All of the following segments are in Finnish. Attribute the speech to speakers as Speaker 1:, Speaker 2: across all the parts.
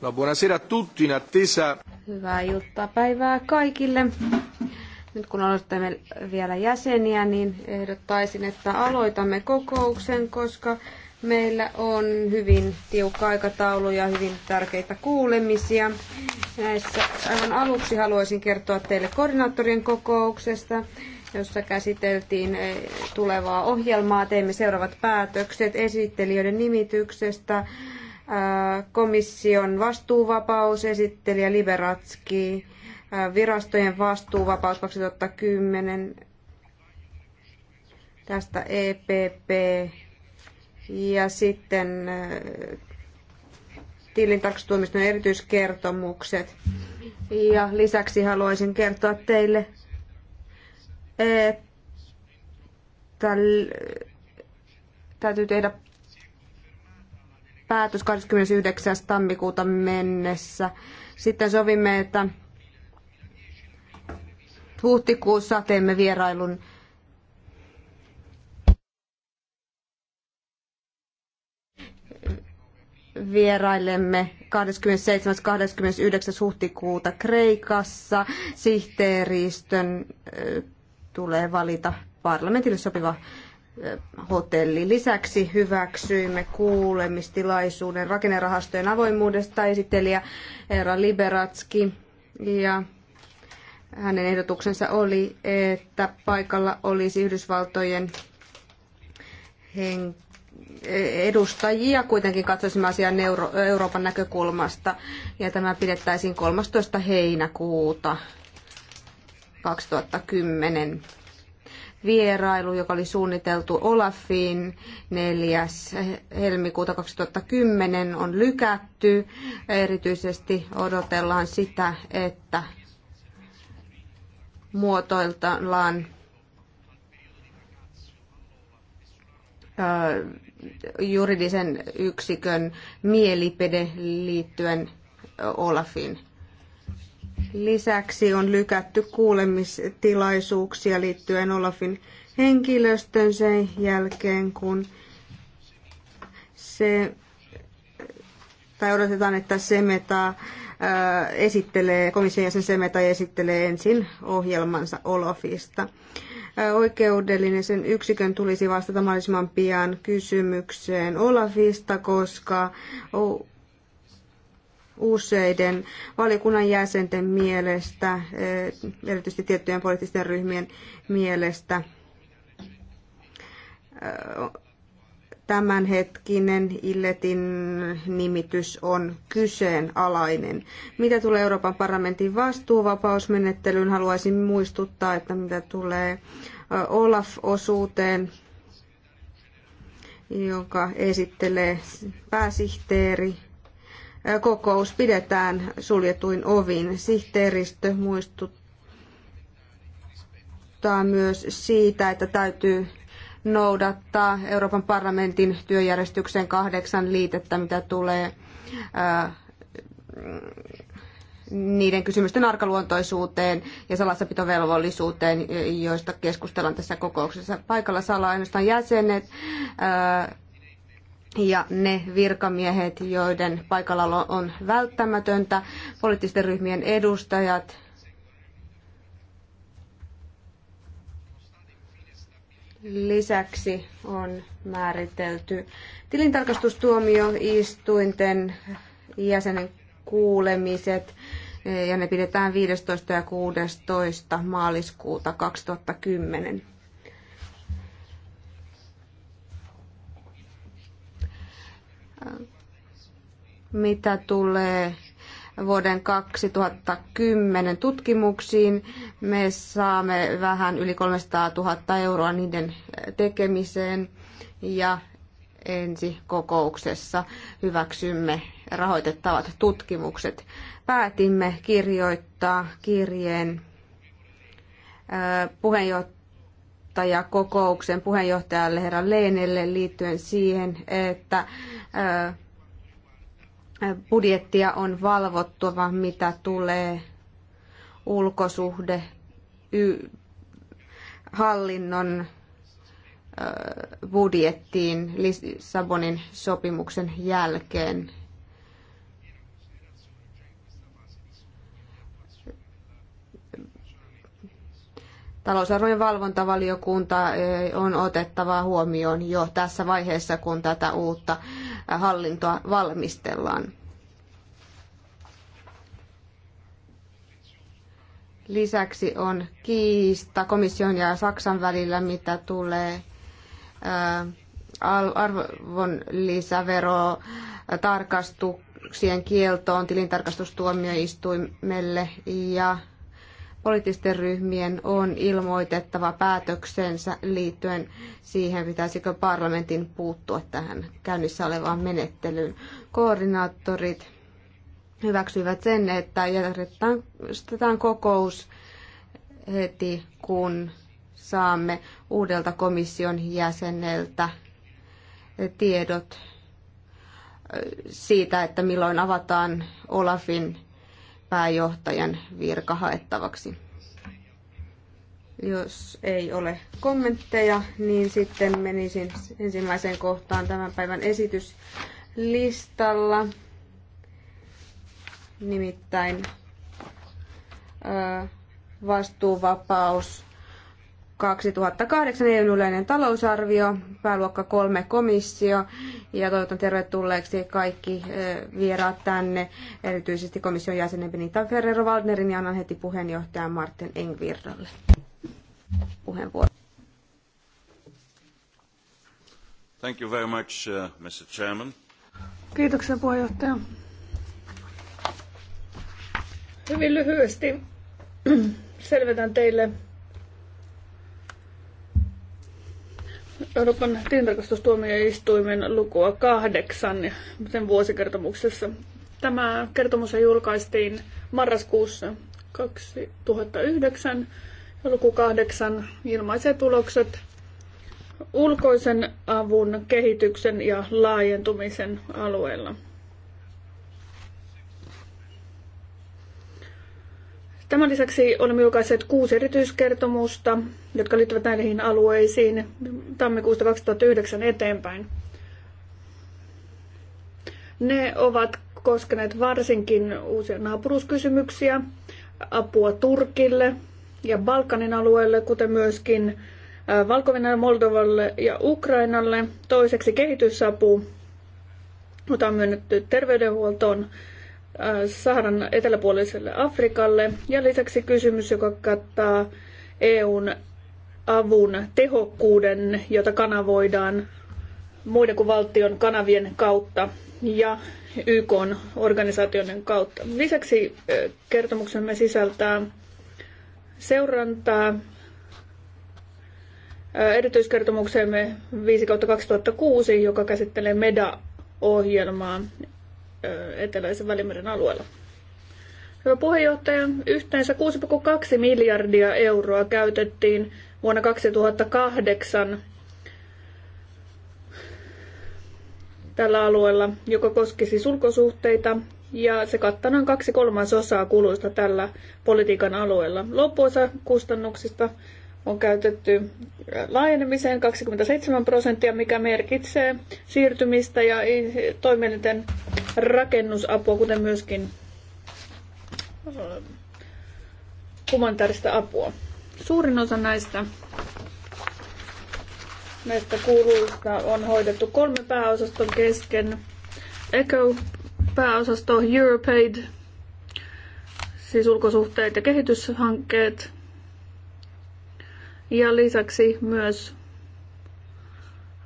Speaker 1: No, buonasera tutti in attesa.
Speaker 2: Hyvää iltapäivää kaikille. Nyt kun olemme vielä jäseniä, niin ehdottaisin, että aloitamme kokouksen, koska meillä on hyvin tiukka aikataulu ja hyvin tärkeitä kuulemisia. Näissä aivan aluksi haluaisin kertoa teille koordinaattorien kokouksesta jossa käsiteltiin eh, tulevaa ohjelmaa. Teimme seuraavat päätökset esittelijöiden nimityksestä, komission vastuuvapaus, esittelijä Liberatski, virastojen vastuuvapaus 2010, tästä EPP ja sitten tilintarkastustuomiston erityiskertomukset. Ja lisäksi haluaisin kertoa teille, että täytyy tehdä päätös 29. tammikuuta mennessä. Sitten sovimme, että huhtikuussa teemme vierailun vierailemme 27.–29. huhtikuuta Kreikassa. Sihteeristön tulee valita parlamentille sopiva hotelli. Lisäksi hyväksyimme kuulemistilaisuuden rakennerahastojen avoimuudesta esittelijä Eera Liberatski ja hänen ehdotuksensa oli, että paikalla olisi Yhdysvaltojen hen- edustajia. Kuitenkin katsoisimme asiaa Euro- Euroopan näkökulmasta ja tämä pidettäisiin 13. heinäkuuta 2010 vierailu, joka oli suunniteltu Olafiin 4. helmikuuta 2010, on lykätty. Erityisesti odotellaan sitä, että muotoillaan juridisen yksikön mielipide liittyen Olafin Lisäksi on lykätty kuulemistilaisuuksia liittyen Olafin henkilöstön sen jälkeen, kun se, tai odotetaan, että Semeta ää, esittelee, komission jäsen Semeta esittelee ensin ohjelmansa Olafista. Oikeudellinen sen yksikön tulisi vastata mahdollisimman pian kysymykseen Olafista, koska useiden valiokunnan jäsenten mielestä, eh, erityisesti tiettyjen poliittisten ryhmien mielestä, eh, tämänhetkinen Illetin nimitys on kyseenalainen. Mitä tulee Euroopan parlamentin vastuuvapausmenettelyyn, haluaisin muistuttaa, että mitä tulee eh, Olaf-osuuteen, jonka esittelee pääsihteeri kokous pidetään suljetuin ovin. Sihteeristö muistuttaa myös siitä, että täytyy noudattaa Euroopan parlamentin työjärjestyksen kahdeksan liitettä, mitä tulee niiden kysymysten arkaluontoisuuteen ja salassapitovelvollisuuteen, joista keskustellaan tässä kokouksessa. Paikalla saa olla ainoastaan jäsenet, ja ne virkamiehet, joiden paikallaolo on välttämätöntä, poliittisten ryhmien edustajat, Lisäksi on määritelty tilintarkastustuomioistuinten jäsenen kuulemiset ja ne pidetään 15. ja 16. maaliskuuta 2010. mitä tulee vuoden 2010 tutkimuksiin. Me saamme vähän yli 300 000 euroa niiden tekemiseen ja ensi kokouksessa hyväksymme rahoitettavat tutkimukset. Päätimme kirjoittaa kirjeen puheenjohtaja johtajakokouksen puheenjohtajalle herra Leenelle liittyen siihen, että budjettia on valvottava, mitä tulee ulkosuhde hallinnon budjettiin Lissabonin sopimuksen jälkeen. talousarvojen valvontavaliokunta eh, on otettava huomioon jo tässä vaiheessa, kun tätä uutta eh, hallintoa valmistellaan. Lisäksi on kiista komission ja Saksan välillä, mitä tulee eh, arvonlisäverotarkastuksien kieltoon tilintarkastustuomioistuimelle ja poliittisten ryhmien on ilmoitettava päätöksensä liittyen siihen, pitäisikö parlamentin puuttua tähän käynnissä olevaan menettelyyn. Koordinaattorit hyväksyivät sen, että järjestetään kokous heti, kun saamme uudelta komission jäseneltä tiedot siitä, että milloin avataan Olafin pääjohtajan virka haettavaksi. Jos ei ole kommentteja, niin sitten menisin ensimmäiseen kohtaan tämän päivän esityslistalla. Nimittäin vastuuvapaus 2008 eu yleinen talousarvio, pääluokka kolme komissio ja toivotan tervetulleeksi kaikki eh, vieraat tänne, erityisesti komission jäsenen Benita Ferrero Waldnerin ja annan heti puheenjohtajan Martin Engvirralle puheenvuoro.
Speaker 3: Thank you very much, uh, Mr. Chairman. Kiitoksia puheenjohtaja. Hyvin lyhyesti selvitän teille Euroopan tilintarkastustuomioistuimen lukua kahdeksan sen vuosikertomuksessa. Tämä kertomus julkaistiin marraskuussa 2009 ja luku kahdeksan ilmaiset tulokset ulkoisen avun kehityksen ja laajentumisen alueella. Tämän lisäksi olemme julkaisseet kuusi erityiskertomusta, jotka liittyvät näihin alueisiin tammikuusta 2009 eteenpäin. Ne ovat koskeneet varsinkin uusia naapuruuskysymyksiä, apua Turkille ja Balkanin alueelle, kuten myöskin valko Moldovalle ja Ukrainalle. Toiseksi kehitysapu, jota on myönnetty terveydenhuoltoon, Äh, Saharan eteläpuoliselle Afrikalle. Ja lisäksi kysymys, joka kattaa EUn avun tehokkuuden, jota kanavoidaan muiden kuin valtion kanavien kautta ja YK organisaatioiden kautta. Lisäksi äh, kertomuksemme sisältää seurantaa erityiskertomuksemme 5 2006, joka käsittelee MEDA-ohjelmaa eteläisen välimeren alueella. Hyvä puheenjohtaja, yhteensä 6,2 miljardia euroa käytettiin vuonna 2008 tällä alueella, joka koski siis ulkosuhteita, ja se kattaa noin kaksi kolmasosaa kuluista tällä politiikan alueella. Loppuosa kustannuksista on käytetty laajenemiseen 27 prosenttia, mikä merkitsee siirtymistä ja toimielinten rakennusapua, kuten myöskin äh, humanitaarista apua. Suurin osa näistä, näistä kuuluista on hoidettu kolme pääosaston kesken. Eco pääosasto, Europaid, siis ulkosuhteet ja kehityshankkeet – ja lisäksi myös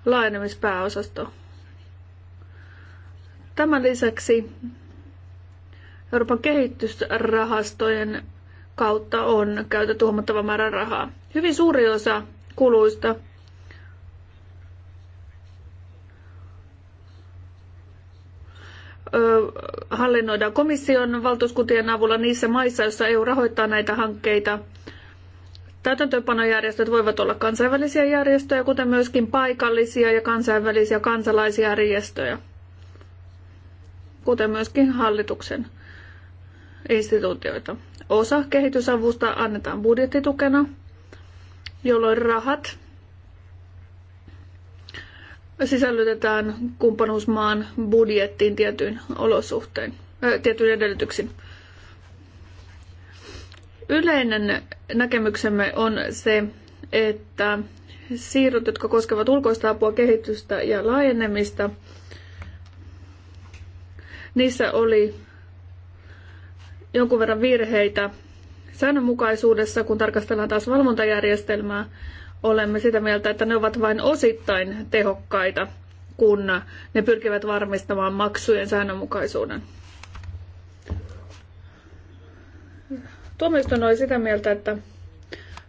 Speaker 3: laajenemispääosasto. Tämän lisäksi Euroopan kehitysrahastojen kautta on käytetty huomattava määrä rahaa. Hyvin suuri osa kuluista hallinnoidaan komission valtuuskuntien avulla niissä maissa, joissa EU rahoittaa näitä hankkeita – Täytäntöönpanojärjestöt voivat olla kansainvälisiä järjestöjä, kuten myöskin paikallisia ja kansainvälisiä kansalaisjärjestöjä, kuten myöskin hallituksen instituutioita. Osa kehitysavusta annetaan budjettitukena, jolloin rahat sisällytetään kumppanuusmaan budjettiin tietyin olosuhteen, äh, tietyin edellytyksin. Yleinen näkemyksemme on se, että siirrot, jotka koskevat ulkoista apua, kehitystä ja laajenemista, niissä oli jonkun verran virheitä. Säännönmukaisuudessa, kun tarkastellaan taas valvontajärjestelmää, olemme sitä mieltä, että ne ovat vain osittain tehokkaita, kun ne pyrkivät varmistamaan maksujen säännönmukaisuuden. Tuomioistuin oli sitä mieltä, että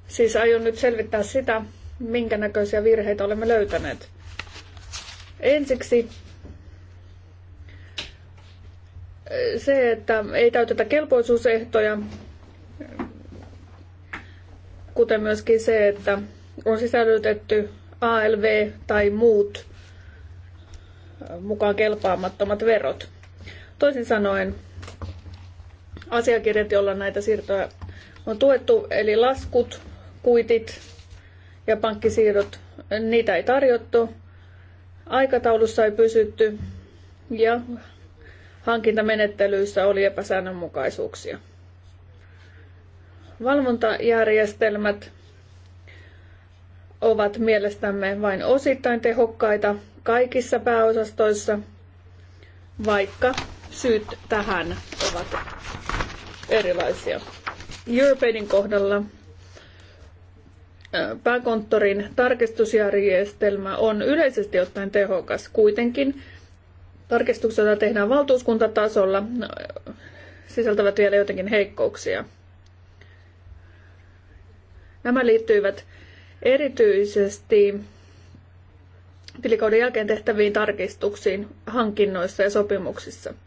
Speaker 3: siis aion nyt selvittää sitä, minkä näköisiä virheitä olemme löytäneet. Ensiksi eh, se, että ei täytetä kelpoisuusehtoja, kuten myöskin se, että on sisällytetty ALV tai muut eh, mukaan kelpaamattomat verot. Toisin sanoen, asiakirjat, joilla näitä siirtoja on tuettu, eli laskut, kuitit ja pankkisiirrot, niitä ei tarjottu, aikataulussa ei pysytty ja hankintamenettelyissä oli epäsäännönmukaisuuksia. Valvontajärjestelmät ovat mielestämme vain osittain tehokkaita kaikissa pääosastoissa, vaikka syyt tähän ovat erilaisia. Europeidin kohdalla pääkonttorin tarkistusjärjestelmä on yleisesti ottaen tehokas. Kuitenkin tarkistukset, joita tehdään valtuuskuntatasolla, no, sisältävät vielä jotenkin heikkouksia. Nämä liittyivät erityisesti tilikauden jälkeen tehtäviin tarkistuksiin hankinnoissa ja sopimuksissa –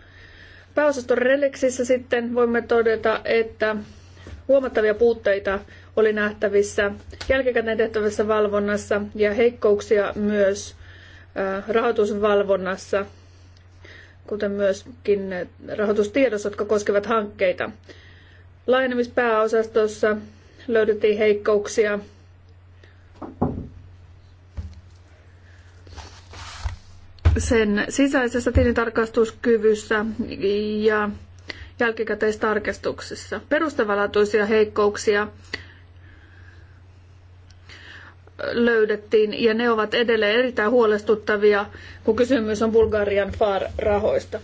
Speaker 3: Pääosaston releksissä sitten voimme todeta, että huomattavia puutteita oli nähtävissä jälkikäteen tehtävässä valvonnassa ja heikkouksia myös rahoitusvalvonnassa, kuten myöskin rahoitustiedossa, jotka koskevat hankkeita. Laajenemispääosastossa löydettiin heikkouksia sen sisäisessä tilintarkastuskyvyssä ja jälkikäteistarkastuksissa. Perustavanlaatuisia heikkouksia löydettiin ja ne ovat edelleen erittäin huolestuttavia, kun kysymys on Bulgarian FAR-rahoista.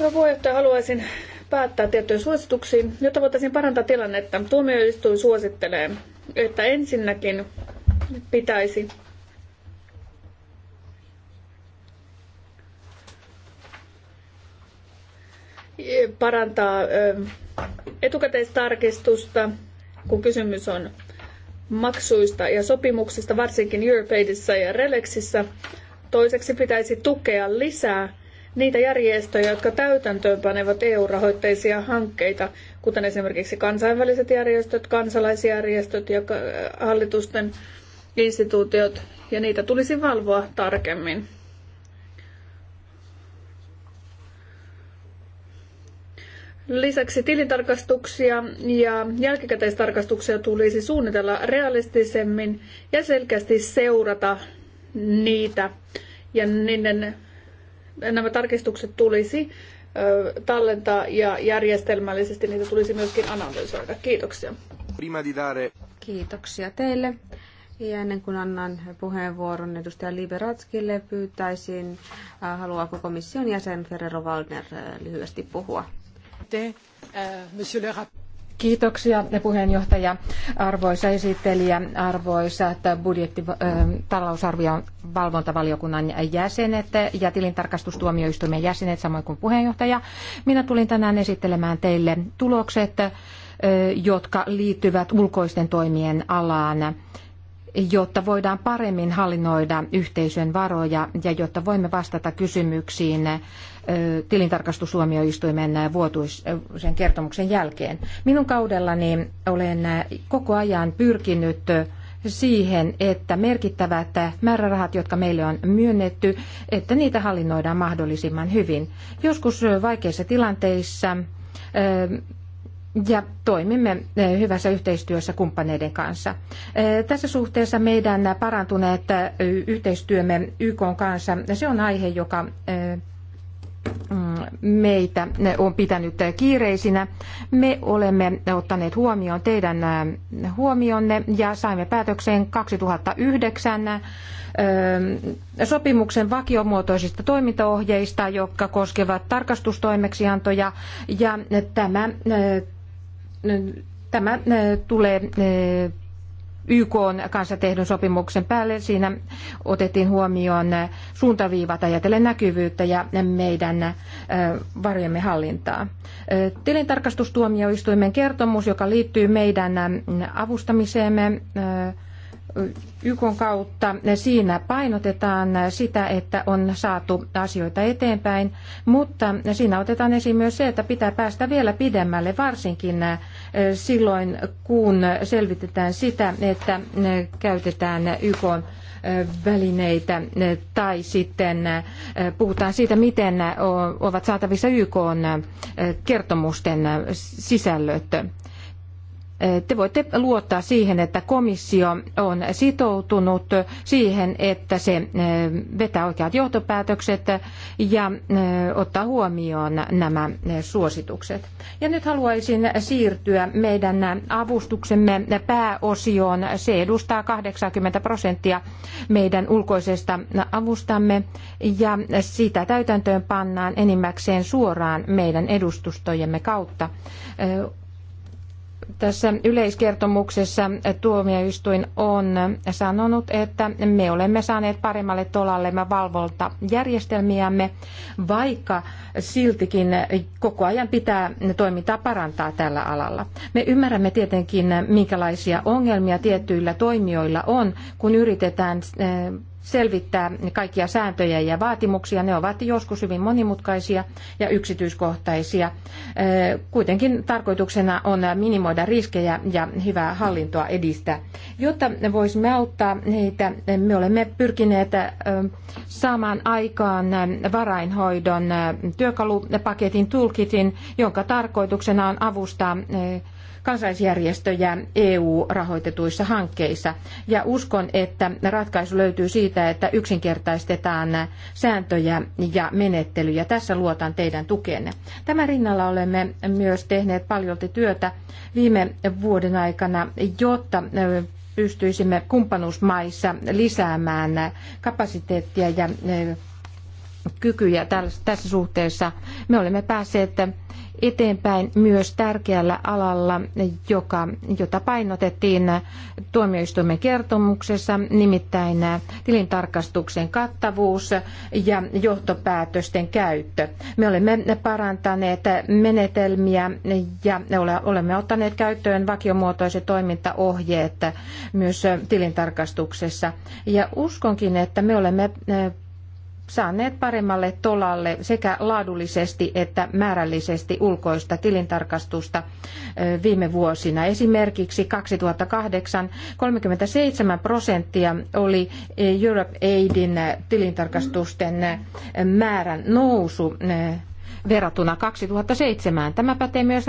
Speaker 3: Hyvä puheenjohtaja, haluaisin päättää tiettyihin suosituksiin, jotta voitaisiin parantaa tilannetta. Tuomioistuin suosittelee, että ensinnäkin pitäisi parantaa etukäteistarkistusta, kun kysymys on maksuista ja sopimuksista, varsinkin Europeidissa ja Relexissä. Toiseksi pitäisi tukea lisää niitä järjestöjä, jotka täytäntöönpanevat EU-rahoitteisia hankkeita, kuten esimerkiksi kansainväliset järjestöt, kansalaisjärjestöt ja hallitusten instituutiot, ja niitä tulisi valvoa tarkemmin. Lisäksi tilintarkastuksia ja jälkikäteistarkastuksia tulisi suunnitella realistisemmin ja selkeästi seurata niitä. Ja niiden, nämä tarkistukset tulisi ö,
Speaker 2: tallentaa ja järjestelmällisesti niitä tulisi myöskin analysoida. Kiitoksia. Kiitoksia teille. Ja ennen kuin annan puheenvuoron edustaja Liberatskille, pyytäisin, haluaako komission jäsen Ferrero Waldner lyhyesti puhua.
Speaker 4: Äh,
Speaker 2: Kiitoksia puheenjohtaja,
Speaker 4: arvoisa esittelijä, arvoisat budjetti, äh, talousarvion valvontavaliokunnan jäsenet ja tilintarkastustuomioistuimen jäsenet, samoin kuin puheenjohtaja. Minä tulin tänään esittelemään teille tulokset, äh, jotka liittyvät ulkoisten toimien alaan jotta voidaan paremmin hallinnoida yhteisön varoja ja jotta voimme vastata kysymyksiin tilintarkastustuomioistuimen vuotuisen kertomuksen jälkeen. Minun kaudellani olen koko ajan pyrkinyt siihen, että merkittävät määrärahat, jotka meille on myönnetty, että niitä hallinnoidaan mahdollisimman hyvin. Joskus vaikeissa tilanteissa ja toimimme hyvässä yhteistyössä kumppaneiden kanssa. Tässä suhteessa meidän parantuneet yhteistyömme YK kanssa, se on aihe, joka meitä on pitänyt kiireisinä. Me olemme ottaneet huomioon teidän huomionne ja saimme päätökseen 2009 sopimuksen vakiomuotoisista toimintaohjeista, jotka koskevat tarkastustoimeksiantoja ja tämä, tämä tulee YK on kanssa tehdyn sopimuksen päälle. Siinä otettiin huomioon suuntaviivat ajatellen näkyvyyttä ja meidän varojemme hallintaa. Tilintarkastustuomioistuimen kertomus, joka liittyy meidän avustamiseemme, YKn kautta siinä painotetaan sitä, että on saatu asioita eteenpäin, mutta siinä otetaan esiin myös se, että pitää päästä vielä pidemmälle, varsinkin silloin, kun selvitetään sitä, että käytetään YKn välineitä tai sitten puhutaan siitä, miten ovat saatavissa YK kertomusten sisällöt. Te voitte luottaa siihen, että komissio on sitoutunut siihen, että se eh, vetää oikeat johtopäätökset ja eh, ottaa huomioon nämä eh, suositukset. Ja nyt haluaisin siirtyä meidän avustuksemme pääosioon. Se edustaa 80 prosenttia meidän ulkoisesta avustamme ja sitä täytäntöön pannaan enimmäkseen suoraan meidän edustustojemme kautta. Tässä yleiskertomuksessa tuomioistuin on sanonut, että me olemme saaneet paremmalle tolalle valvontajärjestelmiämme, vaikka siltikin koko ajan pitää toimintaa parantaa tällä alalla. Me ymmärrämme tietenkin, minkälaisia ongelmia tiettyillä toimijoilla on, kun yritetään eh, selvittää kaikkia sääntöjä ja vaatimuksia. Ne ovat joskus hyvin monimutkaisia ja yksityiskohtaisia. Kuitenkin tarkoituksena on minimoida riskejä ja hyvää hallintoa edistää. Jotta voisimme auttaa heitä, me olemme pyrkineet saamaan aikaan varainhoidon työkalupaketin tulkitin, jonka tarkoituksena on avustaa kansalaisjärjestöjä EU-rahoitetuissa hankkeissa. Ja uskon, että ratkaisu löytyy siitä, että yksinkertaistetaan sääntöjä ja menettelyjä. Tässä luotan teidän tukeenne. Tämän rinnalla olemme myös tehneet paljolti työtä viime vuoden aikana, jotta pystyisimme kumppanuusmaissa lisäämään kapasiteettia ja kykyjä tässä suhteessa. Me olemme päässeet eteenpäin myös tärkeällä alalla, joka, jota painotettiin tuomioistuimen kertomuksessa, nimittäin tilintarkastuksen kattavuus ja johtopäätösten käyttö. Me olemme parantaneet menetelmiä ja olemme ottaneet käyttöön vakiomuotoiset toimintaohjeet myös tilintarkastuksessa. Ja uskonkin, että me olemme saaneet paremmalle tolalle sekä laadullisesti että määrällisesti ulkoista tilintarkastusta viime vuosina. Esimerkiksi 2008 37 prosenttia oli Europe Aidin tilintarkastusten määrän nousu verrattuna 2007. Tämä pätee myös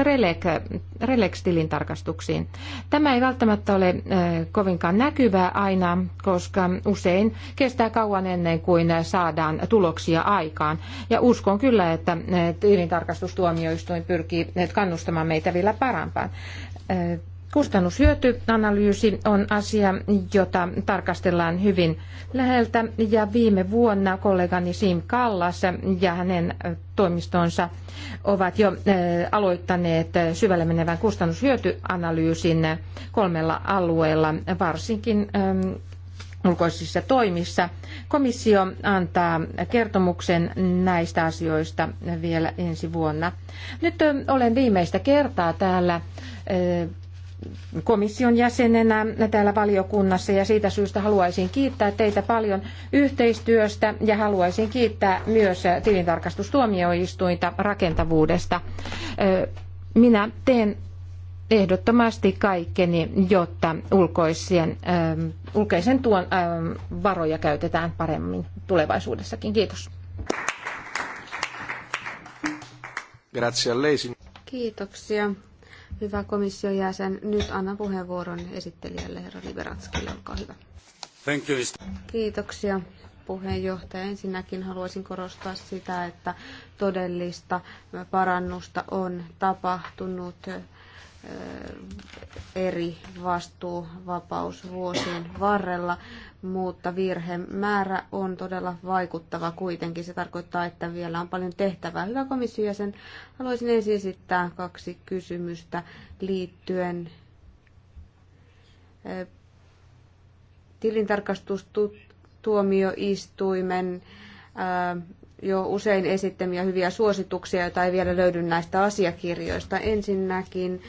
Speaker 4: Relex-tilintarkastuksiin. Tämä ei välttämättä ole kovinkaan näkyvää aina, koska usein kestää kauan ennen kuin saadaan tuloksia aikaan. Ja uskon kyllä, että tilintarkastustuomioistuin pyrkii kannustamaan meitä vielä parampaan. Kustannushyötyanalyysi on asia, jota tarkastellaan hyvin läheltä ja viime vuonna kollegani Sim Kallas ja hänen toimistonsa ovat jo eh, aloittaneet syvälle menevän kustannushyötyanalyysin kolmella alueella, varsinkin ulkoisissa toimissa. Komissio antaa kertomuksen näistä asioista vielä ensi vuonna. Nyt eh, olen viimeistä kertaa täällä eh, komission jäsenenä täällä valiokunnassa ja siitä syystä haluaisin kiittää teitä paljon yhteistyöstä ja haluaisin kiittää myös tilintarkastustuomioistuinta rakentavuudesta. Minä teen ehdottomasti kaikkeni, jotta ulkoisen, ulkoisen tuon varoja käytetään paremmin
Speaker 2: tulevaisuudessakin. Kiitos. Kiitoksia. Hyvä komission jäsen, nyt annan puheenvuoron esittelijälle herra Liberatskille, olkaa hyvä. Thank you. Kiitoksia puheenjohtaja. Ensinnäkin haluaisin korostaa sitä, että todellista parannusta on tapahtunut eri vastuuvapausvuosien varrella, mutta virhemäärä on todella vaikuttava kuitenkin. Se tarkoittaa, että vielä on paljon tehtävää. Hyvä komissio, sen haluaisin ensin esittää kaksi kysymystä liittyen tilintarkastustuomioistuimen jo usein esittämiä hyviä suosituksia, joita ei vielä löydy näistä asiakirjoista. Ensinnäkin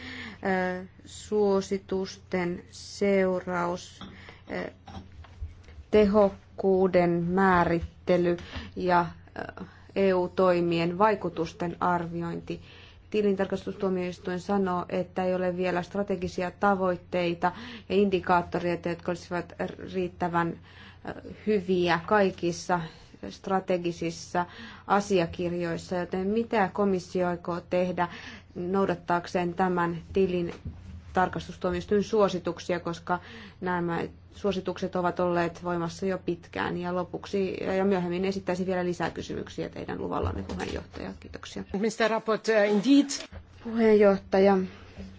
Speaker 2: suositusten seuraus, tehokkuuden määrittely ja EU-toimien vaikutusten arviointi. Tilintarkastustuomioistuin sanoo, että ei ole vielä strategisia tavoitteita ja indikaattoreita, jotka olisivat riittävän hyviä kaikissa strategisissa asiakirjoissa, joten mitä komissio aikoo tehdä noudattaakseen tämän tilin tarkastustuomioistuin suosituksia, koska nämä suositukset ovat olleet voimassa jo pitkään. Ja lopuksi ja myöhemmin esittäisin vielä lisää kysymyksiä teidän luvallanne puheenjohtaja. Kiitoksia. Mr. Rapport, eh, indeed. Puheenjohtaja,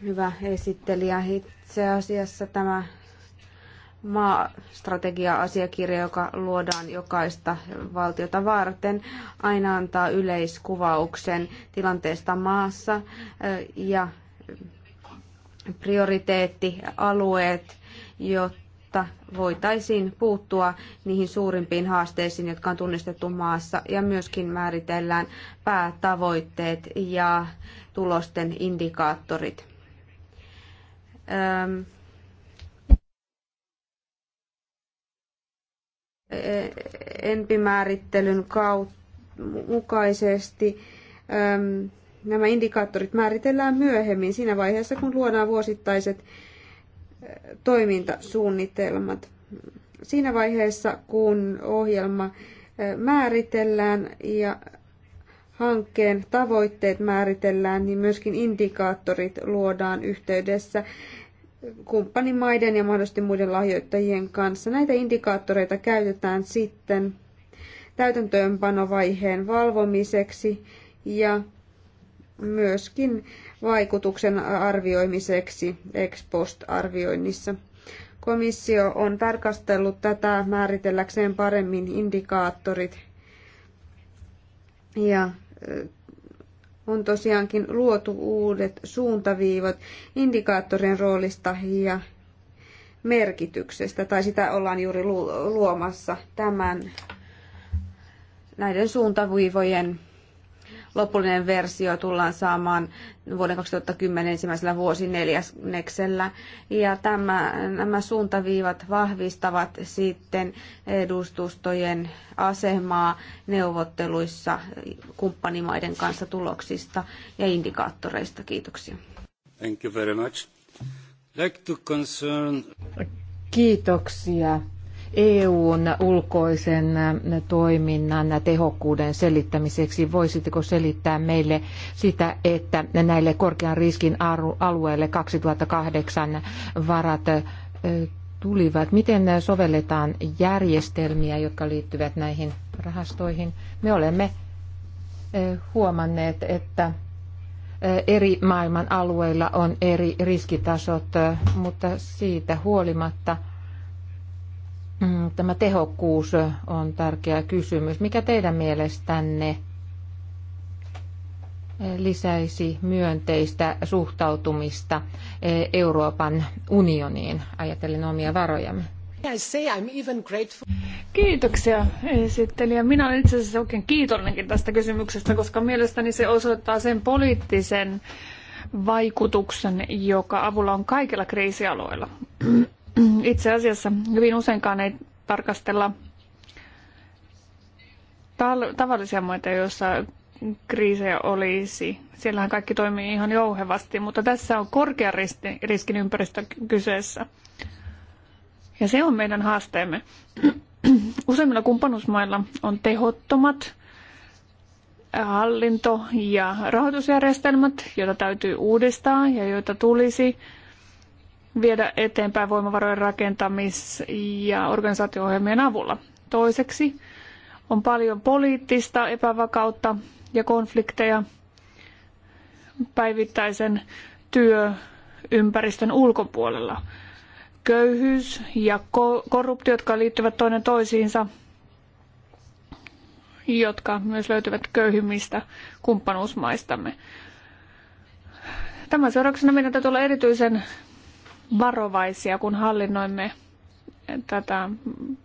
Speaker 2: hyvä esittelijä. Itse asiassa tämä maastrategia-asiakirja, joka luodaan jokaista valtiota varten, aina antaa yleiskuvauksen tilanteesta maassa ja prioriteettialueet, jotta voitaisiin puuttua niihin suurimpiin haasteisiin, jotka on tunnistettu maassa, ja myöskin määritellään päätavoitteet ja tulosten indikaattorit. Öm enpimäärittelyn mukaisesti. Nämä indikaattorit määritellään myöhemmin siinä vaiheessa, kun luodaan vuosittaiset toimintasuunnitelmat. Siinä vaiheessa, kun ohjelma määritellään ja hankkeen tavoitteet määritellään, niin myöskin indikaattorit luodaan yhteydessä kumppanimaiden ja mahdollisesti muiden lahjoittajien kanssa. Näitä indikaattoreita käytetään sitten täytäntöönpanovaiheen valvomiseksi ja myöskin vaikutuksen arvioimiseksi ex post-arvioinnissa. Komissio on tarkastellut tätä määritelläkseen paremmin indikaattorit ja on tosiaankin luotu uudet suuntaviivat indikaattorin roolista ja merkityksestä, tai sitä ollaan juuri luomassa tämän näiden suuntaviivojen lopullinen versio tullaan saamaan vuoden 2010 ensimmäisellä vuosineljänneksellä. Ja tämä, nämä suuntaviivat vahvistavat sitten edustustojen asemaa neuvotteluissa kumppanimaiden kanssa tuloksista ja indikaattoreista. Kiitoksia.
Speaker 1: Thank you very much. Like to concern...
Speaker 4: Kiitoksia. EUn ulkoisen toiminnan tehokkuuden selittämiseksi. Voisitteko selittää meille sitä, että näille korkean riskin alueille 2008 varat tulivat? Miten sovelletaan järjestelmiä, jotka liittyvät näihin rahastoihin? Me olemme huomanneet, että eri maailman alueilla on eri riskitasot, mutta siitä huolimatta – Mm, tämä tehokkuus on tärkeä kysymys. Mikä teidän mielestänne lisäisi myönteistä suhtautumista e, Euroopan unioniin, ajatellen omia varojamme?
Speaker 3: Kiitoksia esittelijä. Minä olen itse asiassa oikein kiitollinenkin tästä kysymyksestä, koska mielestäni se osoittaa sen poliittisen vaikutuksen, joka avulla on kaikilla kriisialoilla. Itse asiassa hyvin useinkaan ei tarkastella tavallisia maita, joissa kriisejä olisi. Siellähän kaikki toimii ihan jouhevasti, mutta tässä on korkean riskin ympäristö kyseessä. Ja se on meidän haasteemme. Useimmilla kumppanuusmailla on tehottomat hallinto- ja rahoitusjärjestelmät, joita täytyy uudistaa ja joita tulisi viedä eteenpäin voimavarojen rakentamis- ja organisaatio-ohjelmien avulla. Toiseksi on paljon poliittista epävakautta ja konflikteja päivittäisen työympäristön ulkopuolella. Köyhyys ja korruptio, jotka liittyvät toinen toisiinsa, jotka myös löytyvät köyhimmistä kumppanuusmaistamme. Tämän seurauksena meidän täytyy olla erityisen varovaisia, kun hallinnoimme tätä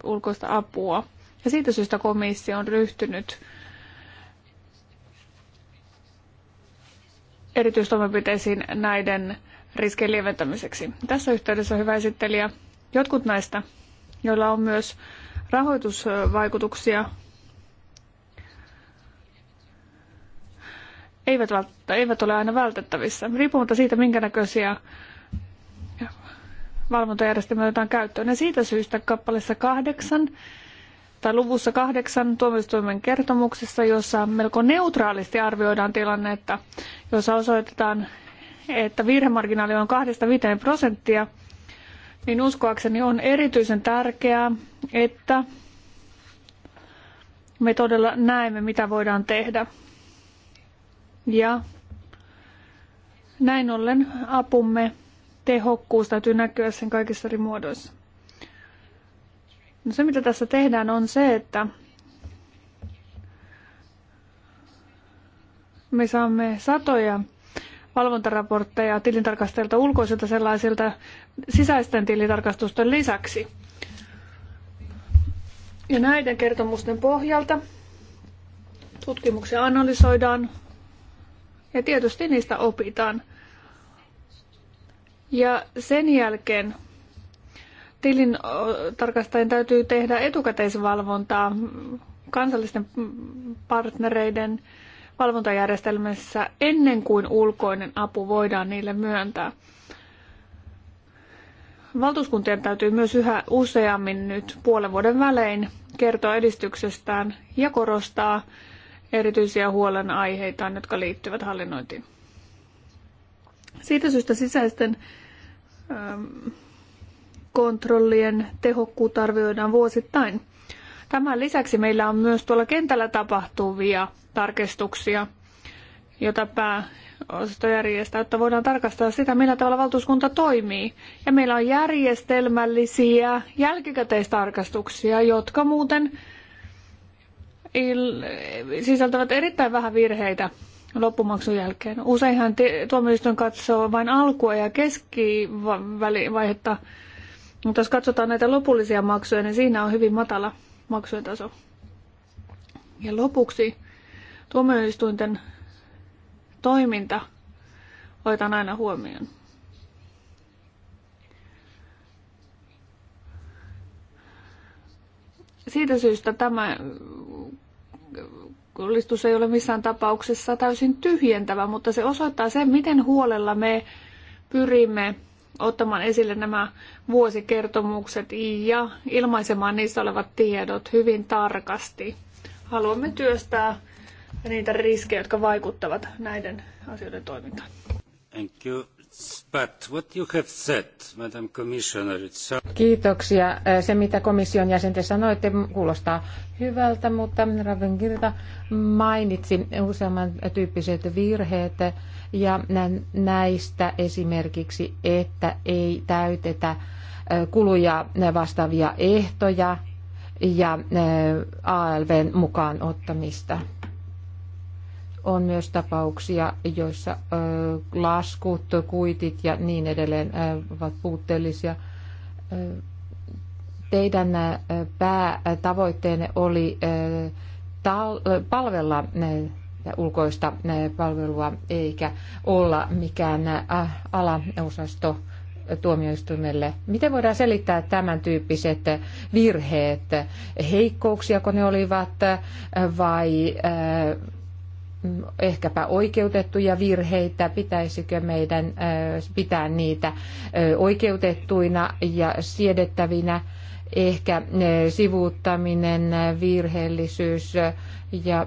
Speaker 3: ulkoista apua. Ja siitä syystä komissio on ryhtynyt erityistoimenpiteisiin näiden riskien lieventämiseksi. Tässä yhteydessä hyvä esittelijä, jotkut näistä, joilla on myös rahoitusvaikutuksia, eivät, eivät ole aina vältettävissä, riippumatta siitä, minkä näköisiä valvontajärjestelmä otetaan käyttöön. Ja siitä syystä kappaleessa kahdeksan tai luvussa kahdeksan tuomioistuimen kertomuksessa, jossa melko neutraalisti arvioidaan tilannetta, jossa osoitetaan, että virhemarginaali on 2-5 prosenttia, niin uskoakseni on erityisen tärkeää, että me todella näemme, mitä voidaan tehdä. Ja näin ollen apumme tehokkuus täytyy näkyä sen kaikissa eri muodoissa. No se, mitä tässä tehdään, on se, että me saamme satoja valvontaraportteja tilintarkastajilta ulkoisilta sellaisilta sisäisten tilintarkastusten lisäksi. Ja näiden kertomusten pohjalta tutkimuksia analysoidaan ja tietysti niistä opitaan. Ja sen jälkeen tilin tarkastajien täytyy tehdä etukäteisvalvontaa kansallisten partnereiden valvontajärjestelmässä ennen kuin ulkoinen apu voidaan niille myöntää. Valtuuskuntien täytyy myös yhä useammin nyt puolen vuoden välein kertoa edistyksestään ja korostaa erityisiä huolenaiheitaan, jotka liittyvät hallinnointiin. Siitä syystä sisäisten Ähm, kontrollien tehokkuutta arvioidaan vuosittain. Tämän lisäksi meillä on myös tuolla kentällä tapahtuvia tarkistuksia, jota pääosasto järjestää, että voidaan tarkastaa sitä, millä tavalla valtuuskunta toimii. Ja meillä on järjestelmällisiä jälkikäteistarkastuksia, jotka muuten sisältävät erittäin vähän virheitä loppumaksun jälkeen. Useinhan tuomioistuin katsoo vain alkua ja keskivaihetta, mutta jos katsotaan näitä lopullisia maksuja, niin siinä on hyvin matala maksujen taso. Ja lopuksi tuomioistuinten toiminta otetaan aina huomioon. Siitä syystä tämä julistus ei ole missään tapauksessa täysin tyhjentävä, mutta se osoittaa sen, miten huolella me pyrimme ottamaan esille nämä vuosikertomukset ja ilmaisemaan niissä olevat tiedot hyvin tarkasti. Haluamme työstää niitä riskejä, jotka vaikuttavat näiden asioiden
Speaker 1: toimintaan. Thank you.
Speaker 4: Kiitoksia. Se, mitä komission jäsen te sanoitte, kuulostaa hyvältä, mutta Ravenkirta mainitsi useamman tyyppiset virheet ja näistä esimerkiksi, että ei täytetä kuluja vastaavia ehtoja ja ALVn mukaan ottamista on myös tapauksia, joissa laskut, kuitit ja niin edelleen ovat puutteellisia. Teidän päätavoitteenne oli palvella ulkoista palvelua eikä olla mikään alaosasto tuomioistuimelle. Miten voidaan selittää tämän tyyppiset virheet? Heikkouksia, kun ne olivat vai Mm, ehkäpä oikeutettuja virheitä, pitäisikö meidän pitää niitä oikeutettuina ja siedettävinä, ehkä sivuuttaminen, virheellisyys ja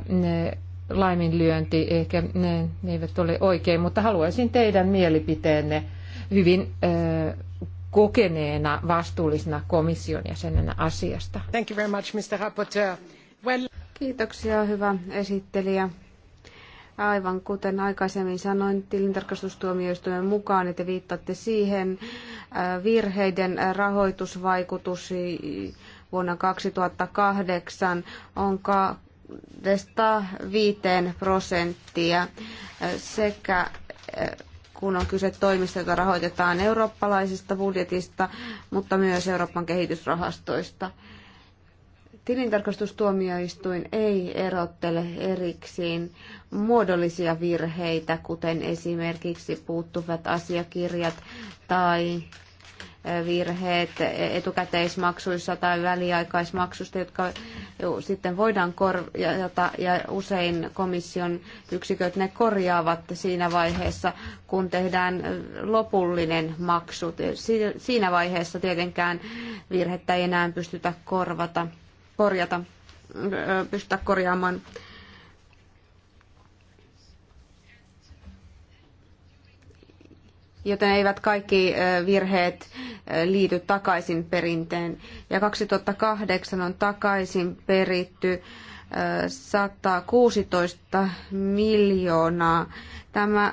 Speaker 4: laiminlyönti, ehkä ne, ne eivät ole oikein, mutta haluaisin teidän mielipiteenne hyvin kokeneena vastuullisena komission jäsenenä asiasta.
Speaker 2: Thank you very much, Mr. Rapporteur. Well... Kiitoksia, hyvä esittelijä. Aivan kuten aikaisemmin sanoin, tilintarkastustuomioistuimen mukaan, että viittatte siihen äh, virheiden rahoitusvaikutus vuonna 2008 on 2 prosenttia äh, sekä äh, kun on kyse toimista, joita rahoitetaan eurooppalaisesta budjetista, mutta myös Euroopan kehitysrahastoista. Tilintarkastustuomioistuin ei erottele erikseen muodollisia virheitä, kuten esimerkiksi puuttuvat asiakirjat tai virheet etukäteismaksuissa tai väliaikaismaksusta, jotka sitten voidaan korjata ja usein komission yksiköt ne korjaavat siinä vaiheessa, kun tehdään lopullinen maksu. Siinä vaiheessa tietenkään virhettä ei enää pystytä korvata korjata, pystytä korjaamaan. joten eivät kaikki virheet liity takaisin perinteen. Ja 2008 on takaisin peritty 116 miljoonaa Tämä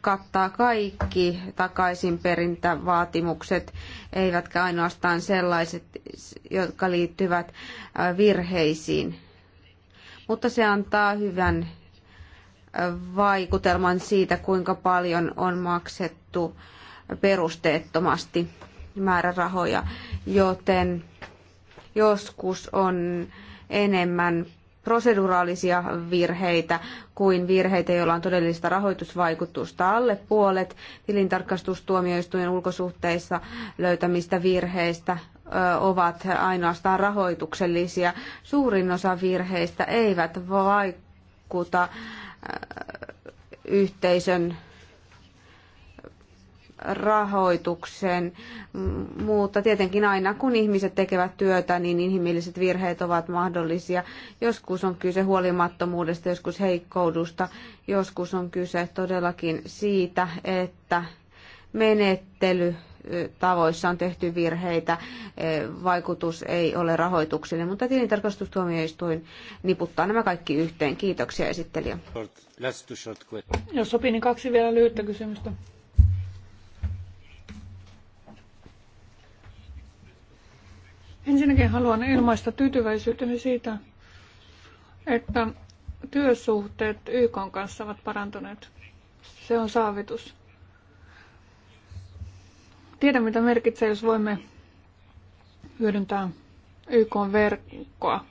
Speaker 2: kattaa kaikki takaisinperintävaatimukset, eivätkä ainoastaan sellaiset, jotka liittyvät virheisiin. Mutta se antaa hyvän vaikutelman siitä, kuinka paljon on maksettu perusteettomasti määrärahoja, joten joskus on enemmän proseduraalisia virheitä kuin virheitä, joilla on todellista rahoitusvaikutusta. Alle puolet tilintarkastustuomioistuimen ulkosuhteissa löytämistä virheistä ovat ainoastaan rahoituksellisia. Suurin osa virheistä eivät vaikuta yhteisön rahoituksen, mutta tietenkin aina kun ihmiset tekevät työtä, niin inhimilliset virheet ovat mahdollisia. Joskus on kyse huolimattomuudesta, joskus heikkoudusta, joskus on kyse todellakin siitä, että menettely tavoissa on tehty virheitä, e, vaikutus ei ole rahoitukselle, mutta tilintarkastustuomioistuin niputtaa nämä kaikki yhteen. Kiitoksia esittelijä. Jos sopii, niin kaksi
Speaker 3: vielä lyhyttä kysymystä. Ensinnäkin haluan ilmaista tyytyväisyyteni siitä, että työsuhteet YK kanssa ovat parantuneet. Se on saavitus. Tiedän, mitä merkitsee, jos voimme hyödyntää YK-verkkoa.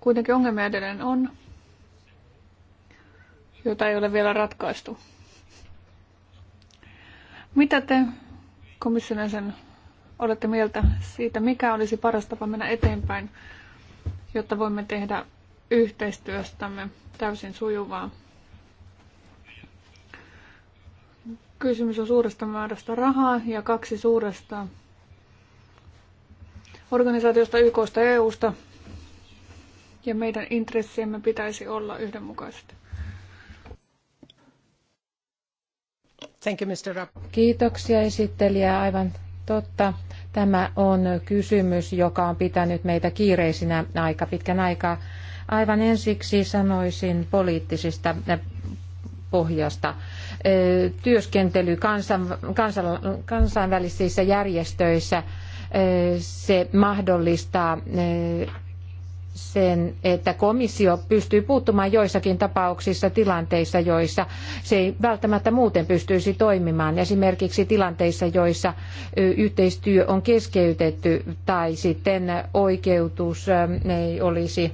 Speaker 3: Kuitenkin ongelmia edelleen on, jota ei ole vielä ratkaistu. Mitä te komission sen olette mieltä siitä, mikä olisi paras tapa mennä eteenpäin, jotta voimme tehdä yhteistyöstämme täysin sujuvaa. Kysymys on suuresta määrästä rahaa ja kaksi suuresta organisaatiosta YKsta ja EUsta. Ja meidän intressiemme pitäisi olla yhdenmukaiset.
Speaker 4: Kiitoksia esittelijä. Aivan totta. Tämä on kysymys, joka on pitänyt meitä kiireisinä aika pitkän aikaa. Aivan ensiksi sanoisin poliittisista pohjasta. Työskentely kansan, kansan, kansainvälisissä järjestöissä se mahdollistaa sen, että komissio pystyy puuttumaan joissakin tapauksissa tilanteissa, joissa se ei välttämättä muuten pystyisi toimimaan. Esimerkiksi tilanteissa, joissa yhteistyö on keskeytetty tai sitten oikeutus ei olisi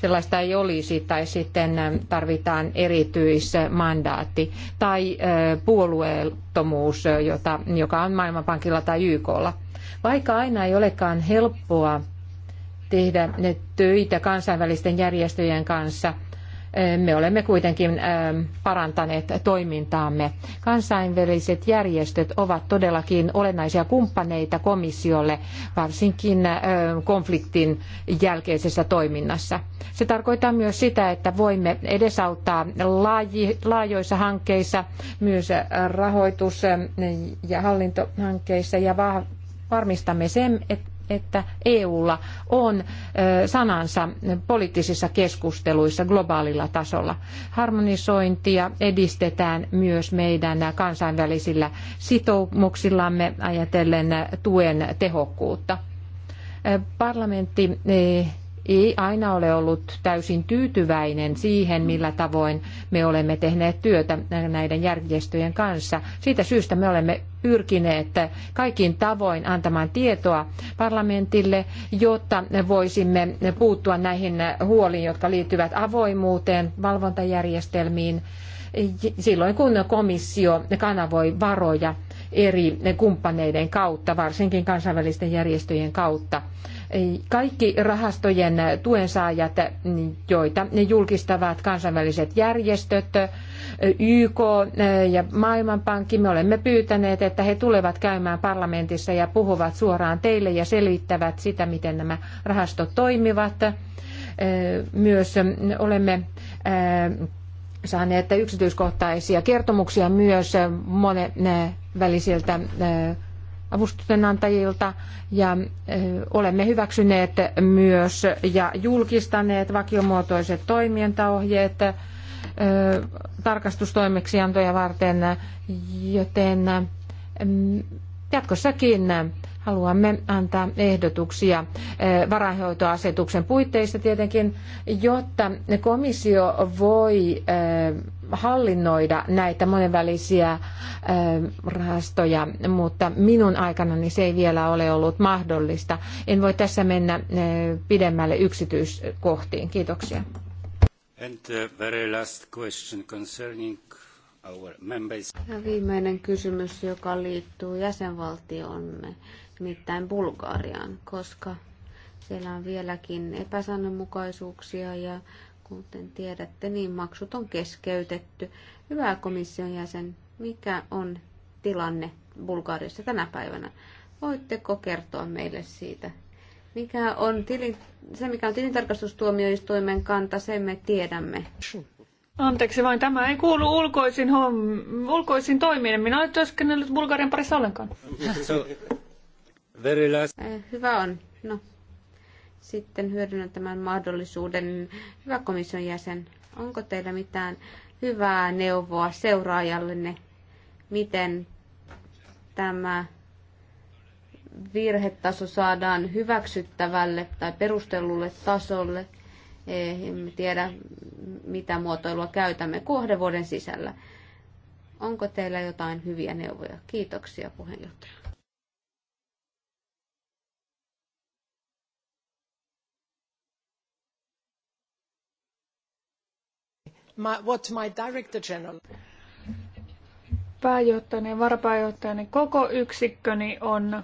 Speaker 4: sellaista ei olisi, tai sitten tarvitaan erityismandaatti tai puolueettomuus, jota, joka on Maailmanpankilla tai YKlla. Vaikka aina ei olekaan helppoa tehdä töitä kansainvälisten järjestöjen kanssa. Me olemme kuitenkin ähm, parantaneet toimintaamme. Kansainväliset järjestöt ovat todellakin olennaisia kumppaneita komissiolle, varsinkin äh, konfliktin jälkeisessä toiminnassa. Se tarkoittaa myös sitä, että voimme edesauttaa laajoissa hankkeissa, myös äh, rahoitus- äh, ja hallintohankkeissa ja varmistamme sen, että että EUlla on sanansa poliittisissa keskusteluissa globaalilla tasolla. Harmonisointia edistetään myös meidän kansainvälisillä sitoumuksillamme ajatellen tuen tehokkuutta. Parlamentti e, ei aina ole ollut täysin tyytyväinen siihen, millä tavoin me olemme tehneet työtä näiden järjestöjen kanssa. Siitä syystä me olemme pyrkineet kaikin tavoin antamaan tietoa parlamentille, jotta voisimme puuttua näihin huoliin, jotka liittyvät avoimuuteen, valvontajärjestelmiin, silloin kun komissio kanavoi varoja eri kumppaneiden kautta, varsinkin kansainvälisten järjestöjen kautta. Kaikki rahastojen tuensaajat, joita ne julkistavat kansainväliset järjestöt, YK ja Maailmanpankki, me olemme pyytäneet, että he tulevat käymään parlamentissa ja puhuvat suoraan teille ja selittävät sitä, miten nämä rahastot toimivat. Myös olemme saaneet yksityiskohtaisia kertomuksia myös monen välisiltä avustusten antajilta ja olemme hyväksyneet myös ja julkistaneet vakiomuotoiset toimintaohjeet tarkastustoimeksiantoja varten, joten mm, jatkossakin Haluamme antaa ehdotuksia eh, varainhoitoasetuksen puitteissa tietenkin, jotta komissio voi eh, hallinnoida näitä monenvälisiä eh, rahastoja, mutta minun aikanani se ei vielä ole ollut mahdollista. En voi tässä mennä pidemmälle
Speaker 2: yksityiskohtiin. Kiitoksia.
Speaker 1: And the very last question concerning our members. Ja
Speaker 2: viimeinen kysymys, joka liittyy jäsenvaltioomme nimittäin Bulgariaan, koska siellä on vieläkin epäsäännönmukaisuuksia ja kuten tiedätte, niin maksut on keskeytetty. Hyvä komission jäsen, mikä on tilanne Bulgariassa tänä päivänä? Voitteko kertoa meille siitä? Mikä on tilin, se, mikä on tilintarkastustuomioistuimen kanta, sen me tiedämme.
Speaker 3: Anteeksi vain, tämä ei kuulu ulkoisin, homm, ulkoisin toimiin. Minä olen työskennellyt Bulgarian parissa ollenkaan.
Speaker 1: So, Äh,
Speaker 2: hyvä on. No, sitten hyödynnän tämän mahdollisuuden. Hyvä komission jäsen, onko teillä mitään hyvää neuvoa seuraajallenne, miten tämä virhetaso saadaan hyväksyttävälle tai perustellulle tasolle. Eh, emme tiedä, mitä muotoilua käytämme kohdevuoden sisällä. Onko teillä jotain hyviä neuvoja? Kiitoksia puheenjohtaja.
Speaker 3: what my director general pääjohtajani ja varapääjohtajani koko yksikköni on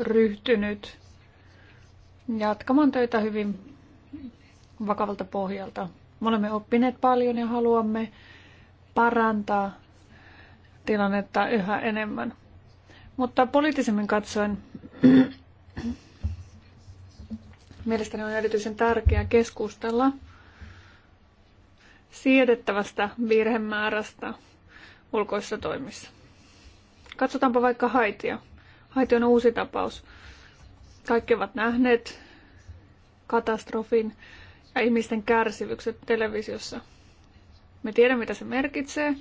Speaker 3: ryhtynyt jatkamaan töitä hyvin vakavalta pohjalta. Me olemme oppineet paljon ja haluamme parantaa tilannetta yhä enemmän. Mutta poliittisemmin katsoen mielestäni on erityisen tärkeää keskustella – siedettävästä virhemäärästä ulkoissa toimissa. Katsotaanpa vaikka Haitia. Haiti on uusi tapaus. Kaikki ovat nähneet katastrofin ja ihmisten kärsivykset televisiossa. Me tiedämme, mitä se merkitsee.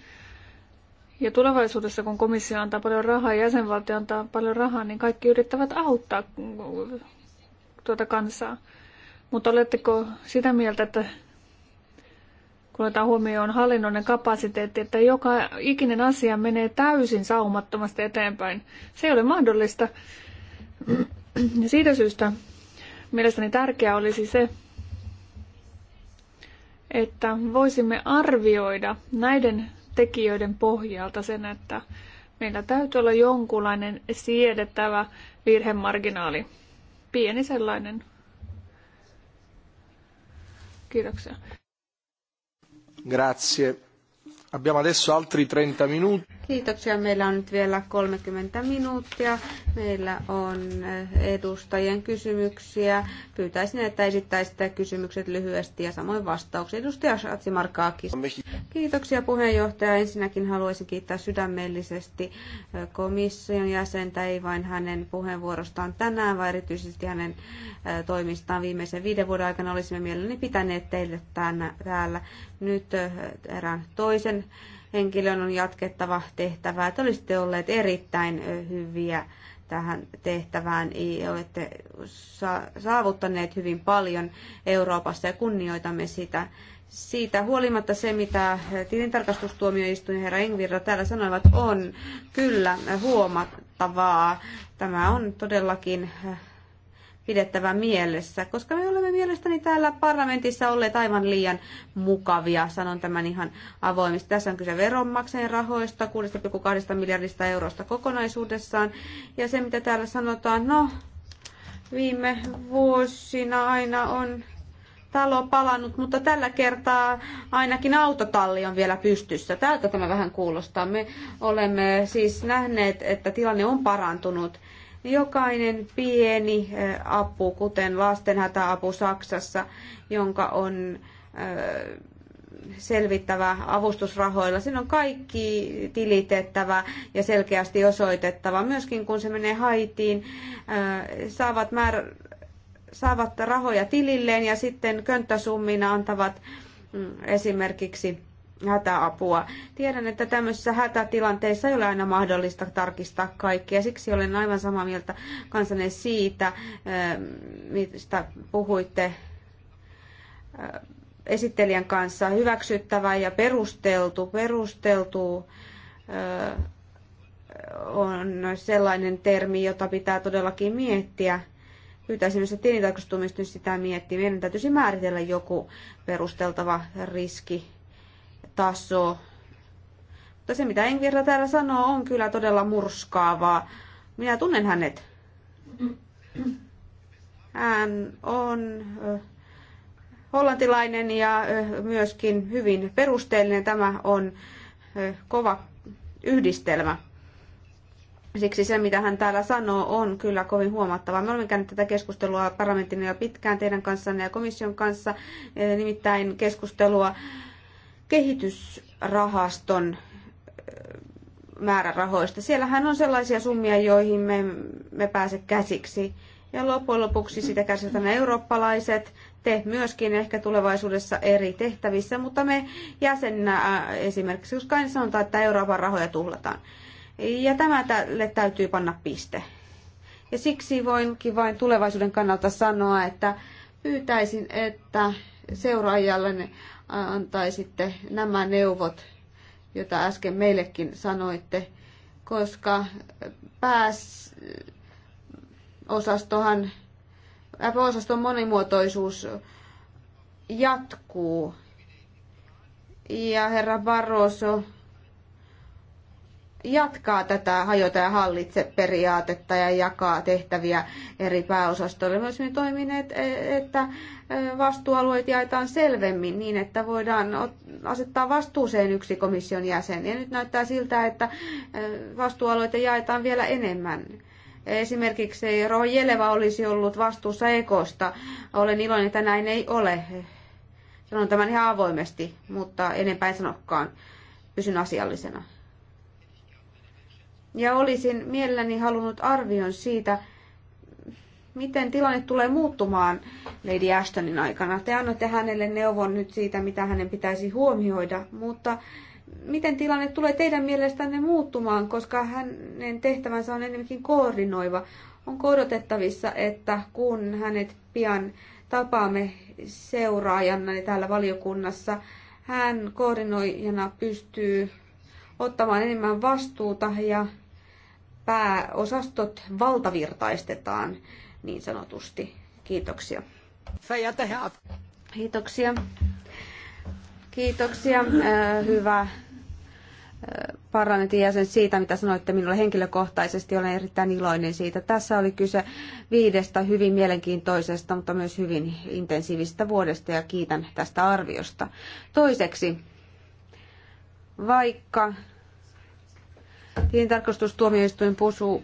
Speaker 3: Ja tulevaisuudessa, kun komissio antaa paljon rahaa ja jäsenvaltio antaa paljon rahaa, niin kaikki yrittävät auttaa tuota kansaa. Mutta oletteko sitä mieltä, että kun otetaan huomioon hallinnollinen kapasiteetti, että joka ikinen asia menee täysin saumattomasti eteenpäin. Se ei ole mahdollista. Ja siitä syystä mielestäni tärkeää olisi se, että voisimme arvioida näiden tekijöiden pohjalta sen, että meillä täytyy olla jonkunlainen siedettävä virhemarginaali. Pieni sellainen.
Speaker 2: Kiitoksia.
Speaker 1: Grazie. Abbiamo adesso altri 30 minuti.
Speaker 2: Kiitoksia. Meillä on nyt vielä 30 minuuttia. Meillä on eh, edustajien kysymyksiä. Pyytäisin, että esittäisitte kysymykset lyhyesti ja samoin vastauksia. Edustaja Shatsimarkaakis. Kiitoksia puheenjohtaja. Ensinnäkin haluaisin kiittää sydämellisesti eh, komission jäsentä, ei vain hänen puheenvuorostaan tänään, vaan erityisesti hänen eh, toimistaan viimeisen viiden vuoden aikana. Olisimme mielelläni pitäneet teille tänä, täällä nyt erään toisen henkilön on jatkettava tehtävää. Te olisitte olleet erittäin hyviä tähän tehtävään. Olette saavuttaneet hyvin paljon Euroopassa ja kunnioitamme sitä. Siitä huolimatta se, mitä tilintarkastustuomioistuin herra Engvirra täällä sanoivat, on kyllä huomattavaa. Tämä on todellakin pidettävä mielessä, koska me olemme mielestäni täällä parlamentissa olleet aivan liian mukavia, sanon tämän ihan avoimesti. Tässä on kyse veronmaksajien rahoista, 6,2 miljardista eurosta kokonaisuudessaan, ja se mitä täällä sanotaan, no viime vuosina aina on talo palannut, mutta tällä kertaa ainakin autotalli on vielä pystyssä. Tältä tämä vähän kuulostaa. Me olemme siis nähneet, että tilanne on parantunut jokainen pieni apu, kuten lastenhätäapu Saksassa, jonka on selvittävä avustusrahoilla. Siinä on kaikki tilitettävä ja selkeästi osoitettava. Myöskin kun se menee haitiin, saavat, määr, saavat rahoja tililleen ja sitten könttäsummina antavat mm, esimerkiksi hätäapua. Tiedän, että tämmöisissä hätätilanteissa ei ole aina mahdollista tarkistaa kaikkea. Siksi olen aivan samaa mieltä kansanne siitä, eh, mistä puhuitte eh, esittelijän kanssa. Hyväksyttävä ja perusteltu, perusteltu eh, on sellainen termi, jota pitää todellakin miettiä pyytäisin myös, että sitä miettiä. Meidän täytyisi määritellä joku perusteltava riski taso. Mutta se, mitä Engvirta täällä sanoo, on kyllä todella murskaavaa. Minä tunnen hänet. Hän on hollantilainen ja myöskin hyvin perusteellinen. Tämä on kova yhdistelmä. Siksi se, mitä hän täällä sanoo, on kyllä kovin huomattavaa. Me olemme käyneet tätä keskustelua parlamentin jo pitkään teidän kanssanne ja komission kanssa, nimittäin keskustelua kehitysrahaston määrärahoista. Siellähän on sellaisia summia, joihin me, me pääse käsiksi. Ja loppujen lopuksi sitä kärsivät eurooppalaiset, te myöskin ehkä tulevaisuudessa eri tehtävissä, mutta me jäsenä esimerkiksi, koska aina sanotaan, että Euroopan rahoja tuhlataan. Ja tämä tälle täytyy panna piste. Ja siksi voinkin vain tulevaisuuden kannalta sanoa, että pyytäisin, että seuraajalle antaisitte nämä neuvot, joita äsken meillekin sanoitte, koska pääosastohan, pääosaston monimuotoisuus jatkuu. Ja herra Barroso, jatkaa tätä hajota ja hallitse periaatetta ja jakaa tehtäviä eri pääosastoille. Myös me toimineet, e, että e, vastuualueet jaetaan selvemmin niin, että voidaan asettaa vastuuseen yksi komission jäsen. Ja nyt näyttää siltä, että e, vastuualueita jaetaan vielä enemmän. Esimerkiksi Roho Jeleva olisi ollut vastuussa ekosta. Olen iloinen, että näin ei ole. Sanon tämän ihan avoimesti, mutta enempää en sanokaan. Pysyn asiallisena. Ja olisin mielelläni halunnut arvion siitä, miten tilanne tulee muuttumaan Lady Ashtonin aikana. Te annatte hänelle neuvon nyt siitä, mitä hänen pitäisi huomioida, mutta miten tilanne tulee teidän mielestänne muuttumaan, koska hänen tehtävänsä on enemmänkin koordinoiva. on odotettavissa, että kun hänet pian tapaamme seuraajana täällä valiokunnassa, hän koordinoijana pystyy ottamaan enemmän vastuuta ja pääosastot valtavirtaistetaan niin sanotusti. Kiitoksia. Kiitoksia. Kiitoksia. Äh, hyvä äh, parlamentin jäsen siitä, mitä sanoitte minulle henkilökohtaisesti. Olen erittäin iloinen siitä. Tässä oli kyse viidestä hyvin mielenkiintoisesta, mutta myös hyvin intensiivisestä vuodesta ja kiitän tästä arviosta. Toiseksi, vaikka Tilintarkastustuomioistuin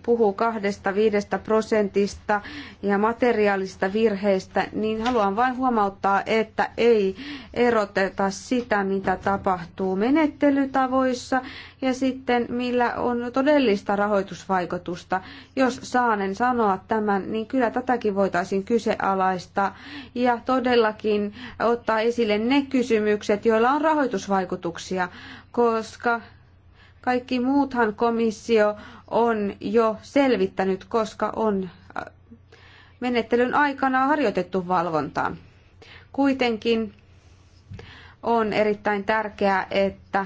Speaker 2: puhuu kahdesta viidestä prosentista ja materiaalista virheistä, niin haluan vain huomauttaa, että ei eroteta sitä, mitä tapahtuu menettelytavoissa ja sitten millä on todellista rahoitusvaikutusta. Jos saanen sanoa tämän, niin kyllä tätäkin voitaisiin kyseenalaistaa ja todellakin ottaa esille ne kysymykset, joilla on rahoitusvaikutuksia, koska kaikki muuthan komissio on jo selvittänyt, koska on äh, menettelyn aikana harjoitettu valvontaa. Kuitenkin on erittäin tärkeää, että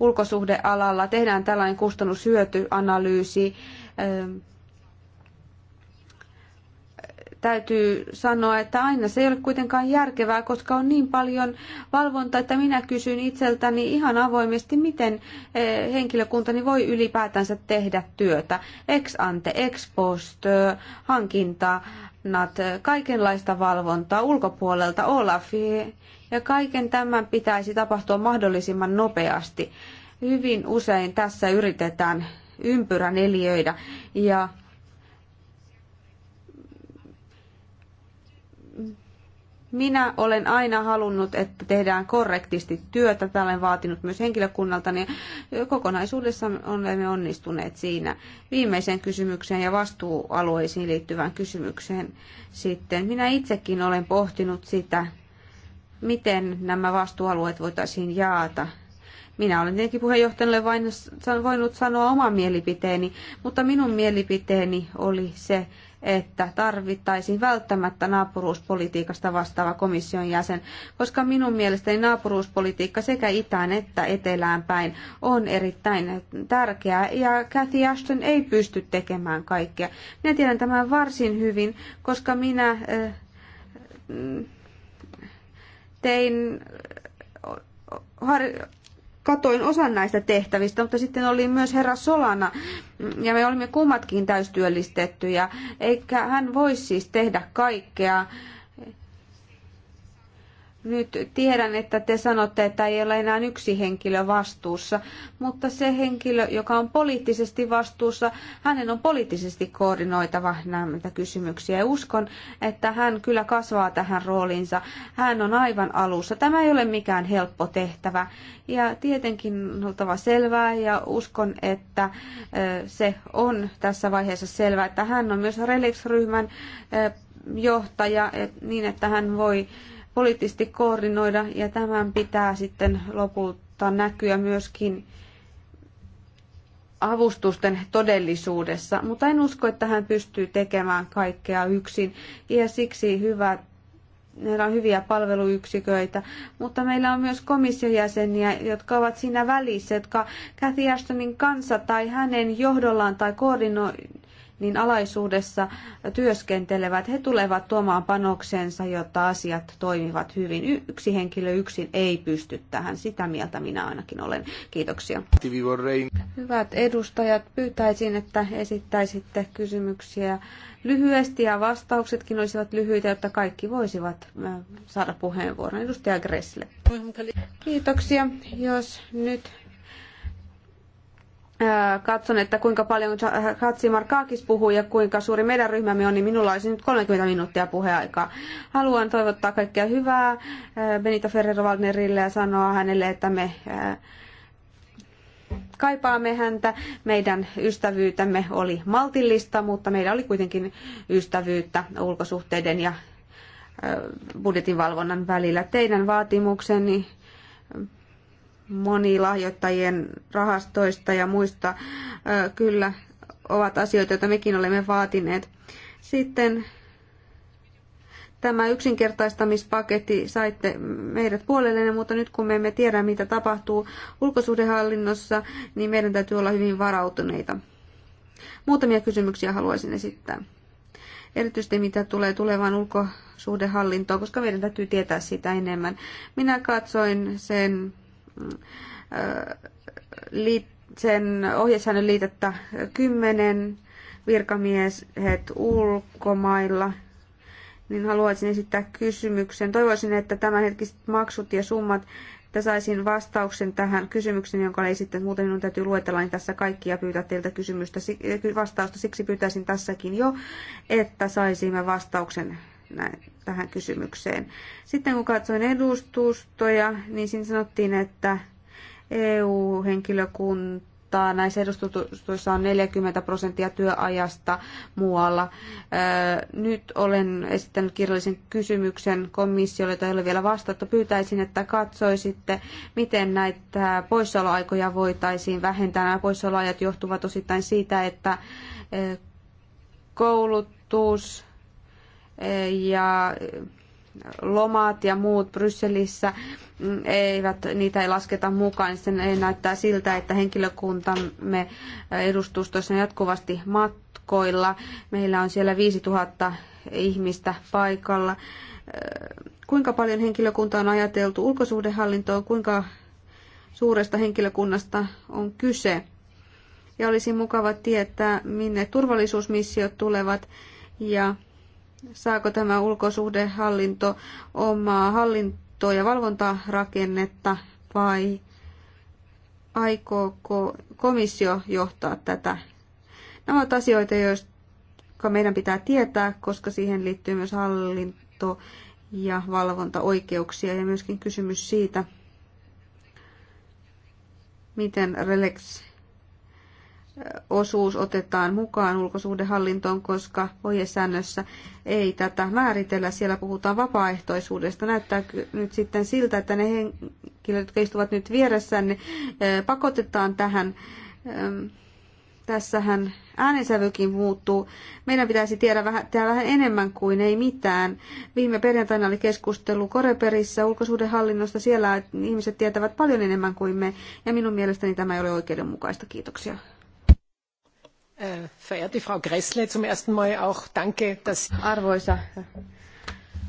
Speaker 2: ulkosuhdealalla tehdään tällainen kustannushyötyanalyysi ähm, täytyy sanoa, että aina se ei ole kuitenkaan järkevää, koska on niin paljon valvontaa, että minä kysyn itseltäni ihan avoimesti, miten eh, henkilökuntani voi ylipäätänsä tehdä työtä. Ex ante, ex post, eh, hankinta, eh, kaikenlaista valvontaa ulkopuolelta, Olaf, ja kaiken tämän pitäisi tapahtua mahdollisimman nopeasti. Hyvin usein tässä yritetään eliöidä ja Minä olen aina halunnut, että tehdään korrektisti työtä. Tätä olen vaatinut myös henkilökunnalta, niin kokonaisuudessaan olemme onnistuneet siinä. Viimeiseen kysymykseen ja vastuualueisiin liittyvään kysymykseen sitten. Minä itsekin olen pohtinut sitä, miten nämä vastuualueet voitaisiin jaata. Minä olen tietenkin puheenjohtajalle vain voinut sanoa oman mielipiteeni, mutta minun mielipiteeni oli se, että tarvittaisiin välttämättä naapuruuspolitiikasta vastaava komission jäsen, koska minun mielestäni naapuruuspolitiikka sekä itään että etelään päin on erittäin tärkeää ja Cathy Ashton ei pysty tekemään kaikkea. Minä tiedän tämän varsin hyvin, koska minä äh, tein eh, har, katoin osan näistä tehtävistä, mutta sitten oli myös herra Solana, mm, ja me olimme kummatkin täystyöllistettyjä, eikä hän voisi siis tehdä kaikkea. Nyt tiedän, että te sanotte, että ei ole enää yksi henkilö vastuussa, mutta se henkilö, joka on poliittisesti vastuussa, hänen on poliittisesti koordinoitava näitä kysymyksiä. Ja uskon, että hän kyllä kasvaa tähän rooliinsa. Hän on aivan alussa. Tämä ei ole mikään helppo tehtävä. Ja tietenkin on oltava selvää ja uskon, että se on tässä vaiheessa selvää, että hän on myös Relix-ryhmän johtaja niin, että hän voi poliittisesti koordinoida ja tämän pitää sitten lopulta näkyä myöskin avustusten todellisuudessa, mutta en usko, että hän pystyy tekemään kaikkea yksin ja siksi hyvä meillä on hyviä palveluyksiköitä, mutta meillä on myös komission jäseniä, jotka ovat siinä välissä, jotka Cathy Ashtonin kanssa tai hänen johdollaan tai koordinoinnin niin alaisuudessa työskentelevät, he tulevat tuomaan panoksensa, jotta asiat toimivat hyvin. Yksi henkilö yksin ei pysty tähän, sitä mieltä minä ainakin olen. Kiitoksia. Hyvät edustajat, pyytäisin, että esittäisitte kysymyksiä lyhyesti ja vastauksetkin olisivat lyhyitä, jotta kaikki voisivat äh, saada puheenvuoron. Edustaja Gressle. Kiitoksia. Jos nyt Äh, katson, että kuinka paljon Katsimarkaakis äh, puhuu ja kuinka suuri meidän ryhmämme on, niin minulla olisi nyt 30 minuuttia puheaikaa. Haluan toivottaa kaikkea hyvää äh, Benito Ferrero Waldnerille ja sanoa hänelle, että me kaipaamme häntä. Meidän ystävyytemme oli maltillista, mutta meillä oli kuitenkin ystävyyttä ulkosuhteiden ja budjetin valvonnan välillä. Teidän vaatimukseni moni lahjoittajien rahastoista ja muista kyllä ovat asioita, joita mekin olemme vaatineet. Sitten tämä yksinkertaistamispaketti saitte meidät puolelleen, mutta nyt kun me emme tiedä, mitä tapahtuu ulkosuhdehallinnossa, niin meidän täytyy olla hyvin varautuneita. Muutamia kysymyksiä haluaisin esittää. Erityisesti mitä tulee tulevaan ulkosuhdehallintoon, koska meidän täytyy tietää sitä enemmän. Minä katsoin sen sen ohjesäännön liitettä 10 virkamiehet ulkomailla, niin haluaisin esittää kysymyksen. Toivoisin, että tämänhetkiset maksut ja summat, että saisin vastauksen tähän kysymykseen, jonka olen esittänyt. Muuten minun täytyy luetella niin tässä kaikkia ja pyytää teiltä kysymystä, vastausta. Siksi pyytäisin tässäkin jo, että saisimme vastauksen näin, tähän kysymykseen. Sitten kun katsoin edustustoja, niin siinä sanottiin, että eu henkilökunta näissä edustustoissa on 40 prosenttia työajasta muualla. Nyt olen esittänyt kirjallisen kysymyksen komissiolle, jota ei ole vielä vastattu. Pyytäisin, että katsoisitte, miten näitä poissaoloaikoja voitaisiin vähentää. Nämä poissaoloajat johtuvat osittain siitä, että koulutus, ja lomat ja muut Brysselissä, mm, eivät, niitä ei lasketa mukaan, niin sen näyttää siltä, että henkilökuntamme edustustossa on jatkuvasti matkoilla. Meillä on siellä 5000 ihmistä paikalla. Kuinka paljon henkilökuntaa on ajateltu ulkosuhdehallintoon, kuinka suuresta henkilökunnasta on kyse? Ja olisi mukava tietää, minne turvallisuusmissiot tulevat ja saako tämä ulkosuhdehallinto omaa hallintoa ja valvontarakennetta vai aikooko komissio johtaa tätä? Nämä ovat asioita, jotka meidän pitää tietää, koska siihen liittyy myös hallinto- ja valvontaoikeuksia ja myöskin kysymys siitä, miten Relex osuus otetaan mukaan ulkosuhdehallintoon, koska ohjesäännössä ei tätä määritellä. Siellä puhutaan vapaaehtoisuudesta. Näyttää nyt sitten siltä, että ne henkilöt, jotka istuvat nyt ne eh, pakotetaan tähän. Tässähän äänensävykin muuttuu. Meidän pitäisi tiedä vähän, tehdä vähän enemmän kuin ei mitään. Viime perjantaina oli keskustelu Koreperissä ulkosuhdehallinnosta. Siellä ihmiset tietävät paljon enemmän kuin me, ja minun mielestäni tämä ei ole oikeudenmukaista. Kiitoksia.
Speaker 4: Äh, verehrte Frau Gressle, zum ersten
Speaker 2: Mal auch danke, dass... Arvoisa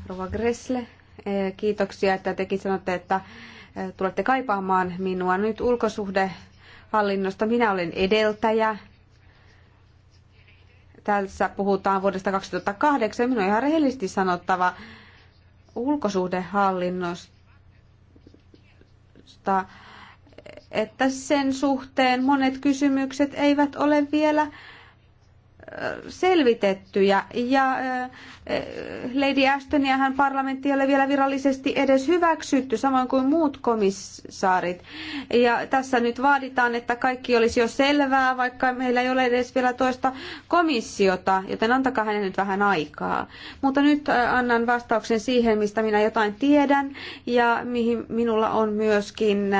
Speaker 2: Rova Gressle, äh, kiitoksia, että tekin sanotte, että äh, tulette kaipaamaan minua nyt ulkosuhdehallinnosta. Minä olen edeltäjä. Tässä puhutaan vuodesta 2008. Minun on ihan rehellisesti sanottava ulkosuhdehallinnosta että sen suhteen monet kysymykset eivät ole vielä selvitettyjä. Ja Lady Ashtoniahan hän parlamentti ei ole vielä virallisesti edes hyväksytty, samoin kuin muut komissaarit. Ja tässä nyt vaaditaan, että kaikki olisi jo selvää, vaikka meillä ei ole edes vielä toista komissiota, joten antakaa hänen nyt vähän aikaa. Mutta nyt annan vastauksen siihen, mistä minä jotain tiedän ja mihin minulla on myöskin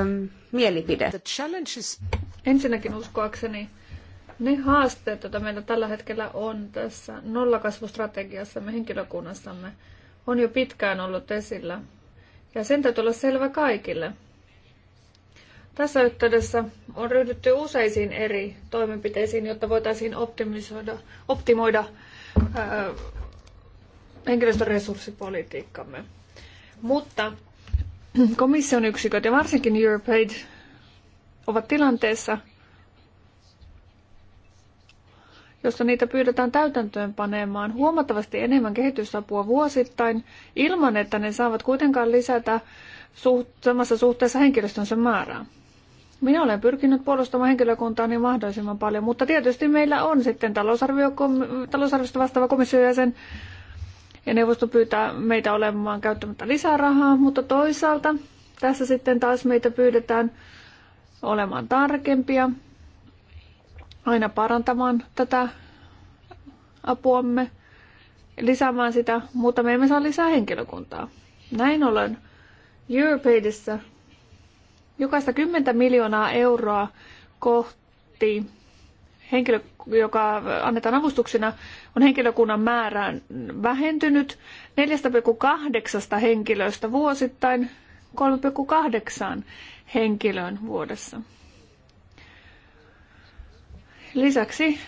Speaker 2: äm, mielipide? Ensinnäkin uskoakseni ne haasteet, joita meillä tällä hetkellä
Speaker 3: on tässä nollakasvustrategiassamme henkilökunnassamme, on jo pitkään ollut esillä. Ja sen täytyy olla selvä kaikille. Tässä yhteydessä on ryhdytty useisiin eri toimenpiteisiin, jotta voitaisiin optimisoida, optimoida ää, henkilöstöresurssipolitiikkamme. Mutta komission yksiköt ja varsinkin EuroPaid ovat tilanteessa, jossa niitä pyydetään täytäntöön panemaan huomattavasti enemmän kehitysapua vuosittain ilman, että ne saavat kuitenkaan lisätä suht, samassa suhteessa henkilöstönsä määrää. Minä olen pyrkinyt puolustamaan henkilökuntaani niin mahdollisimman paljon, mutta tietysti meillä on sitten talousarvio, talousarviosta vastaava komission jäsen, ja neuvosto pyytää meitä olemaan käyttämättä lisää rahaa, mutta toisaalta tässä sitten taas meitä pyydetään olemaan tarkempia, aina parantamaan tätä apuamme, lisäämään sitä, mutta me emme saa lisää henkilökuntaa. Näin ollen Europeidissä jokaista 10 miljoonaa euroa kohti henkilö, joka annetaan avustuksina, on henkilökunnan määrään vähentynyt 4,8 henkilöstä vuosittain 3,8 henkilöön vuodessa. Lisäksi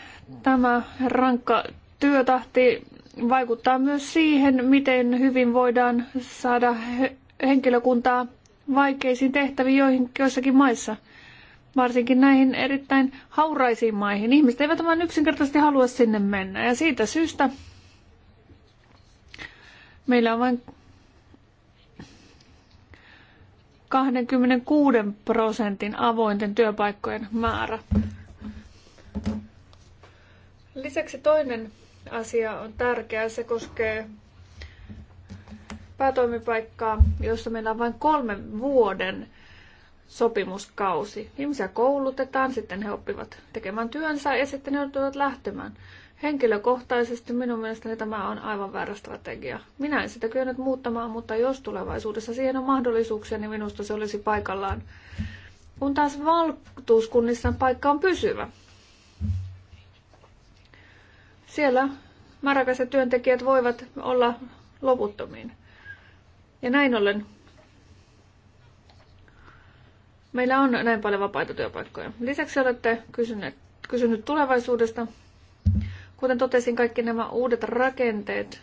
Speaker 3: tämä rankka työtahti vaikuttaa myös siihen, miten hyvin voidaan saada henkilökuntaa vaikeisiin tehtäviin joihin, joissakin maissa – varsinkin näihin erittäin hauraisiin maihin. Ihmiset eivät vain yksinkertaisesti halua sinne mennä ja siitä syystä meillä on vain 26 prosentin avointen työpaikkojen määrä. Lisäksi toinen asia on tärkeä. Se koskee päätoimipaikkaa, jossa meillä on vain kolmen vuoden sopimuskausi. Ihmisiä koulutetaan, sitten he oppivat tekemään työnsä ja sitten he joutuvat lähtemään. Henkilökohtaisesti minun mielestäni tämä on aivan väärä strategia. Minä en sitä kyennyt muuttamaan, mutta jos tulevaisuudessa siihen on mahdollisuuksia, niin minusta se olisi paikallaan. Kun taas valtuuskunnissa paikka on pysyvä. Siellä määräkäiset työntekijät voivat olla loputtomiin. Ja näin ollen meillä on näin paljon vapaita työpaikkoja. Lisäksi olette kysyneet, kysynyt tulevaisuudesta. Kuten totesin, kaikki nämä uudet rakenteet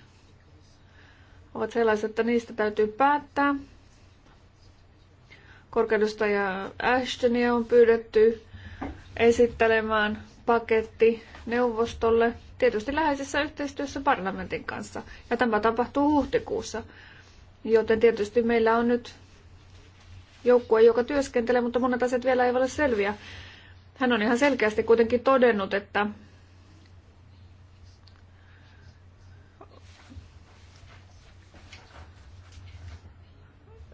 Speaker 3: ovat sellaiset, että niistä täytyy päättää. Korkeudustaja Ashtonia on pyydetty esittelemään paketti neuvostolle, tietysti läheisessä yhteistyössä parlamentin kanssa. Ja tämä tapahtuu huhtikuussa, joten tietysti meillä on nyt joukkue, joka työskentelee, mutta monet asiat vielä ei ole selviä. Hän on ihan selkeästi kuitenkin todennut, että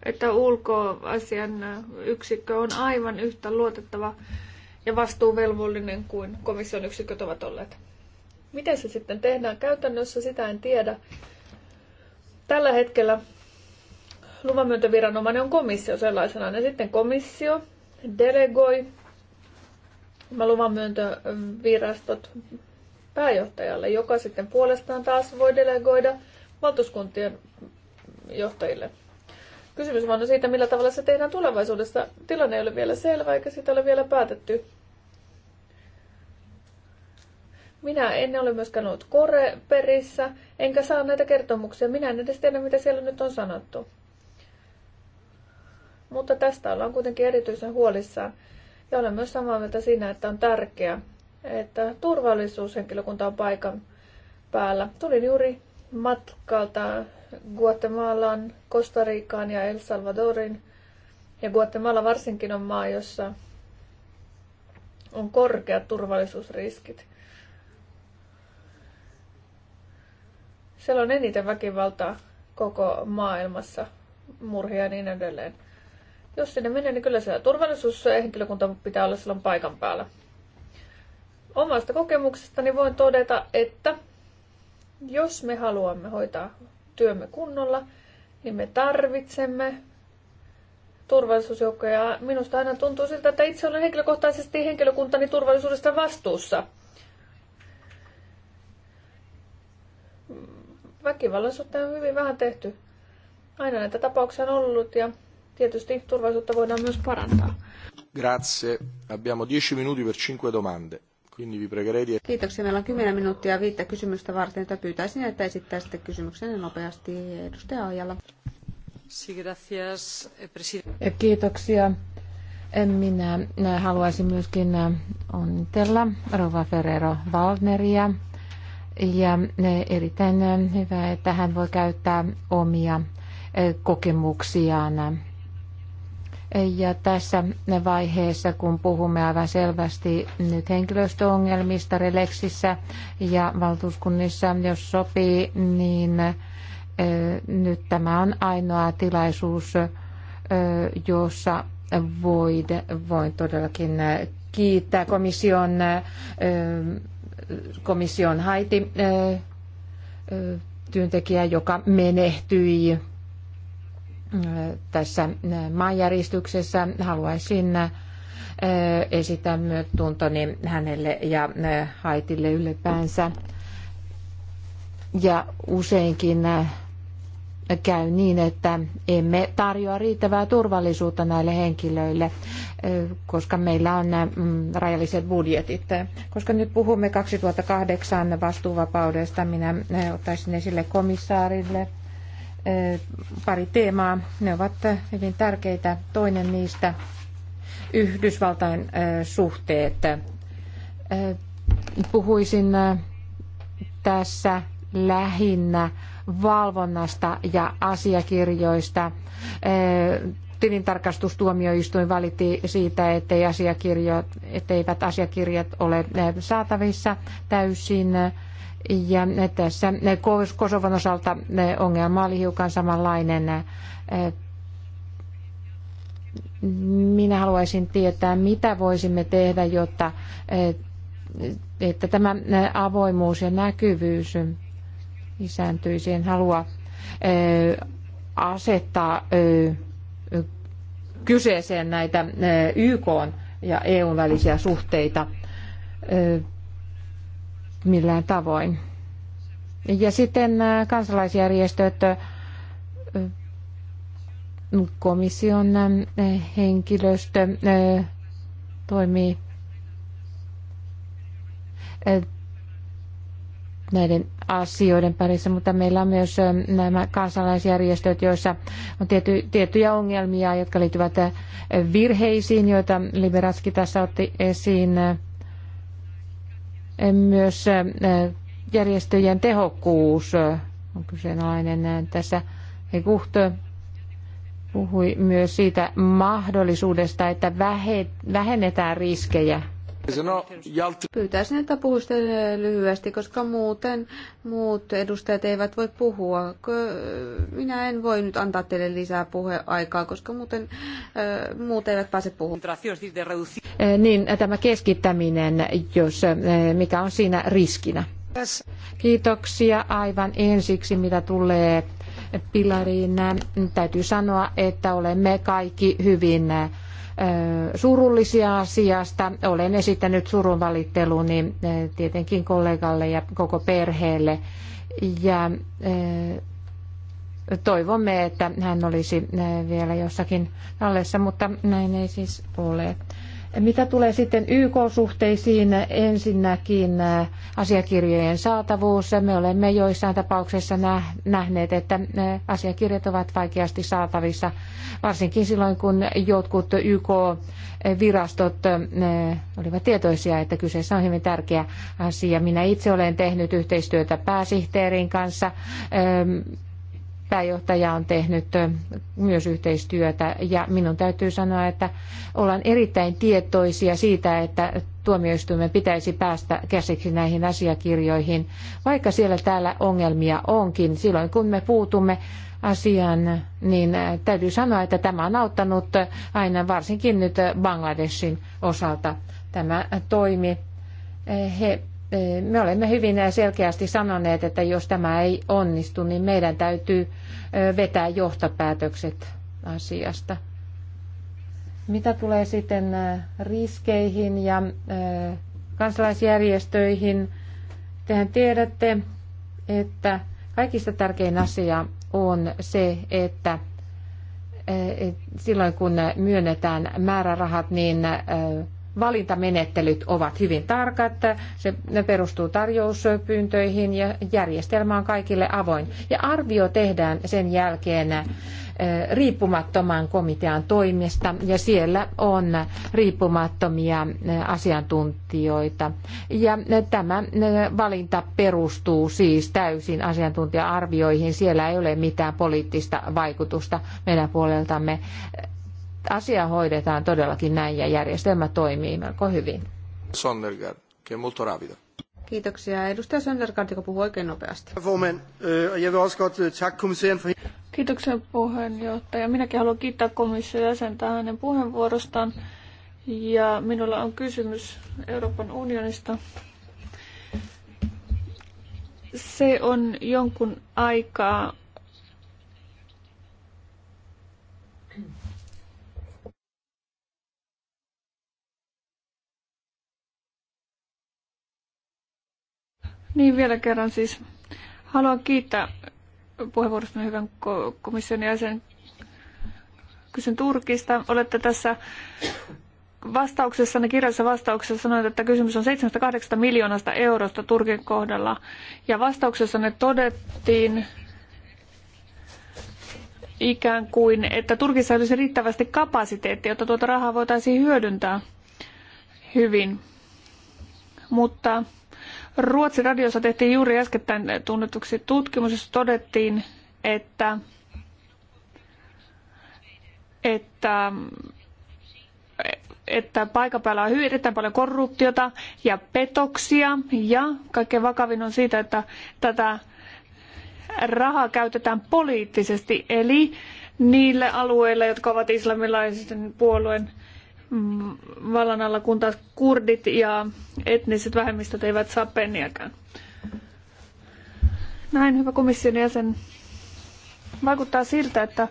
Speaker 3: että ulkoasian yksikkö on aivan yhtä luotettava ja vastuuvelvollinen kuin komission yksiköt ovat olleet. Miten se sitten tehdään käytännössä, sitä en tiedä. Tällä hetkellä luvanmyöntöviranomainen on komissio sellaisenaan. Ja sitten komissio delegoi luvanmyöntövirastot pääjohtajalle, joka sitten puolestaan taas voi delegoida valtuuskuntien johtajille. Kysymys vaan on siitä, millä tavalla se tehdään tulevaisuudessa. Tilanne ei ole vielä selvä, eikä sitä ole vielä päätetty. Minä en ole myöskään ollut koreperissä, enkä saa näitä kertomuksia. Minä en edes tiedä, mitä siellä nyt on sanottu. Mutta tästä ollaan kuitenkin erityisen huolissaan. Ja olen myös samaa mieltä siinä, että on tärkeää, että turvallisuushenkilökunta on paikan päällä. Tulin juuri matkalta Guatemalan, Costa Ricaan ja El Salvadorin. Ja Guatemala varsinkin on maa, jossa on korkeat turvallisuusriskit. Siellä on eniten väkivaltaa koko maailmassa, murhia ja niin edelleen. Jos sinne menee, niin kyllä siellä henkilökunta pitää olla silloin paikan päällä. Omasta kokemuksestani voin todeta, että jos me haluamme hoitaa työmme kunnolla, niin me tarvitsemme turvallisuusjoukkoja. Minusta aina tuntuu siltä, että itse olen henkilökohtaisesti henkilökuntani turvallisuudesta vastuussa. Väkivallan suhteen on hyvin vähän tehty. Aina näitä tapauksia on ollut ja tietysti turvallisuutta voidaan myös parantaa.
Speaker 1: Grazie. Abbiamo 10 minuti per 5 domande. Quindi vi pregherei di...
Speaker 2: Kiitoksia. Meillä on 10 minuuttia viittä kysymystä varten, että pyytäisin, että esittäisitte kysymyksen nopeasti. Edustaja
Speaker 4: gracias, eh, presidente. Kiitoksia. Minä haluaisin myöskin onnitella Rova Ferrero Waldneria ja erittäin hyvä, että hän voi käyttää omia eh, kokemuksiaan ja tässä vaiheessa, kun puhumme aivan selvästi nyt henkilöstöongelmista Relexissä ja valtuuskunnissa, jos sopii, niin nyt tämä on ainoa tilaisuus, jossa voin, voin todellakin kiittää komission, komission haiti työntekijää, joka menehtyi tässä maanjäristyksessä. Haluaisin äh, esittää myötätuntoni hänelle ja äh, Haitille ylipäänsä. Ja useinkin äh, käy niin, että emme tarjoa riittävää turvallisuutta näille henkilöille, koska meillä on nämä mm, rajalliset budjetit. Koska nyt puhumme 2008 vastuuvapaudesta, minä ottaisin esille komissaarille pari teemaa. Ne ovat hyvin tärkeitä. Toinen niistä Yhdysvaltain suhteet. Puhuisin tässä lähinnä valvonnasta ja asiakirjoista. Tilintarkastustuomioistuin valitti siitä, ettei asiakirjat, etteivät asiakirjat ole saatavissa täysin ja tässä Kosovon osalta ongelma oli hiukan samanlainen. Minä haluaisin tietää, mitä voisimme tehdä, jotta että tämä avoimuus ja näkyvyys lisääntyisi. En halua asettaa kyseeseen näitä YK ja EUn välisiä suhteita millään tavoin. Ja sitten äh, kansalaisjärjestöt, äh, komission äh, henkilöstö toimii näiden asioiden parissa, mutta meillä on myös nämä kansalaisjärjestöt, joissa on tiety, tiettyjä ongelmia, jotka liittyvät virheisiin, joita Liberatski tässä otti esiin myös järjestöjen tehokkuus on kyseenalainen. Tässä Guht puhui myös siitä mahdollisuudesta, että vähennetään
Speaker 2: riskejä Er no Pyytäisin, että puhuisitte lyhyesti, koska muuten muut edustajat eivät voi puhua. Minä en voi nyt antaa teille lisää puheaikaa, koska muuten muut eivät pääse puhumaan.
Speaker 4: Niin, tämä keskittäminen, jos, mikä on siinä riskinä? Kiitoksia aivan ensiksi, mitä tulee pilariin. Täytyy sanoa, että olemme kaikki hyvin surullisia asiasta. Olen esittänyt surun valitteluni tietenkin kollegalle ja koko perheelle. Ja toivomme, että hän olisi vielä jossakin tallessa, mutta näin ei siis ole. Mitä tulee sitten YK-suhteisiin, ensinnäkin äh, asiakirjojen saatavuus. Me olemme joissain tapauksissa nähneet, että äh, asiakirjat ovat vaikeasti saatavissa, varsinkin silloin kun jotkut YK-virastot äh, olivat tietoisia, että kyseessä on hyvin tärkeä asia. Minä itse olen tehnyt yhteistyötä pääsihteerin kanssa ähm, pääjohtaja on tehnyt myös yhteistyötä ja minun täytyy sanoa, että ollaan erittäin tietoisia siitä, että tuomioistuimen pitäisi päästä käsiksi näihin asiakirjoihin, vaikka siellä täällä ongelmia onkin. Silloin kun me puutumme asiaan, niin täytyy sanoa, että tämä on auttanut aina varsinkin nyt Bangladeshin osalta tämä toimi. He Eh, me olemme hyvin selkeästi sanoneet, että jos tämä ei onnistu, niin meidän täytyy eh, vetää johtopäätökset asiasta. Mitä tulee sitten eh, riskeihin ja kansalaisjärjestöihin, tehän tiedätte, että kaikista tärkein asia on se, että silloin kun myönnetään määrärahat, niin valintamenettelyt ovat hyvin tarkat. Se, ne perustuu tarjouspyyntöihin ja järjestelmä on kaikille avoin. Ja arvio tehdään sen jälkeen riippumattoman komitean toimesta ja siellä on riippumattomia asiantuntijoita. Ja tämä valinta perustuu siis täysin asiantuntija-arvioihin. Siellä ei ole mitään poliittista vaikutusta meidän puoleltamme asia hoidetaan todellakin näin ja järjestelmä toimii
Speaker 2: melko hyvin.
Speaker 1: Sonnergaard, che molto rapido.
Speaker 2: Kiitoksia. Edustaja Söndergaard, joka puhuu oikein nopeasti.
Speaker 1: Äh, äh,
Speaker 2: Kiitoksia
Speaker 3: puheenjohtaja. Minäkin haluan kiittää komission jäsentä hänen puheenvuorostaan. Ja minulla on kysymys Euroopan unionista. Se on jonkun aikaa Niin vielä kerran siis haluan kiittää puheenvuorostani hyvän komission jäsen. Kysyn Turkista. Olette tässä vastauksessa, kirjallisessa vastauksessa sanoit, että kysymys on 7-8 miljoonasta eurosta Turkin kohdalla. Ja vastauksessa ne todettiin ikään kuin, että Turkissa olisi riittävästi kapasiteettia, jotta tuota rahaa voitaisiin hyödyntää hyvin. Mutta Ruotsin radiossa tehtiin juuri äskettäin tunnetuksi tutkimus, jossa todettiin, että, että, että paikan päällä on hyvin erittäin paljon korruptiota ja petoksia ja kaikkein vakavin on siitä, että tätä rahaa käytetään poliittisesti, eli niille alueille, jotka ovat islamilaisen puolueen Mm, vallan alla, kun taas kurdit ja etniset vähemmistöt eivät saa penniäkään. Näin, hyvä komission jäsen. Vaikuttaa siltä, että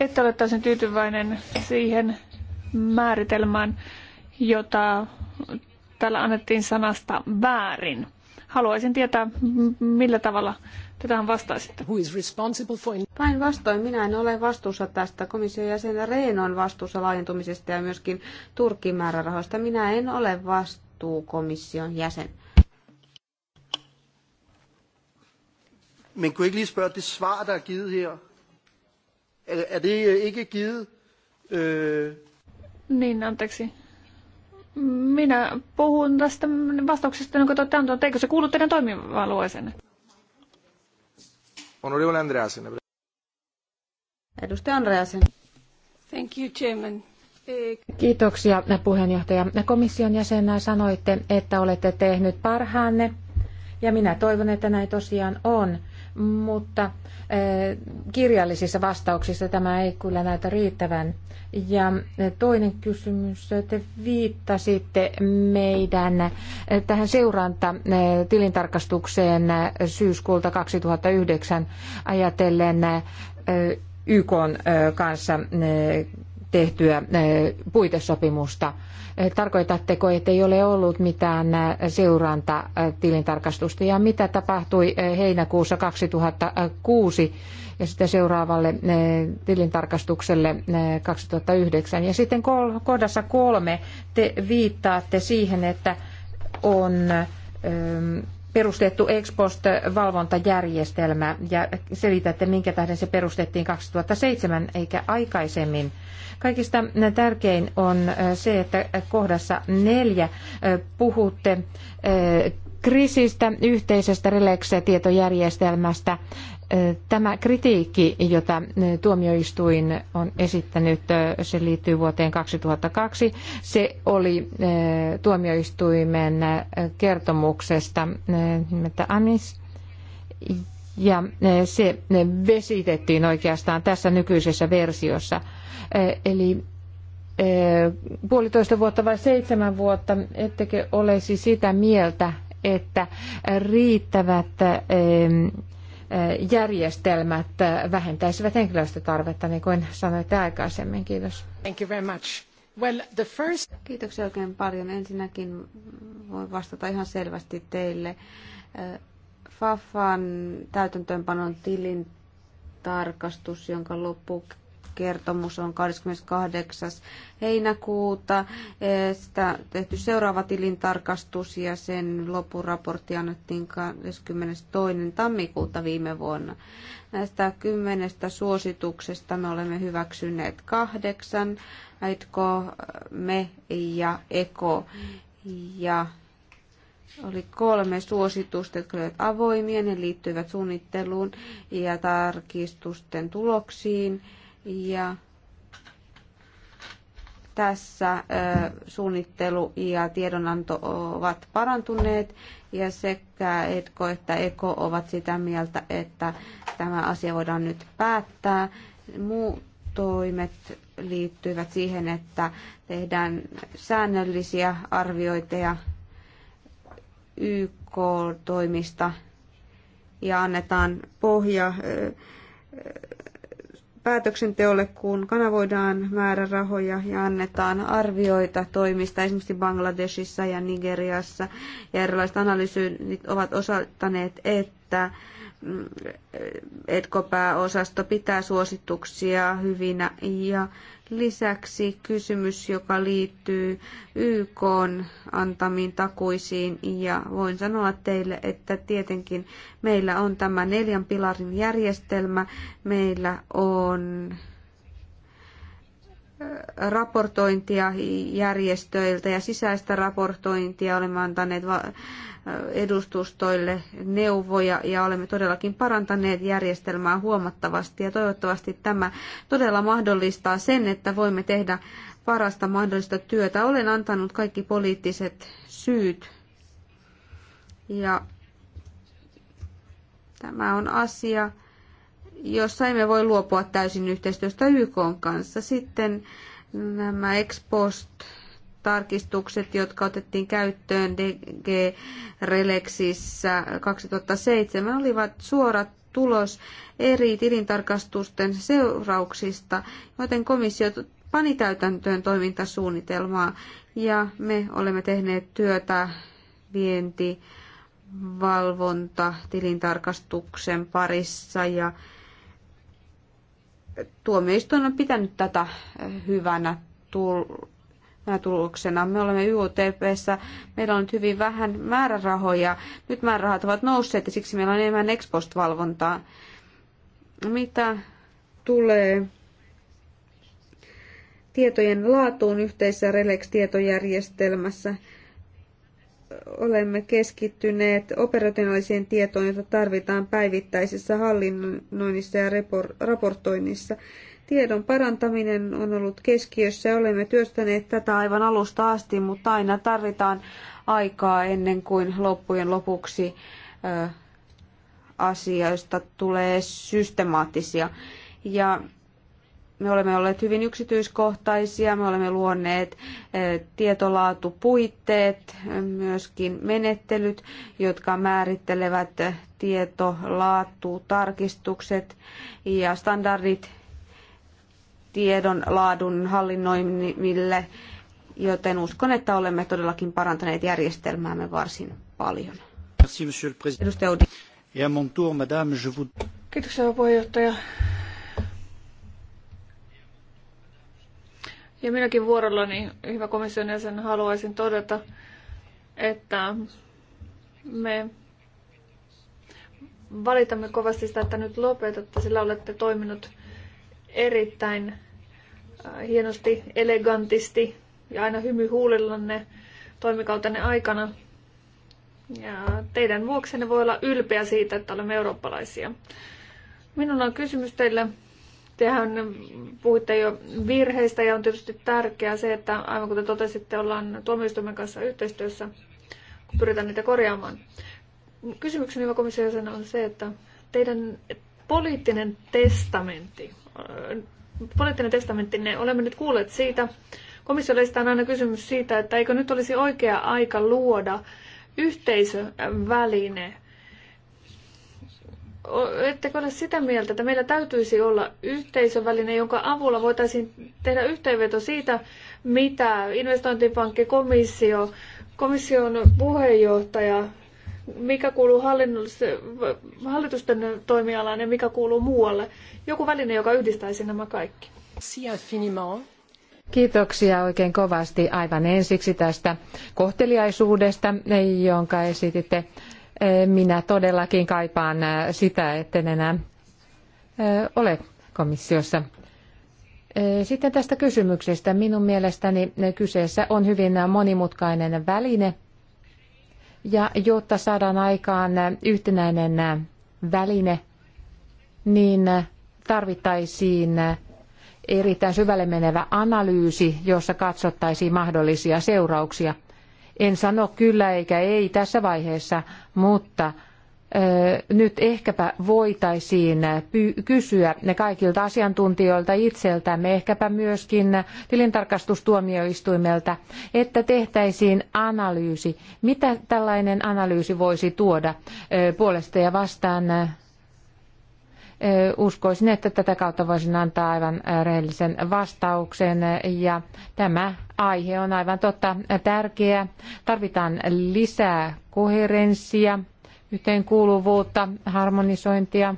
Speaker 3: ette ole täysin tyytyväinen siihen määritelmään, jota täällä annettiin sanasta väärin. Haluaisin tietää,
Speaker 2: millä tavalla tähän vastaisitte. Päinvastoin minä en ole vastuussa tästä. Komission jäsen Rehn on vastuussa laajentumisesta ja myöskin Turkin määrärahoista. Minä en ole vastuukomission jäsen.
Speaker 1: Men kunne ikke lige spørge, det svar, der er givet her,
Speaker 3: er, er det ikke givet? Øh... Niin, anteeksi. Minä puhun tästä vastauksesta, jonka te antoi. Eikö se kuulu teidän toimivalueeseen? Honorable Andreasen.
Speaker 2: Edustaja Andreasen. Thank you, Chairman.
Speaker 4: Kiitoksia puheenjohtaja. Komission jäsenä sanoitte, että olette tehnyt parhaanne ja minä toivon, että näin tosiaan on mutta eh, kirjallisissa vastauksissa tämä ei kyllä näytä riittävän. Ja eh, toinen kysymys, te viittasitte meidän eh, tähän seuranta tilintarkastukseen syyskuulta 2009 ajatellen YK kanssa tehtyä puitesopimusta. Tarkoitatteko, että ei ole ollut mitään seuranta tilintarkastusta ja mitä tapahtui heinäkuussa 2006 ja sitten seuraavalle tilintarkastukselle 2009. Ja sitten kohdassa kolme te viittaatte siihen, että on perustettu ex post valvontajärjestelmä ja selitätte, minkä tähden se perustettiin 2007 eikä aikaisemmin. Kaikista tärkein on äh, se, että kohdassa neljä äh, puhutte äh, kriisistä, yhteisestä Relex-tietojärjestelmästä Tämä kritiikki, jota tuomioistuin on esittänyt, se liittyy vuoteen 2002. Se oli tuomioistuimen kertomuksesta nimeltä Anis. Ja se vesitettiin oikeastaan tässä nykyisessä versiossa. Eli puolitoista vuotta vai seitsemän vuotta, ettekö olisi sitä mieltä, että riittävät järjestelmät vähentäisivät henkilöstötarvetta, niin kuin sanoitte aikaisemmin. Kiitos.
Speaker 2: Thank you very much. Well, the first... Kiitoksia oikein paljon. Ensinnäkin voin vastata ihan selvästi teille. Fafan täytäntöönpanon tilin tarkastus, jonka loppu kertomus on 28. heinäkuuta. Sitä tehty seuraava tilintarkastus ja sen lopuraportti annettiin 22. tammikuuta viime vuonna. Näistä kymmenestä suosituksesta me olemme hyväksyneet kahdeksan, Aitko, Me ja Eko. Ja oli kolme suositusta, jotka olivat avoimia, ne liittyivät suunnitteluun ja tarkistusten tuloksiin. Ja tässä suunnittelu ja tiedonanto ovat parantuneet ja sekä ETKO että EKO ovat sitä mieltä, että tämä asia voidaan nyt päättää. Muut toimet liittyvät siihen, että tehdään säännöllisiä arvioita ja YK-toimista ja annetaan pohja päätöksenteolle, kun kanavoidaan määrärahoja ja annetaan arvioita toimista esimerkiksi Bangladesissa ja Nigeriassa. Ja erilaiset analyysit ovat osoittaneet, että mm, etkopääosasto pitää suosituksia hyvinä ja Lisäksi kysymys, joka liittyy YK antamiin takuisiin ja voin sanoa teille, että tietenkin meillä on tämä neljän pilarin järjestelmä, meillä on raportointia järjestöiltä ja sisäistä raportointia. Olemme antaneet edustustoille neuvoja ja olemme todellakin parantaneet järjestelmää huomattavasti ja toivottavasti tämä todella mahdollistaa sen, että voimme tehdä parasta mahdollista työtä. Olen antanut kaikki poliittiset syyt ja tämä on asia, jossa emme voi luopua täysin yhteistyöstä YK kanssa. Sitten nämä ex post tarkistukset, jotka otettiin käyttöön DG Relexissä 2007, olivat suorat tulos eri tilintarkastusten seurauksista, joten komissio pani täytäntöön toimintasuunnitelmaa ja me olemme tehneet työtä vienti valvonta tilintarkastuksen parissa ja tuomioistuin on pitänyt tätä äh, hyvänä tul- tuloksena. Me olemme YOTPssä, meillä on nyt hyvin vähän määrärahoja. Nyt määrärahat ovat nousseet ja siksi meillä on enemmän ekspostvalvontaa. Mitä tulee tietojen laatuun yhteisessä RELEX-tietojärjestelmässä, olemme keskittyneet operationaaliseen tietoon, jota tarvitaan päivittäisessä hallinnoinnissa ja raportoinnissa. Tiedon parantaminen on ollut keskiössä ja olemme työstäneet tätä aivan alusta asti, mutta aina tarvitaan aikaa ennen kuin loppujen lopuksi asioista tulee systemaattisia. Ja me olemme olleet hyvin yksityiskohtaisia, me olemme luonneet eh, tietolaatupuitteet, myöskin menettelyt, jotka määrittelevät eh, tietolaatutarkistukset ja standardit tiedon laadun hallinnoimille, joten uskon, että olemme todellakin parantaneet järjestelmäämme varsin paljon. Merci, monsieur Kiitoksia puheenjohtaja.
Speaker 3: Ja minäkin vuorollani, hyvä komission jäsen, haluaisin todeta, että me valitamme kovasti sitä, että nyt lopetatte, sillä olette toiminut erittäin äh, hienosti, elegantisti ja aina hymy huulillanne toimikautenne aikana. Ja teidän vuoksenne voi olla ylpeä siitä, että olemme eurooppalaisia. Minulla on kysymys teille Tehän puhuitte jo virheistä ja on tietysti tärkeää se, että aivan kuten totesitte, ollaan tuomioistuimen kanssa yhteistyössä, kun pyritään niitä korjaamaan. Kysymykseni hyvä on se, että teidän poliittinen testamentti, äh, poliittinen testamentti, ne olemme nyt kuulleet siitä, komissiolle on aina kysymys siitä, että eikö nyt olisi oikea aika luoda yhteisöväline ettekö ole sitä mieltä, että meillä täytyisi olla yhteisöväline, jonka avulla voitaisiin tehdä yhteenveto siitä, mitä investointipankki, komissio, komission puheenjohtaja, mikä kuuluu hallitusten toimialaan ja mikä kuuluu muualle. Joku väline, joka yhdistäisi nämä kaikki.
Speaker 4: Kiitoksia oikein kovasti aivan ensiksi tästä kohteliaisuudesta, jonka esititte minä todellakin kaipaan sitä, etten enää ole komissiossa. Sitten tästä kysymyksestä. Minun mielestäni kyseessä on hyvin monimutkainen väline. Ja jotta saadaan aikaan yhtenäinen väline, niin tarvittaisiin erittäin syvälle menevä analyysi, jossa katsottaisiin mahdollisia seurauksia – en sano kyllä eikä ei tässä vaiheessa, mutta nyt ehkäpä voitaisiin kysyä ne kaikilta asiantuntijoilta itseltämme, ehkäpä myöskin tilintarkastustuomioistuimelta, että tehtäisiin analyysi. Mitä tällainen analyysi voisi tuoda puolesta ja vastaan? Uskoisin, että tätä kautta voisin antaa aivan rehellisen vastauksen ja tämä Aihe on aivan totta tärkeä. Tarvitaan lisää koherenssia, yhteenkuuluvuutta, harmonisointia,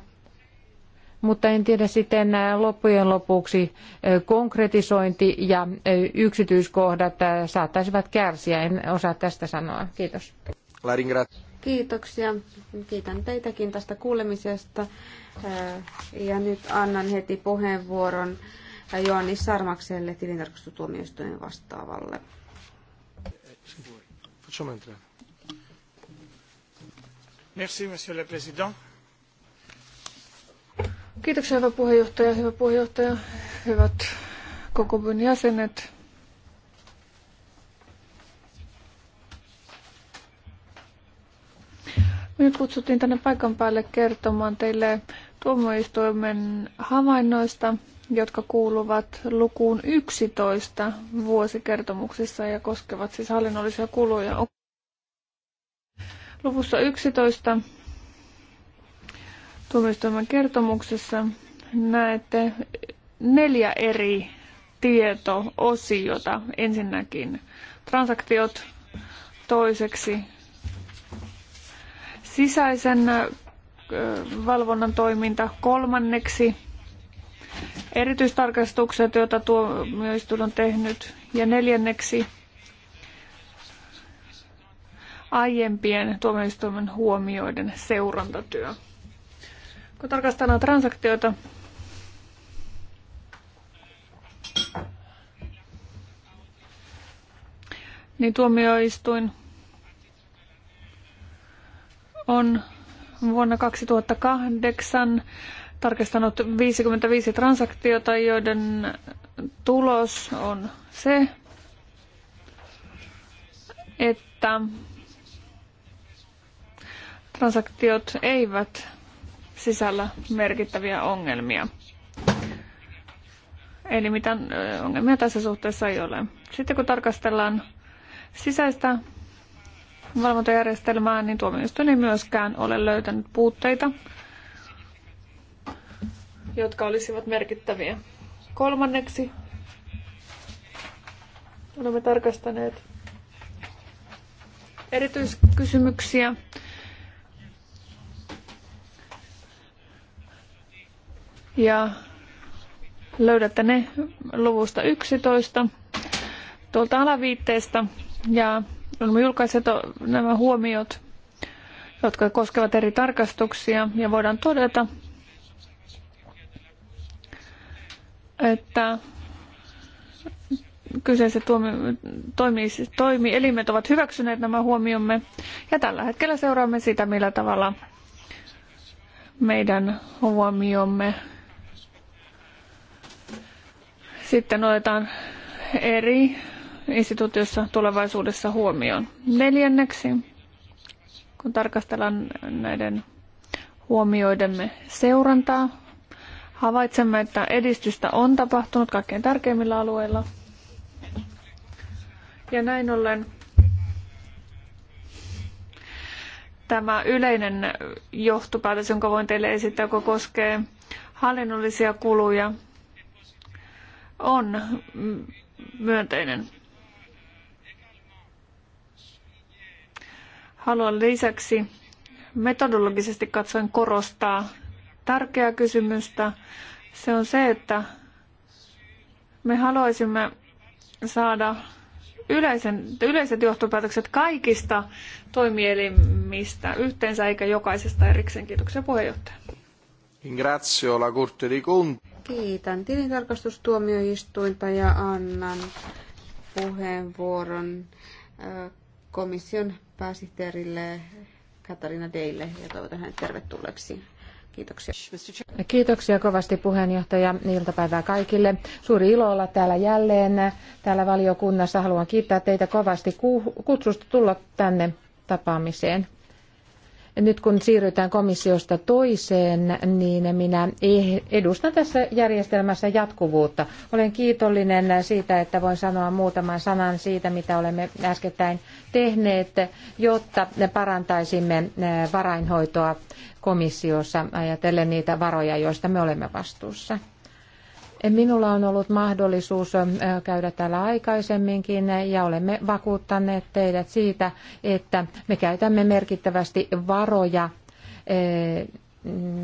Speaker 4: mutta en tiedä sitten loppujen lopuksi konkretisointi ja yksityiskohdat saattaisivat kärsiä. En osaa tästä sanoa. Kiitos.
Speaker 2: Kiitoksia. Kiitän teitäkin tästä kuulemisesta. Ja nyt annan heti puheenvuoron Joanni Sarmakselle tilintarkastustuomioistuimen vastaavalle.
Speaker 1: Merci, monsieur le président.
Speaker 3: Kiitoksia, hyvä puheenjohtaja, hyvä puheenjohtaja, hyvät koko jäsenet. Minut kutsuttiin tänne paikan päälle kertomaan teille tuomioistuimen havainnoista – jotka kuuluvat lukuun 11 vuosikertomuksessa ja koskevat siis hallinnollisia kuluja. Luvussa 11 tuomioistuimen kertomuksessa näette neljä eri tieto-osiota. Ensinnäkin transaktiot, toiseksi sisäisen valvonnan toiminta, kolmanneksi erityistarkastukset, joita tuomioistuin on tehnyt. Ja neljänneksi aiempien tuomioistuimen huomioiden seurantatyö. Kun tarkastellaan transaktioita, niin tuomioistuin on vuonna 2008 tarkistanut 55 transaktiota, joiden tulos on se, että transaktiot eivät sisällä merkittäviä ongelmia. Eli mitään ongelmia tässä suhteessa ei ole. Sitten kun tarkastellaan sisäistä valvontajärjestelmää, niin tuomioistuin ei myöskään ole löytänyt puutteita jotka olisivat merkittäviä. Kolmanneksi olemme tarkastaneet erityiskysymyksiä. Ja löydätte ne luvusta 11 tuolta alaviitteestä. Ja olemme julkaiset nämä huomiot, jotka koskevat eri tarkastuksia. Ja voidaan todeta, että kyseiset tuomi, toimi, elimet ovat hyväksyneet nämä huomiomme ja tällä hetkellä seuraamme sitä, millä tavalla meidän huomiomme sitten otetaan eri instituutiossa tulevaisuudessa huomioon. Neljänneksi, kun tarkastellaan näiden huomioidemme seurantaa, Havaitsemme, että edistystä on tapahtunut kaikkein tärkeimmillä alueilla. Ja näin ollen tämä yleinen johtopäätös, jonka voin teille esittää, joka koskee hallinnollisia kuluja, on myönteinen. Haluan lisäksi metodologisesti katsoen korostaa tärkeää kysymystä. Se on se, että me haluaisimme saada yleisen, yleiset johtopäätökset kaikista toimielimistä yhteensä eikä jokaisesta erikseen.
Speaker 2: Kiitoksia puheenjohtaja.
Speaker 1: la Corte Conti.
Speaker 2: Kiitän tilintarkastustuomioistuinta ja annan puheenvuoron komission pääsihteerille Katarina Deille ja toivotan hänet tervetulleeksi. Kiitoksia.
Speaker 4: Kiitoksia kovasti puheenjohtaja. Iltapäivää kaikille. Suuri ilo olla täällä jälleen täällä valiokunnassa. Haluan kiittää teitä kovasti kutsusta tulla tänne tapaamiseen. Nyt kun siirrytään komissiosta toiseen, niin minä eh- edustan tässä järjestelmässä jatkuvuutta. Olen kiitollinen siitä, että voin sanoa muutaman sanan siitä, mitä olemme äskettäin tehneet, jotta parantaisimme eh, varainhoitoa komissiossa ajatellen niitä varoja, joista me olemme vastuussa. Eh, minulla on ollut mahdollisuus eh, käydä täällä aikaisemminkin eh, ja olemme vakuuttaneet teidät siitä, että me käytämme merkittävästi varoja mm,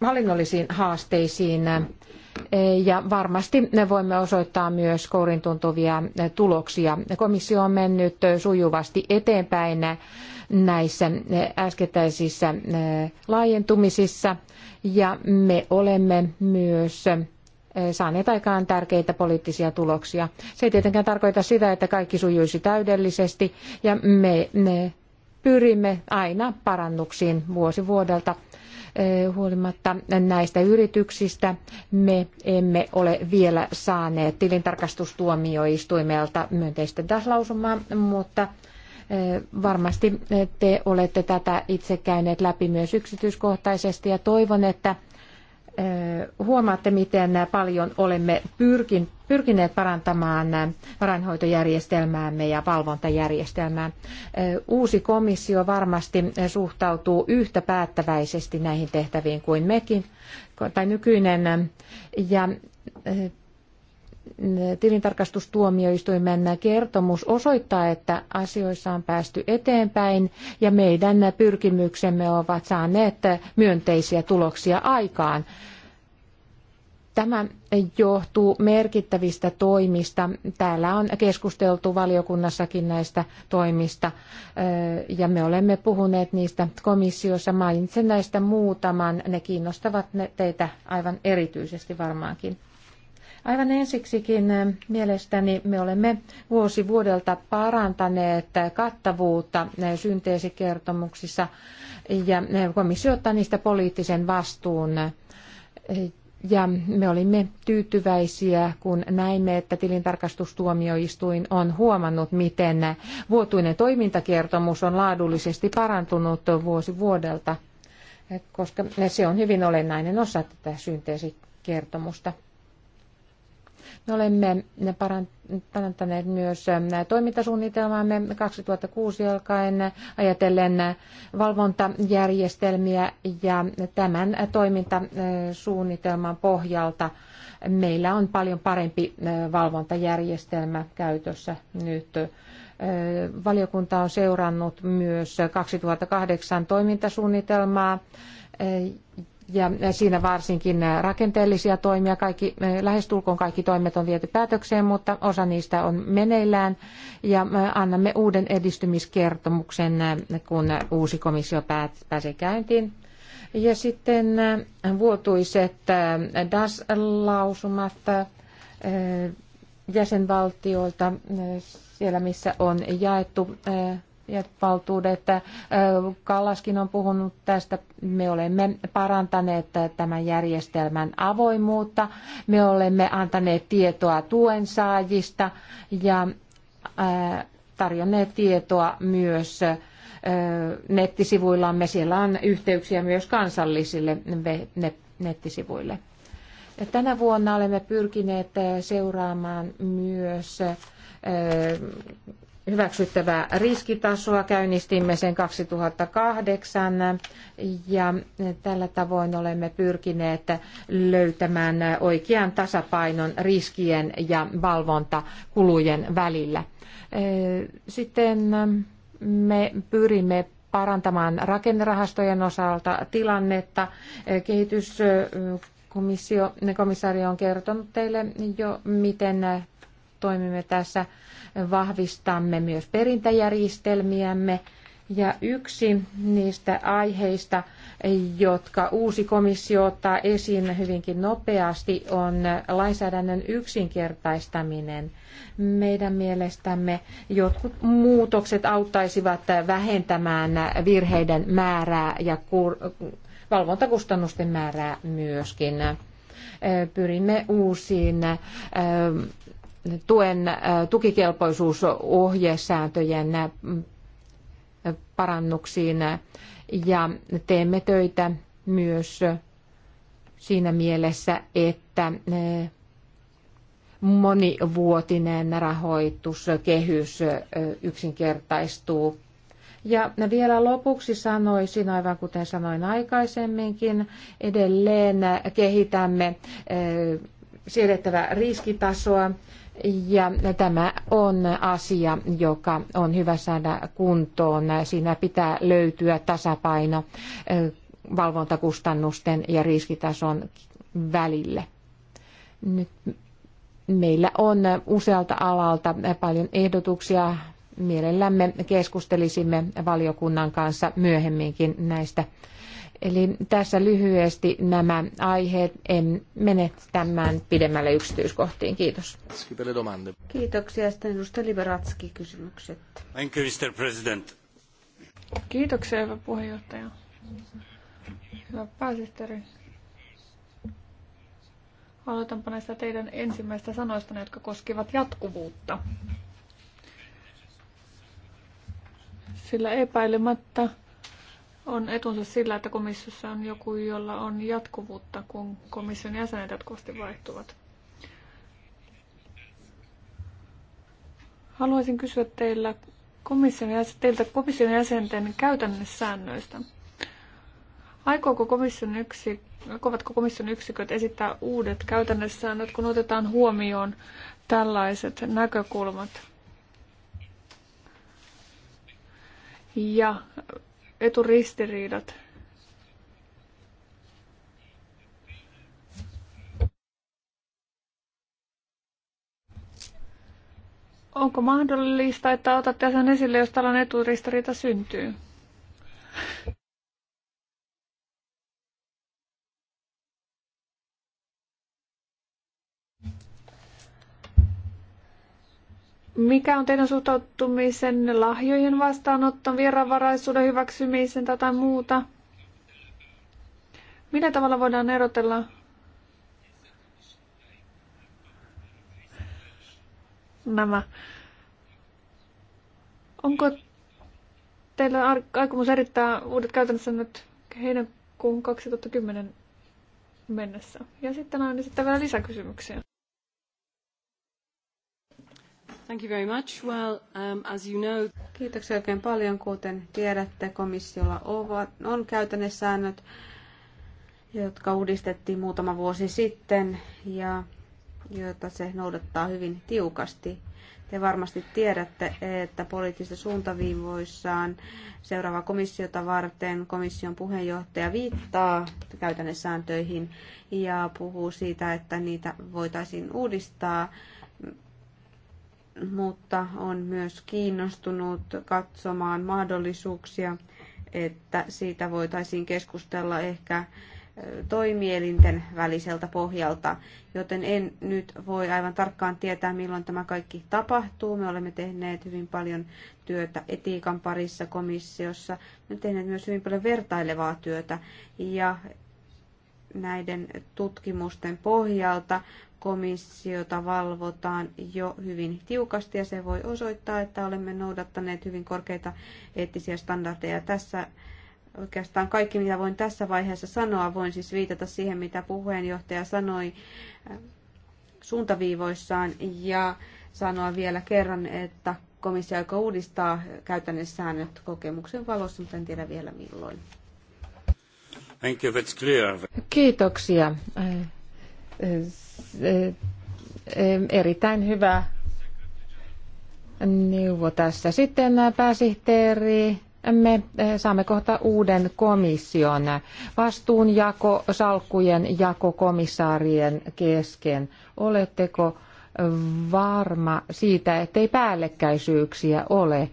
Speaker 4: hallinnollisiin haasteisiin ja varmasti ne voimme osoittaa myös kourin tuntuvia tuloksia. Komissio on mennyt sujuvasti eteenpäin näissä äskettäisissä laajentumisissa ja me olemme myös eh, saaneet aikaan tärkeitä poliittisia tuloksia. Se ei tietenkään tarkoita sitä, että kaikki sujuisi täydellisesti ja me, me pyrimme aina parannuksiin vuosi vuodelta eh, huolimatta näistä yrityksistä me emme ole vielä saaneet tilintarkastustuomioistuimelta myönteistä DAS-lausumaa, mutta Varmasti te olette tätä itse käyneet läpi myös yksityiskohtaisesti ja toivon, että huomaatte, miten paljon olemme pyrkineet parantamaan varainhoitojärjestelmäämme ja valvontajärjestelmää. Uusi komissio varmasti suhtautuu yhtä päättäväisesti näihin tehtäviin kuin mekin, tai nykyinen, ja tilintarkastustuomioistuimen kertomus osoittaa, että asioissa on päästy eteenpäin ja meidän pyrkimyksemme ovat saaneet myönteisiä tuloksia aikaan. Tämä johtuu merkittävistä toimista. Täällä on keskusteltu valiokunnassakin näistä toimista ja me olemme puhuneet niistä komissiossa. Mainitsen näistä muutaman. Ne kiinnostavat teitä aivan erityisesti varmaankin. Aivan ensiksikin mielestäni me olemme vuosi vuodelta parantaneet kattavuutta synteesikertomuksissa ja komissio ottaa niistä poliittisen vastuun. Ja me olimme tyytyväisiä, kun näimme, että tilintarkastustuomioistuin on huomannut, miten vuotuinen toimintakertomus on laadullisesti parantunut vuosi vuodelta, koska se on hyvin olennainen osa tätä synteesikertomusta. Me olemme parantaneet myös toimintasuunnitelmaamme 2006 alkaen ajatellen valvontajärjestelmiä ja tämän toimintasuunnitelman pohjalta meillä on paljon parempi valvontajärjestelmä käytössä nyt. Valiokunta on seurannut myös 2008 toimintasuunnitelmaa ja siinä varsinkin rakenteellisia toimia, kaikki, lähestulkoon kaikki toimet on viety päätökseen, mutta osa niistä on meneillään ja annamme uuden edistymiskertomuksen, kun uusi komissio pääsee käyntiin. Ja sitten vuotuiset DAS-lausumat jäsenvaltioilta, siellä missä on jaettu valtuudet. Kallaskin on puhunut tästä. Me olemme parantaneet tämän järjestelmän avoimuutta. Me olemme antaneet tietoa tuen saajista ja tarjonneet tietoa myös nettisivuillamme. Siellä on yhteyksiä myös kansallisille nettisivuille. Tänä vuonna olemme pyrkineet seuraamaan myös hyväksyttävää riskitasoa. Käynnistimme sen 2008 ja tällä tavoin olemme pyrkineet löytämään oikean tasapainon riskien ja valvontakulujen välillä. Sitten me pyrimme parantamaan rakennerahastojen osalta tilannetta. Kehitys komissio, komissaari on kertonut teille jo, miten toimimme tässä, vahvistamme myös perintäjärjestelmiämme. Ja yksi niistä aiheista, jotka uusi komissio ottaa esiin hyvinkin nopeasti, on lainsäädännön yksinkertaistaminen. Meidän mielestämme jotkut muutokset auttaisivat vähentämään virheiden määrää ja valvontakustannusten määrää myöskin. Pyrimme uusiin tuen äh, tukikelpoisuusohjesääntöjen äh, parannuksiin ja teemme töitä myös siinä mielessä, että äh, monivuotinen rahoituskehys yksinkertaistuu. Ja vielä lopuksi sanoisin, aivan kuten sanoin aikaisemminkin, edelleen kehitämme siedettävää riskitasoa ja tämä on asia, joka on hyvä saada kuntoon. Siinä pitää löytyä tasapaino valvontakustannusten ja riskitason välille. Nyt meillä on usealta alalta paljon ehdotuksia. Mielellämme keskustelisimme valiokunnan kanssa myöhemminkin näistä Eli tässä lyhyesti nämä aiheet. En mene tämän pidemmälle yksityiskohtiin. Kiitos.
Speaker 2: Kiitoksia. Sitten edustaja Liberatski kysymykset.
Speaker 1: Thank you, Mr. President.
Speaker 2: Kiitoksia, hyvä puheenjohtaja.
Speaker 3: Hyvä pääsihteeri. Aloitanpa näistä teidän ensimmäistä sanoista, jotka koskivat jatkuvuutta. Sillä epäilemättä on etunsa sillä, että komissiossa on joku, jolla on jatkuvuutta, kun komission jäsenet jatkuvasti vaihtuvat. Haluaisin kysyä teillä komission jäsen, teiltä komission jäsenten säännöistä. Aikooko komission yksi, kovatko komission yksiköt esittää uudet käytännössäännöt, kun otetaan huomioon tällaiset näkökulmat? Ja eturistiriidat. Onko mahdollista, että otatte sen esille, jos tällainen eturistiriita syntyy? Mikä on teidän suhtautumisen lahjojen vastaanottoon, vieraanvaraisuuden hyväksymisen tai muuta? Millä tavalla voidaan erotella nämä? Onko teillä aikomus erittää uudet käytännössä nyt heinäkuun 2010 mennessä? Ja sitten on sitten vielä lisäkysymyksiä.
Speaker 2: Thank you very much. Well, um, as you know... Kiitoksia oikein paljon. Kuten tiedätte, komissiolla ovat, on käytännössäännöt, jotka uudistettiin muutama vuosi sitten ja joita se noudattaa hyvin tiukasti. Te varmasti tiedätte, että poliittisissa suuntaviivoissaan seuraava komissiota varten komission puheenjohtaja viittaa käytännössääntöihin ja puhuu siitä, että niitä voitaisiin uudistaa mutta on myös kiinnostunut katsomaan mahdollisuuksia, että siitä voitaisiin keskustella ehkä toimielinten väliseltä pohjalta, joten en nyt voi aivan tarkkaan tietää, milloin tämä kaikki tapahtuu. Me olemme tehneet hyvin paljon työtä etiikan parissa komissiossa. Me olemme tehneet myös hyvin paljon vertailevaa työtä ja näiden tutkimusten pohjalta komissiota valvotaan jo hyvin tiukasti ja se voi osoittaa, että olemme noudattaneet hyvin korkeita eettisiä standardeja tässä oikeastaan kaikki, mitä voin tässä vaiheessa sanoa, voin siis viitata siihen, mitä puheenjohtaja sanoi äh, suuntaviivoissaan ja sanoa vielä kerran, että komissio aika uudistaa käytännössä säännöt kokemuksen valossa, mutta en tiedä vielä milloin.
Speaker 1: Thank you, that's clear.
Speaker 4: Kiitoksia. Eh, eh, erittäin hyvä neuvo tässä. Sitten eh, pääsihteeri, me saamme kohta uuden komission vastuunjako, salkkujen jako komissaarien kesken. Oletteko varma siitä, ettei päällekkäisyyksiä ole?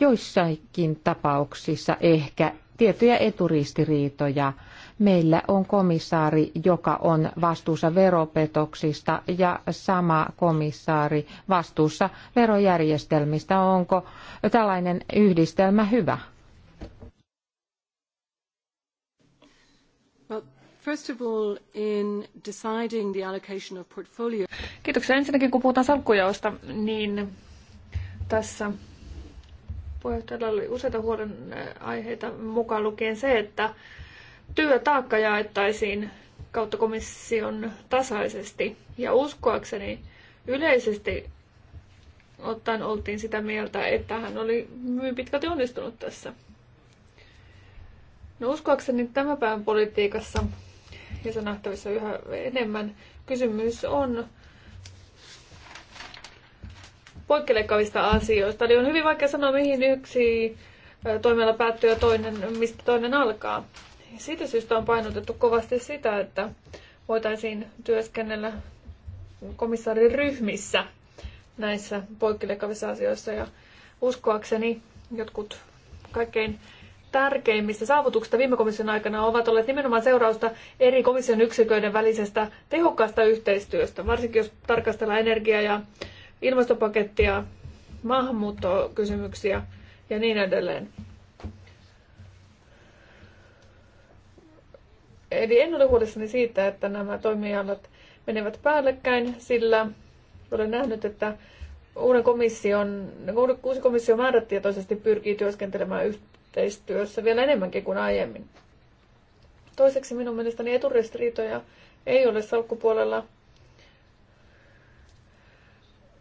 Speaker 4: Joissakin tapauksissa ehkä tiettyjä eturistiriitoja Meillä on komissaari, joka on vastuussa veropetoksista ja sama komissaari vastuussa verojärjestelmistä. Onko tällainen yhdistelmä hyvä?
Speaker 3: First of all, in deciding the allocation of portfolio. Kiitoksia. Ensinnäkin kun puhutaan salkkujaosta, niin tässä puheenjohtajalla oli useita aiheita mukaan lukien se, että työtaakka jaettaisiin kautta komission tasaisesti. Ja uskoakseni yleisesti ottaen oltiin sitä mieltä, että hän oli hyvin pitkälti onnistunut tässä. No uskoakseni tämän päivän politiikassa, ja se nähtävissä yhä enemmän, kysymys on poikkeleikkaavista asioista. Eli on hyvin vaikea sanoa, mihin yksi toimiala päättyy ja toinen, mistä toinen alkaa. Siitä syystä on painotettu kovasti sitä, että voitaisiin työskennellä komissaarin ryhmissä näissä poikkileikkaavissa asioissa. Ja uskoakseni jotkut kaikkein tärkeimmistä saavutuksista viime komission aikana ovat olleet nimenomaan seurausta eri komission yksiköiden välisestä tehokkaasta yhteistyöstä, varsinkin jos tarkastellaan energia- ja ilmastopakettia, maahanmuuttokysymyksiä ja niin edelleen. Eli en ole huolissani siitä, että nämä toimialat menevät päällekkäin, sillä olen nähnyt, että uuden komission, uusi komissio määrätietoisesti pyrkii työskentelemään yhteistyössä vielä enemmänkin kuin aiemmin. Toiseksi minun mielestäni eturistiriitoja ei ole salkkupuolella,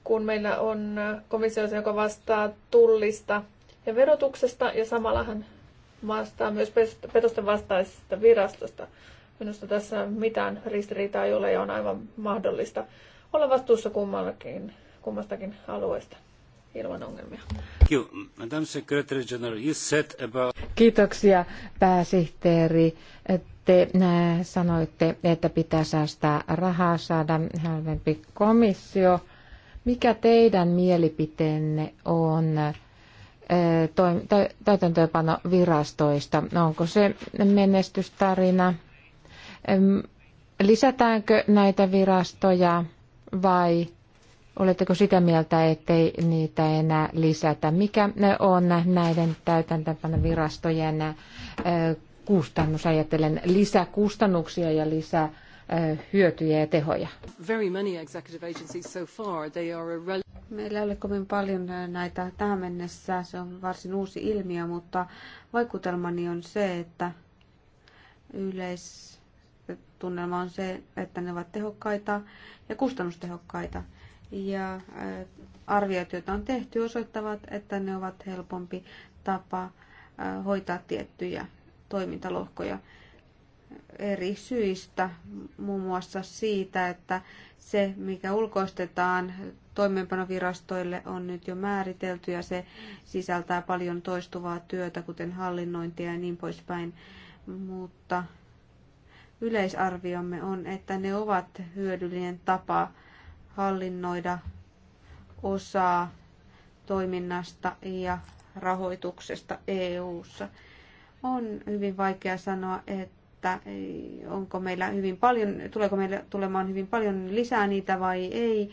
Speaker 3: kun meillä on komissio, joka vastaa tullista ja verotuksesta, ja samalla hän vastaa myös petosten vastaisesta virastosta. Minusta tässä mitään ristiriitaa ei ole ja on aivan mahdollista olla vastuussa kummallakin, kummastakin alueesta ilman ongelmia. Kiitoksia pääsihteeri.
Speaker 4: Te äh, sanoitte, että pitää säästää rahaa, saada halvempi komissio. Mikä teidän mielipiteenne on täytäntöönpanovirastoista. Onko se menestystarina? Lisätäänkö näitä virastoja vai oletteko sitä mieltä, ettei niitä enää lisätä? Mikä on näiden täytäntöönpanovirastojen kustannus? Ajattelen lisäkustannuksia ja lisää hyötyjä ja tehoja.
Speaker 2: Meillä ei ole kovin paljon näitä tähän mennessä, se on varsin uusi ilmiö, mutta vaikutelmani on se, että yleistunnelma on se, että ne ovat tehokkaita ja kustannustehokkaita. Ja arviot, joita on tehty, osoittavat, että ne ovat helpompi tapa hoitaa tiettyjä toimintalohkoja eri syistä, muun muassa siitä, että se, mikä ulkoistetaan toimeenpanovirastoille, on nyt jo määritelty ja se sisältää paljon toistuvaa työtä, kuten hallinnointia ja niin poispäin. Mutta yleisarviomme on, että ne ovat hyödyllinen tapa hallinnoida osaa toiminnasta ja rahoituksesta EU:ssa. On hyvin vaikea sanoa, että että onko meillä hyvin paljon, tuleeko meillä tulemaan hyvin paljon lisää niitä vai ei.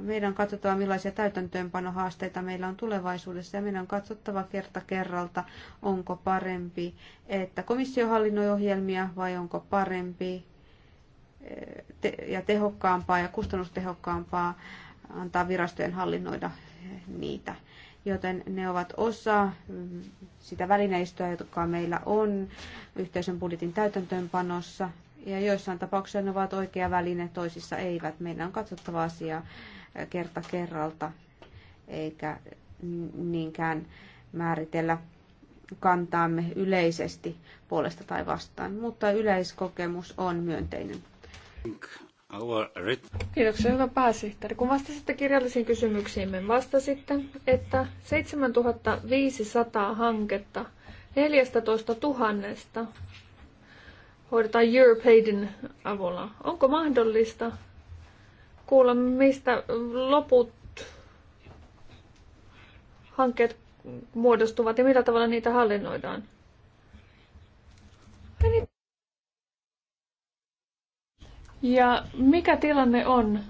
Speaker 2: Meidän on katsottava, millaisia täytäntöönpanohaasteita meillä on tulevaisuudessa ja meidän on katsottava kerta kerralta, onko parempi, että komissio hallinnoi ohjelmia vai onko parempi ja tehokkaampaa ja kustannustehokkaampaa antaa virastojen hallinnoida niitä joten ne ovat osa mm, sitä välineistöä, joka meillä on yhteisön budjetin täytäntöönpanossa. Ja joissain tapauksissa ne ovat oikea väline, toisissa eivät. Meidän on katsottava asiaa kerta kerralta, eikä niinkään määritellä kantaamme yleisesti puolesta tai vastaan, mutta yleiskokemus on myönteinen. Kiitoksia, hyvä pääsihteeri. Kun vastasitte kirjallisiin me vastasitte, että
Speaker 3: 7500 hanketta 14 000 hoidetaan Europeiden avulla. Onko mahdollista kuulla, mistä loput hankkeet muodostuvat ja millä tavalla niitä hallinnoidaan? Ja mikä tilanne on?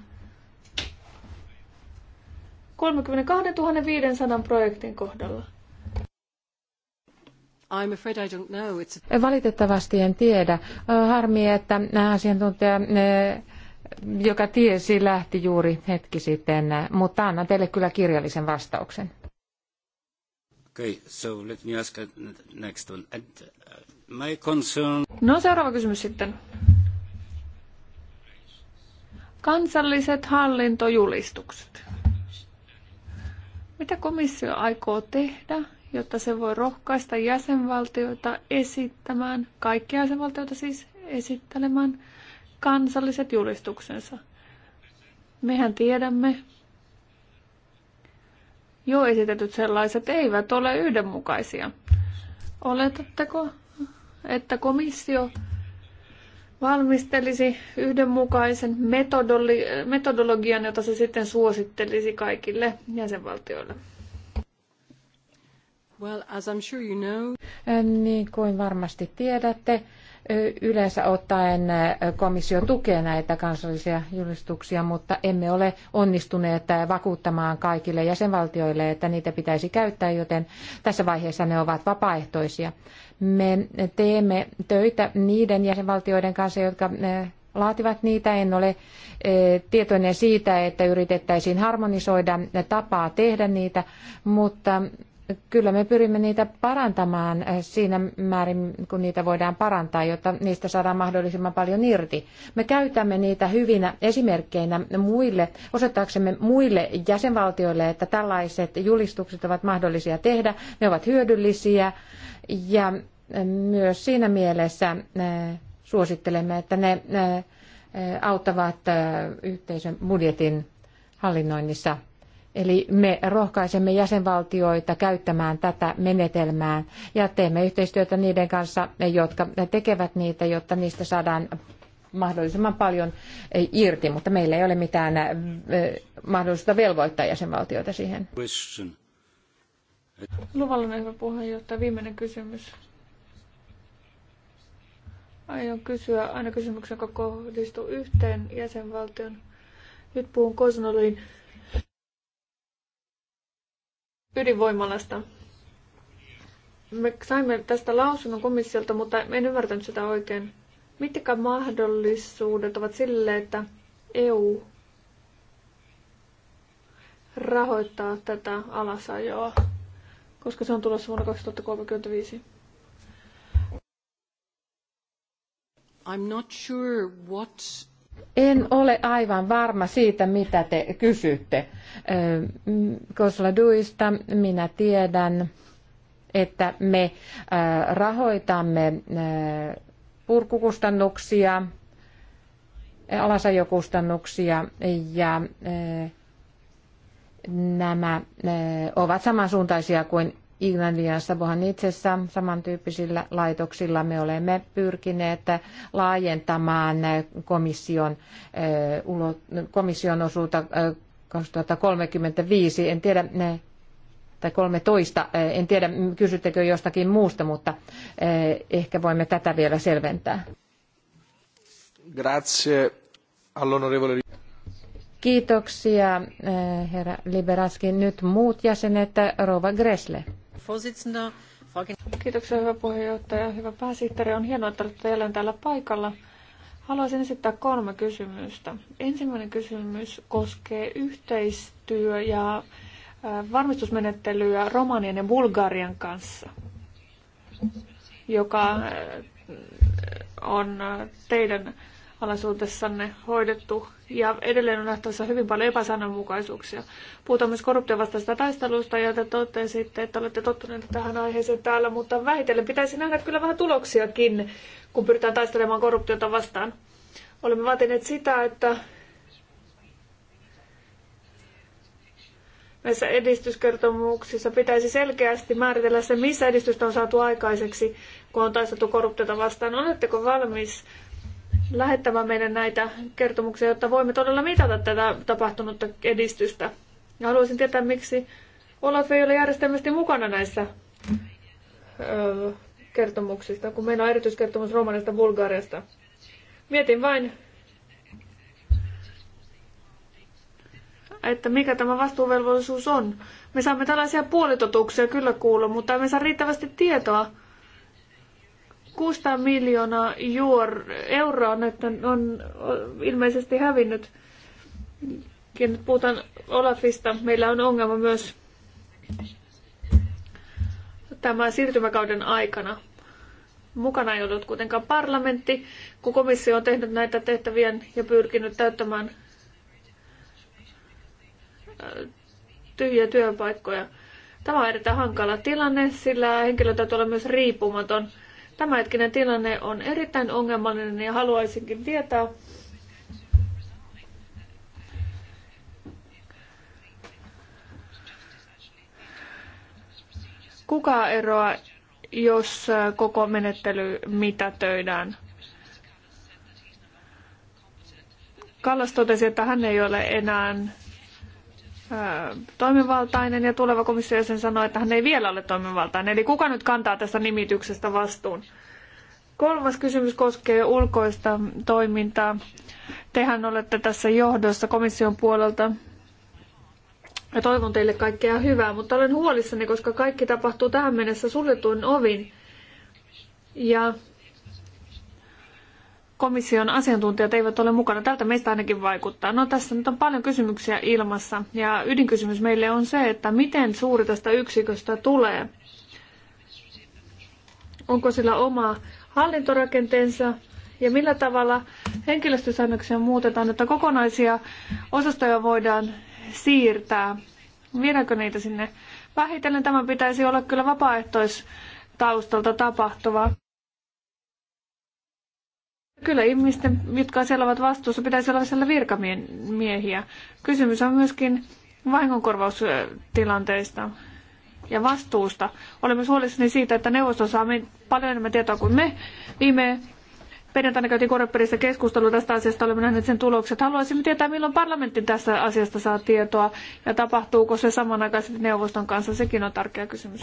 Speaker 3: 32 500 projektin kohdalla. I'm afraid I don't know. It's
Speaker 4: a... Valitettavasti en tiedä. Harmi, että asiantuntija, joka tiesi, lähti juuri hetki sitten, mutta annan teille kyllä kirjallisen vastauksen.
Speaker 1: Okay, so let me ask next one. And uh, my concern...
Speaker 3: No seuraava kysymys sitten. Kansalliset hallintojulistukset. Mitä komissio aikoo tehdä, jotta se voi rohkaista jäsenvaltioita esittämään, kaikkia jäsenvaltioita siis esittelemään kansalliset julistuksensa? Mehän tiedämme, jo esitetyt sellaiset eivät ole yhdenmukaisia. Oletatteko, että komissio valmistelisi yhdenmukaisen metodologian, jota se sitten suosittelisi kaikille jäsenvaltioille.
Speaker 4: Well, as I'm sure you know... Niin kuin varmasti tiedätte, Yleensä ottaen komissio tukee näitä kansallisia julistuksia, mutta emme ole onnistuneet vakuuttamaan kaikille jäsenvaltioille, että niitä pitäisi käyttää, joten tässä vaiheessa ne ovat vapaaehtoisia. Me teemme töitä niiden jäsenvaltioiden kanssa, jotka laativat niitä. En ole tietoinen siitä, että yritettäisiin harmonisoida tapaa tehdä niitä, mutta Kyllä me pyrimme niitä parantamaan eh, siinä määrin, kun niitä voidaan parantaa, jotta niistä saadaan mahdollisimman paljon irti. Me käytämme niitä hyvinä esimerkkeinä muille, osoittaaksemme muille jäsenvaltioille, että tällaiset julistukset ovat mahdollisia tehdä, ne ovat hyödyllisiä ja eh, myös siinä mielessä eh, suosittelemme, että ne auttavat yhteisön budjetin hallinnoinnissa – Eli me rohkaisemme jäsenvaltioita käyttämään tätä menetelmää ja teemme yhteistyötä niiden kanssa, jotka tekevät niitä, jotta niistä saadaan mahdollisimman paljon irti, mutta meillä ei ole mitään äh, mahdollisuutta velvoittaa jäsenvaltioita siihen.
Speaker 3: Luvallinen hyvä puheenjohtaja, viimeinen kysymys. Aion kysyä aina kysymyksen, joka kohdistuu yhteen jäsenvaltion. Nyt puhun Kosnolin ydinvoimalasta. Me saimme tästä lausunnon komissiolta, mutta en ymmärtänyt sitä oikein. Mitkä mahdollisuudet ovat sille, että EU rahoittaa tätä alasajoa, koska se on tulossa vuonna 2035? I'm not sure what en ole aivan
Speaker 4: varma siitä, mitä te kysytte. Kosladuista minä tiedän, että me rahoitamme purkukustannuksia, alasajokustannuksia ja nämä ovat samansuuntaisia kuin Englannin ja Sabohanitsessa samantyyppisillä laitoksilla me olemme pyrkineet laajentamaan eh, komission, eh, komission osuutta 2035. Eh, en tiedä, ne tai 13, en tiedä kysyttekö jostakin muusta, mutta ehkä voimme tätä vielä selventää.
Speaker 1: Grazie all'onorevole.
Speaker 4: Kiitoksia, herra Liberaski. Nyt muut jäsenet, Rova Gresle.
Speaker 3: Kiitoksia, hyvä puheenjohtaja. Hyvä pääsihteeri, on hienoa, että olette jälleen täällä paikalla. Haluaisin esittää kolme kysymystä. Ensimmäinen kysymys koskee yhteistyö- ja varmistusmenettelyä Romanian ja Bulgarian kanssa, joka on teidän alaisuudessanne hoidettu. Ja edelleen on nähtävissä hyvin paljon epäsäännönmukaisuuksia. Puhutaan myös korruptiovastaisesta taistelusta ja te totesitte, että olette tottuneet tähän aiheeseen täällä, mutta vähitellen pitäisi nähdä kyllä vähän tuloksiakin, kun pyritään taistelemaan korruptiota vastaan. Olemme vaatineet sitä, että näissä edistyskertomuksissa pitäisi selkeästi määritellä se, missä edistystä on saatu aikaiseksi, kun on taisteltu korruptiota vastaan. Oletteko valmis lähettämään meille näitä kertomuksia, jotta voimme todella mitata tätä tapahtunutta edistystä. Ja haluaisin tietää, miksi Olaf ei ole järjestelmästi mukana näissä öö, kertomuksista, kun meillä on erityiskertomus Romanista Bulgariasta. Mietin vain, että mikä tämä vastuuvelvollisuus on. Me saamme tällaisia puolitotuksia kyllä kuulla, mutta emme saa riittävästi tietoa 600 miljoonaa juor, euroa että on ilmeisesti hävinnyt. Ja nyt puhutaan Olafista. Meillä on ongelma myös tämän siirtymäkauden aikana. Mukana ei ollut kuitenkaan parlamentti, kun komissio on tehnyt näitä tehtäviä ja pyrkinyt täyttämään tyhjiä työpaikkoja. Tämä on erittäin hankala tilanne, sillä henkilö täytyy olla myös riippumaton – Tämänhetkinen tilanne on erittäin ongelmallinen ja haluaisinkin tietää, kuka eroa, jos koko menettely mitätöidään? Kallas totesi, että hän ei ole enää toimivaltainen ja tuleva komissio jäsen sanoi, että hän ei vielä ole toimivaltainen. Eli kuka nyt kantaa tästä nimityksestä vastuun? Kolmas kysymys koskee ulkoista toimintaa. Tehän olette tässä johdossa komission puolelta. Ja toivon teille kaikkea hyvää, mutta olen huolissani, koska kaikki tapahtuu tähän mennessä suljetuin ovin. Ja komission asiantuntijat eivät ole mukana. Tältä meistä ainakin vaikuttaa. No tässä nyt on paljon kysymyksiä ilmassa ja ydinkysymys meille on se, että miten suuri tästä yksiköstä tulee. Onko sillä oma hallintorakenteensa ja millä tavalla henkilöstösäännöksiä muutetaan, että kokonaisia osastoja voidaan siirtää. Viedäänkö niitä sinne? Vähitellen tämä pitäisi olla kyllä vapaaehtoistaustalta tapahtuvaa. Kyllä ihmisten, jotka siellä ovat vastuussa, pitäisi olla siellä virkamiehiä. Kysymys on myöskin vahingonkorvaustilanteista ja vastuusta. Olemme huolissani siitä, että neuvosto saa paljon enemmän tietoa kuin me. Viime perjantaina käytiin korreperissä keskustelu tästä asiasta, olemme nähneet sen tulokset. Haluaisimme tietää, milloin parlamentti tästä asiasta saa tietoa ja tapahtuuko se samanaikaisesti neuvoston kanssa. Sekin on tärkeä kysymys.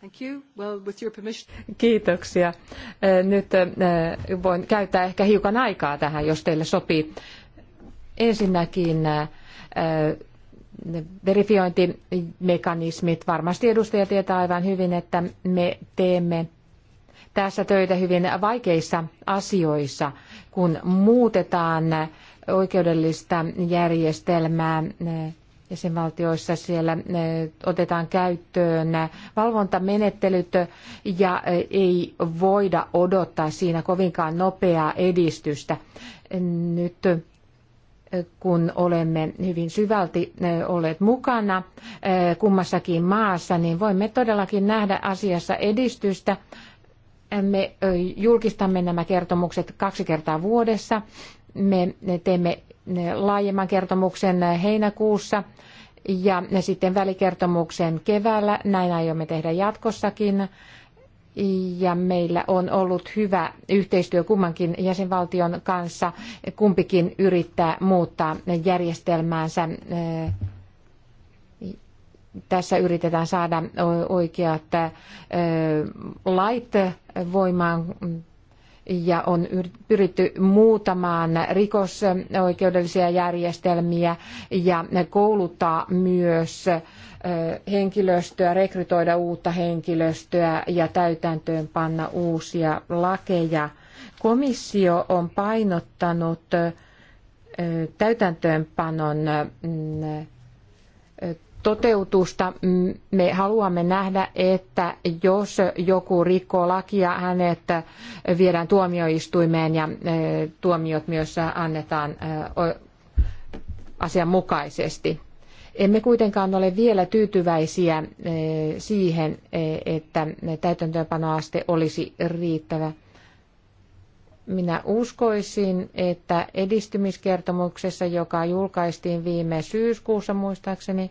Speaker 1: Thank you. Well, with your permission.
Speaker 4: Kiitoksia. Nyt voin käyttää ehkä hiukan aikaa tähän, jos teille sopii. Ensinnäkin verifiointimekanismit. Varmasti edustaja tietää aivan hyvin, että me teemme tässä töitä hyvin vaikeissa asioissa, kun muutetaan oikeudellista järjestelmää jäsenvaltioissa siellä eh, otetaan käyttöön valvontamenettelyt ja eh, ei voida odottaa siinä kovinkaan nopeaa edistystä. Nyt eh, kun olemme hyvin syvälti olleet mukana kummassakin maassa, niin voimme todellakin nähdä asiassa edistystä. Me julkistamme nämä kertomukset kaksi kertaa vuodessa. Me teemme laajemman kertomuksen heinäkuussa ja sitten välikertomuksen keväällä. Näin aiomme tehdä jatkossakin. Ja meillä on ollut hyvä yhteistyö kummankin jäsenvaltion kanssa. Kumpikin yrittää muuttaa järjestelmäänsä. Tässä yritetään saada oikeat lait voimaan ja on pyritty muutamaan rikosoikeudellisia järjestelmiä ja kouluttaa myös henkilöstöä, rekrytoida uutta henkilöstöä ja täytäntöön panna uusia lakeja. Komissio on painottanut täytäntöönpanon mm, toteutusta. Mm, me haluamme nähdä, että jos joku rikkoo lakia, hänet äh, viedään tuomioistuimeen ja äh, tuomiot myös annetaan äh, asianmukaisesti. Emme kuitenkaan ole vielä tyytyväisiä siihen, e, että täytäntöönpanoaste olisi riittävä. Minä uskoisin, että edistymiskertomuksessa, joka julkaistiin viime syyskuussa muistaakseni,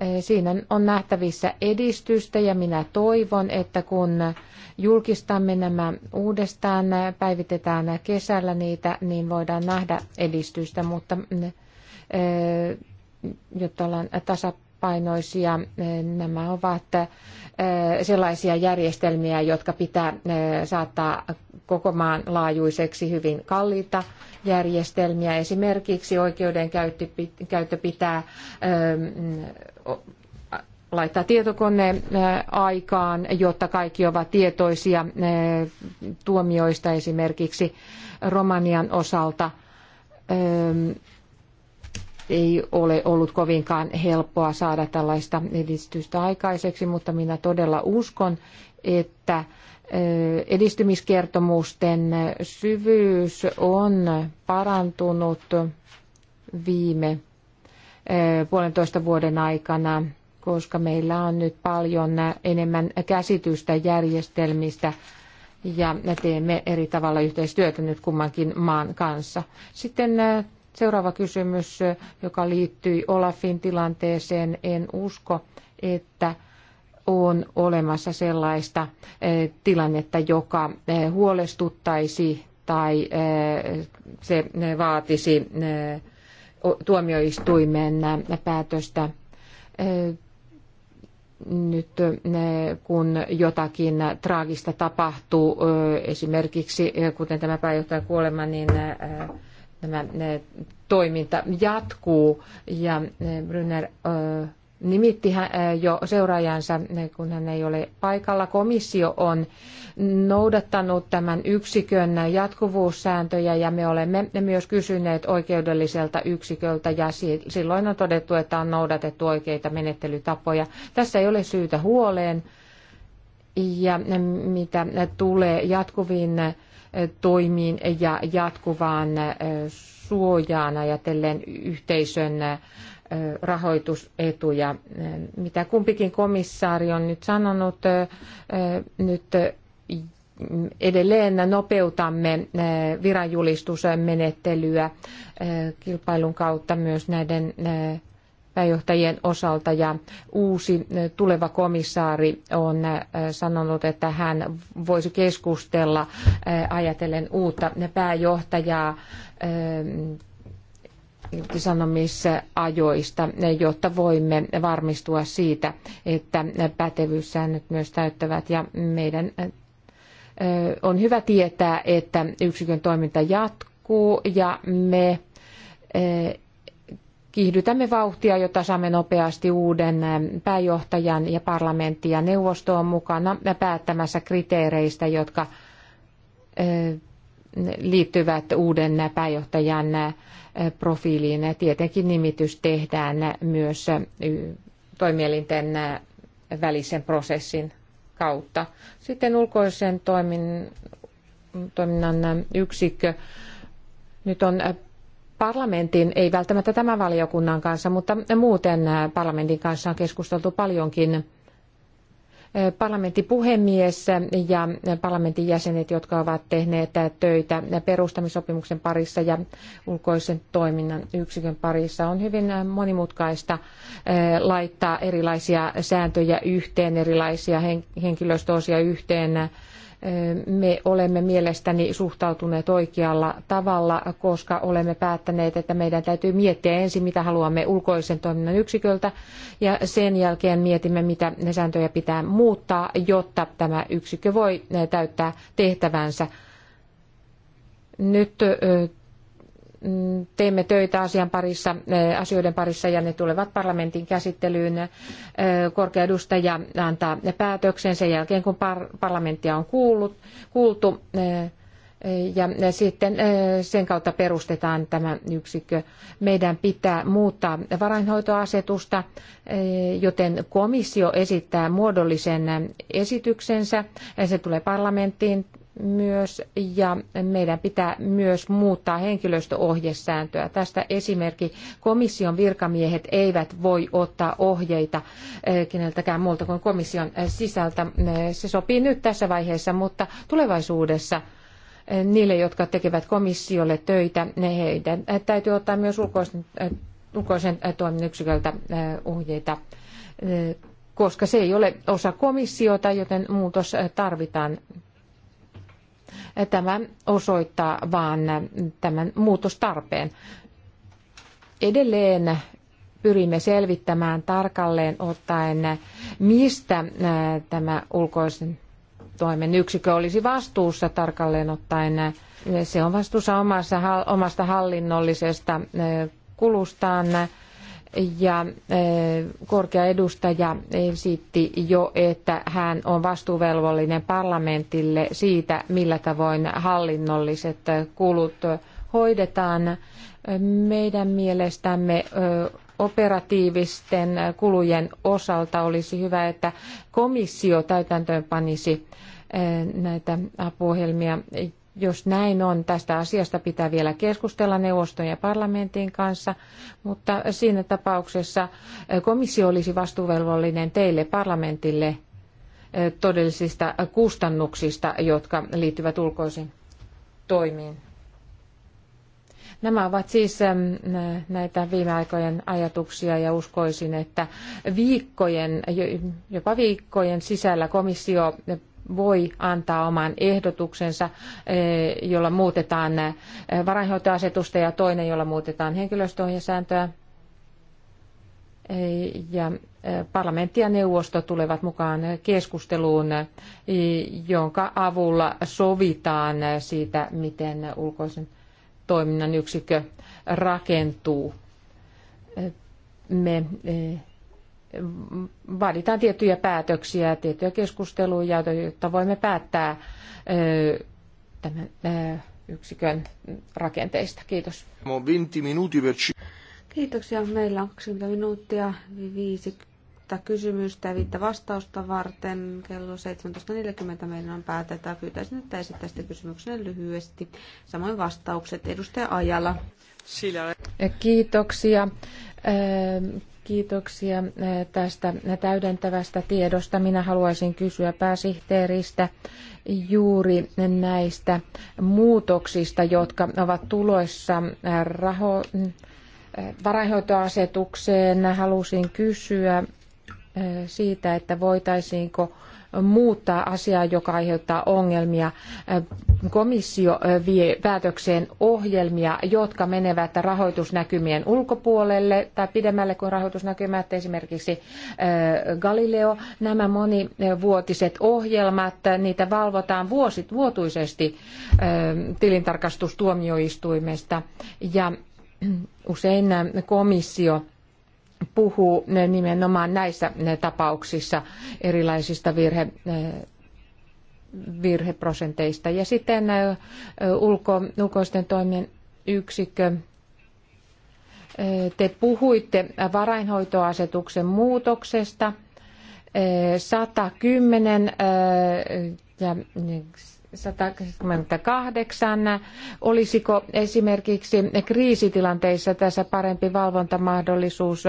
Speaker 4: Eh, siinä on nähtävissä edistystä ja minä toivon, että kun julkistamme nämä uudestaan, päivitetään kesällä niitä, niin voidaan nähdä edistystä, mutta eh, jotta ollaan tasapainoisia, eh, nämä ovat sellaisia järjestelmiä, jotka pitää saattaa koko maan laajuiseksi hyvin kalliita järjestelmiä. Esimerkiksi oikeudenkäyttö pitää laittaa tietokone aikaan, jotta kaikki ovat tietoisia tuomioista esimerkiksi Romanian osalta. Ei ole ollut kovinkaan helppoa saada tällaista edistystä aikaiseksi, mutta minä todella uskon, että edistymiskertomusten syvyys on parantunut viime Eh, puolentoista vuoden aikana, koska meillä on nyt paljon enemmän käsitystä järjestelmistä ja me teemme eri tavalla yhteistyötä nyt kummankin maan kanssa. Sitten eh, seuraava kysymys, eh, joka liittyy Olafin tilanteeseen. En usko, että on olemassa sellaista tilannetta, joka huolestuttaisi tai se vaatisi tuomioistuimen päätöstä nyt kun jotakin traagista tapahtuu, esimerkiksi kuten tämä pääjohtajan kuolema, niin tämä toiminta jatkuu ja Brunner nimitti jo seuraajansa, kun hän ei ole paikalla. Komissio on noudattanut tämän yksikön jatkuvuussääntöjä ja me olemme myös kysyneet oikeudelliselta yksiköltä ja silloin on todettu, että on noudatettu oikeita menettelytapoja. Tässä ei ole syytä huoleen ja mitä tulee jatkuviin toimiin ja jatkuvaan suojaan ajatellen yhteisön rahoitusetuja. Mitä kumpikin komissaari on nyt sanonut, nyt edelleen nopeutamme viranjulistusmenettelyä kilpailun kautta myös näiden pääjohtajien osalta ja uusi tuleva komissaari on sanonut, että hän voisi keskustella ajatellen uutta pääjohtajaa irtisanomisajoista, jotta voimme varmistua siitä, että pätevyyssäännöt myös täyttävät ja meidän on hyvä tietää, että yksikön toiminta jatkuu ja me kiihdytämme vauhtia, jotta saamme nopeasti uuden pääjohtajan ja parlamentti ja neuvosto on mukana päättämässä kriteereistä, jotka liittyvät uuden pääjohtajan profiiliin. Tietenkin nimitys tehdään myös toimielinten välisen prosessin kautta. Sitten ulkoisen toimin, toiminnan yksikkö. Nyt on parlamentin, ei välttämättä tämän valiokunnan kanssa, mutta muuten parlamentin kanssa on keskusteltu paljonkin parlamentin puhemies ja parlamentin jäsenet, jotka ovat tehneet töitä perustamissopimuksen parissa ja ulkoisen toiminnan yksikön parissa. On hyvin monimutkaista eh, laittaa erilaisia sääntöjä yhteen, erilaisia henkilöstöosia yhteen me olemme mielestäni suhtautuneet oikealla tavalla, koska olemme päättäneet, että meidän täytyy miettiä ensin, mitä haluamme ulkoisen toiminnan yksiköltä, ja sen jälkeen mietimme, mitä ne sääntöjä pitää muuttaa, jotta tämä yksikkö voi täyttää tehtävänsä. Nyt teemme töitä asian parissa, eh, asioiden parissa ja ne tulevat parlamentin käsittelyyn. Eh, korkea edustaja antaa päätöksen sen jälkeen, kun parlamenttia on kuullut, kuultu eh, ja sitten sen kautta perustetaan tämä yksikkö. Meidän pitää muuttaa varainhoitoasetusta, joten komissio esittää muodollisen esityksensä. Se tulee parlamenttiin myös ja meidän pitää myös muuttaa henkilöstöohjesääntöä. Tästä esimerkki komission virkamiehet eivät voi ottaa ohjeita eh, keneltäkään muulta kuin komission eh, sisältä. Eh, se sopii nyt tässä vaiheessa, mutta tulevaisuudessa niille, jotka tekevät komissiolle töitä, ne heidän täytyy ottaa myös ulkoisen, ulkoisen yksiköltä ohjeita koska se ei ole osa komissiota, joten muutos tarvitaan Tämä osoittaa vaan tämän muutostarpeen. Edelleen pyrimme selvittämään tarkalleen ottaen, mistä tämä ulkoisen toimen yksikö olisi vastuussa tarkalleen ottaen. Se on vastuussa omasta hallinnollisesta kulustaan ja eh, korkea edustaja esitti jo, että hän on vastuuvelvollinen parlamentille siitä, millä tavoin hallinnolliset kulut hoidetaan. Meidän mielestämme operatiivisten kulujen osalta olisi hyvä, että komissio täytäntöön panisi eh, näitä apuohjelmia jos näin on, tästä asiasta pitää vielä keskustella neuvoston ja parlamentin kanssa, mutta siinä tapauksessa komissio olisi vastuuvelvollinen teille parlamentille todellisista kustannuksista, jotka liittyvät ulkoisiin toimiin. Nämä ovat siis näitä viime aikojen ajatuksia ja uskoisin, että viikkojen, jopa viikkojen sisällä komissio voi antaa oman ehdotuksensa, eh, jolla muutetaan eh, varainhoitoasetusta ja toinen, jolla muutetaan henkilöstöohjesääntöä. Eh, ja parlamentti ja neuvosto tulevat mukaan keskusteluun, jonka avulla sovitaan siitä, miten ulkoisen toiminnan yksikkö rakentuu. Me Valitaan tiettyjä päätöksiä, tiettyjä keskusteluja, jotta voimme päättää tämän yksikön rakenteista. Kiitos.
Speaker 1: 20 minuutin
Speaker 2: Kiitoksia. Meillä on 20 minuuttia, 50 kysymystä ja 5 vastausta varten. Kello 17.40 meillä on päätetään. Pyytäisin, että esittäisitte kysymyksen lyhyesti. Samoin vastaukset. Edustaja Ajala.
Speaker 4: Kiitoksia. Öö, kiitoksia öö, tästä täydentävästä tiedosta. Minä haluaisin kysyä pääsihteeristä juuri näistä muutoksista, jotka ovat tuloissa öö, raho- varainhoitoasetukseen. Halusin kysyä siitä, että voitaisiinko muuttaa asiaa, joka aiheuttaa ongelmia. Komissio vie päätökseen ohjelmia, jotka menevät rahoitusnäkymien ulkopuolelle tai pidemmälle kuin rahoitusnäkymät, esimerkiksi Galileo. Nämä monivuotiset ohjelmat, niitä valvotaan vuosit, vuotuisesti tilintarkastustuomioistuimesta ja usein komissio puhuu nimenomaan näissä tapauksissa erilaisista virhe, eh, virheprosenteista. Ja sitten eh, ulko, ulkoisten toimien yksikkö. Eh, te puhuitte varainhoitoasetuksen muutoksesta. 110 ja 128. Olisiko esimerkiksi kriisitilanteissa tässä parempi valvontamahdollisuus,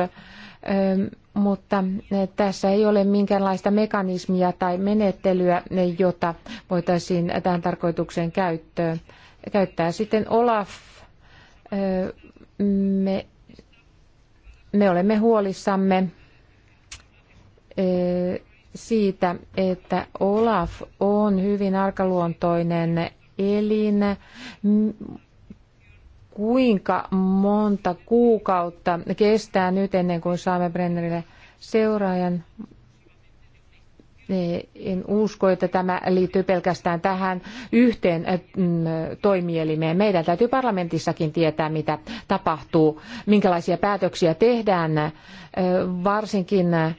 Speaker 4: mutta tässä ei ole minkäänlaista mekanismia tai menettelyä, jota voitaisiin tähän tarkoitukseen käyttöön. käyttää. Sitten Olaf, me, me olemme huolissamme siitä, että Olaf on hyvin arkaluontoinen elin. Kuinka monta kuukautta kestää nyt ennen kuin saamme Brennerille seuraajan? En usko, että tämä liittyy pelkästään tähän yhteen äh, mm, toimielimeen. Meidän täytyy parlamentissakin tietää, mitä tapahtuu, minkälaisia päätöksiä tehdään, äh, varsinkin äh,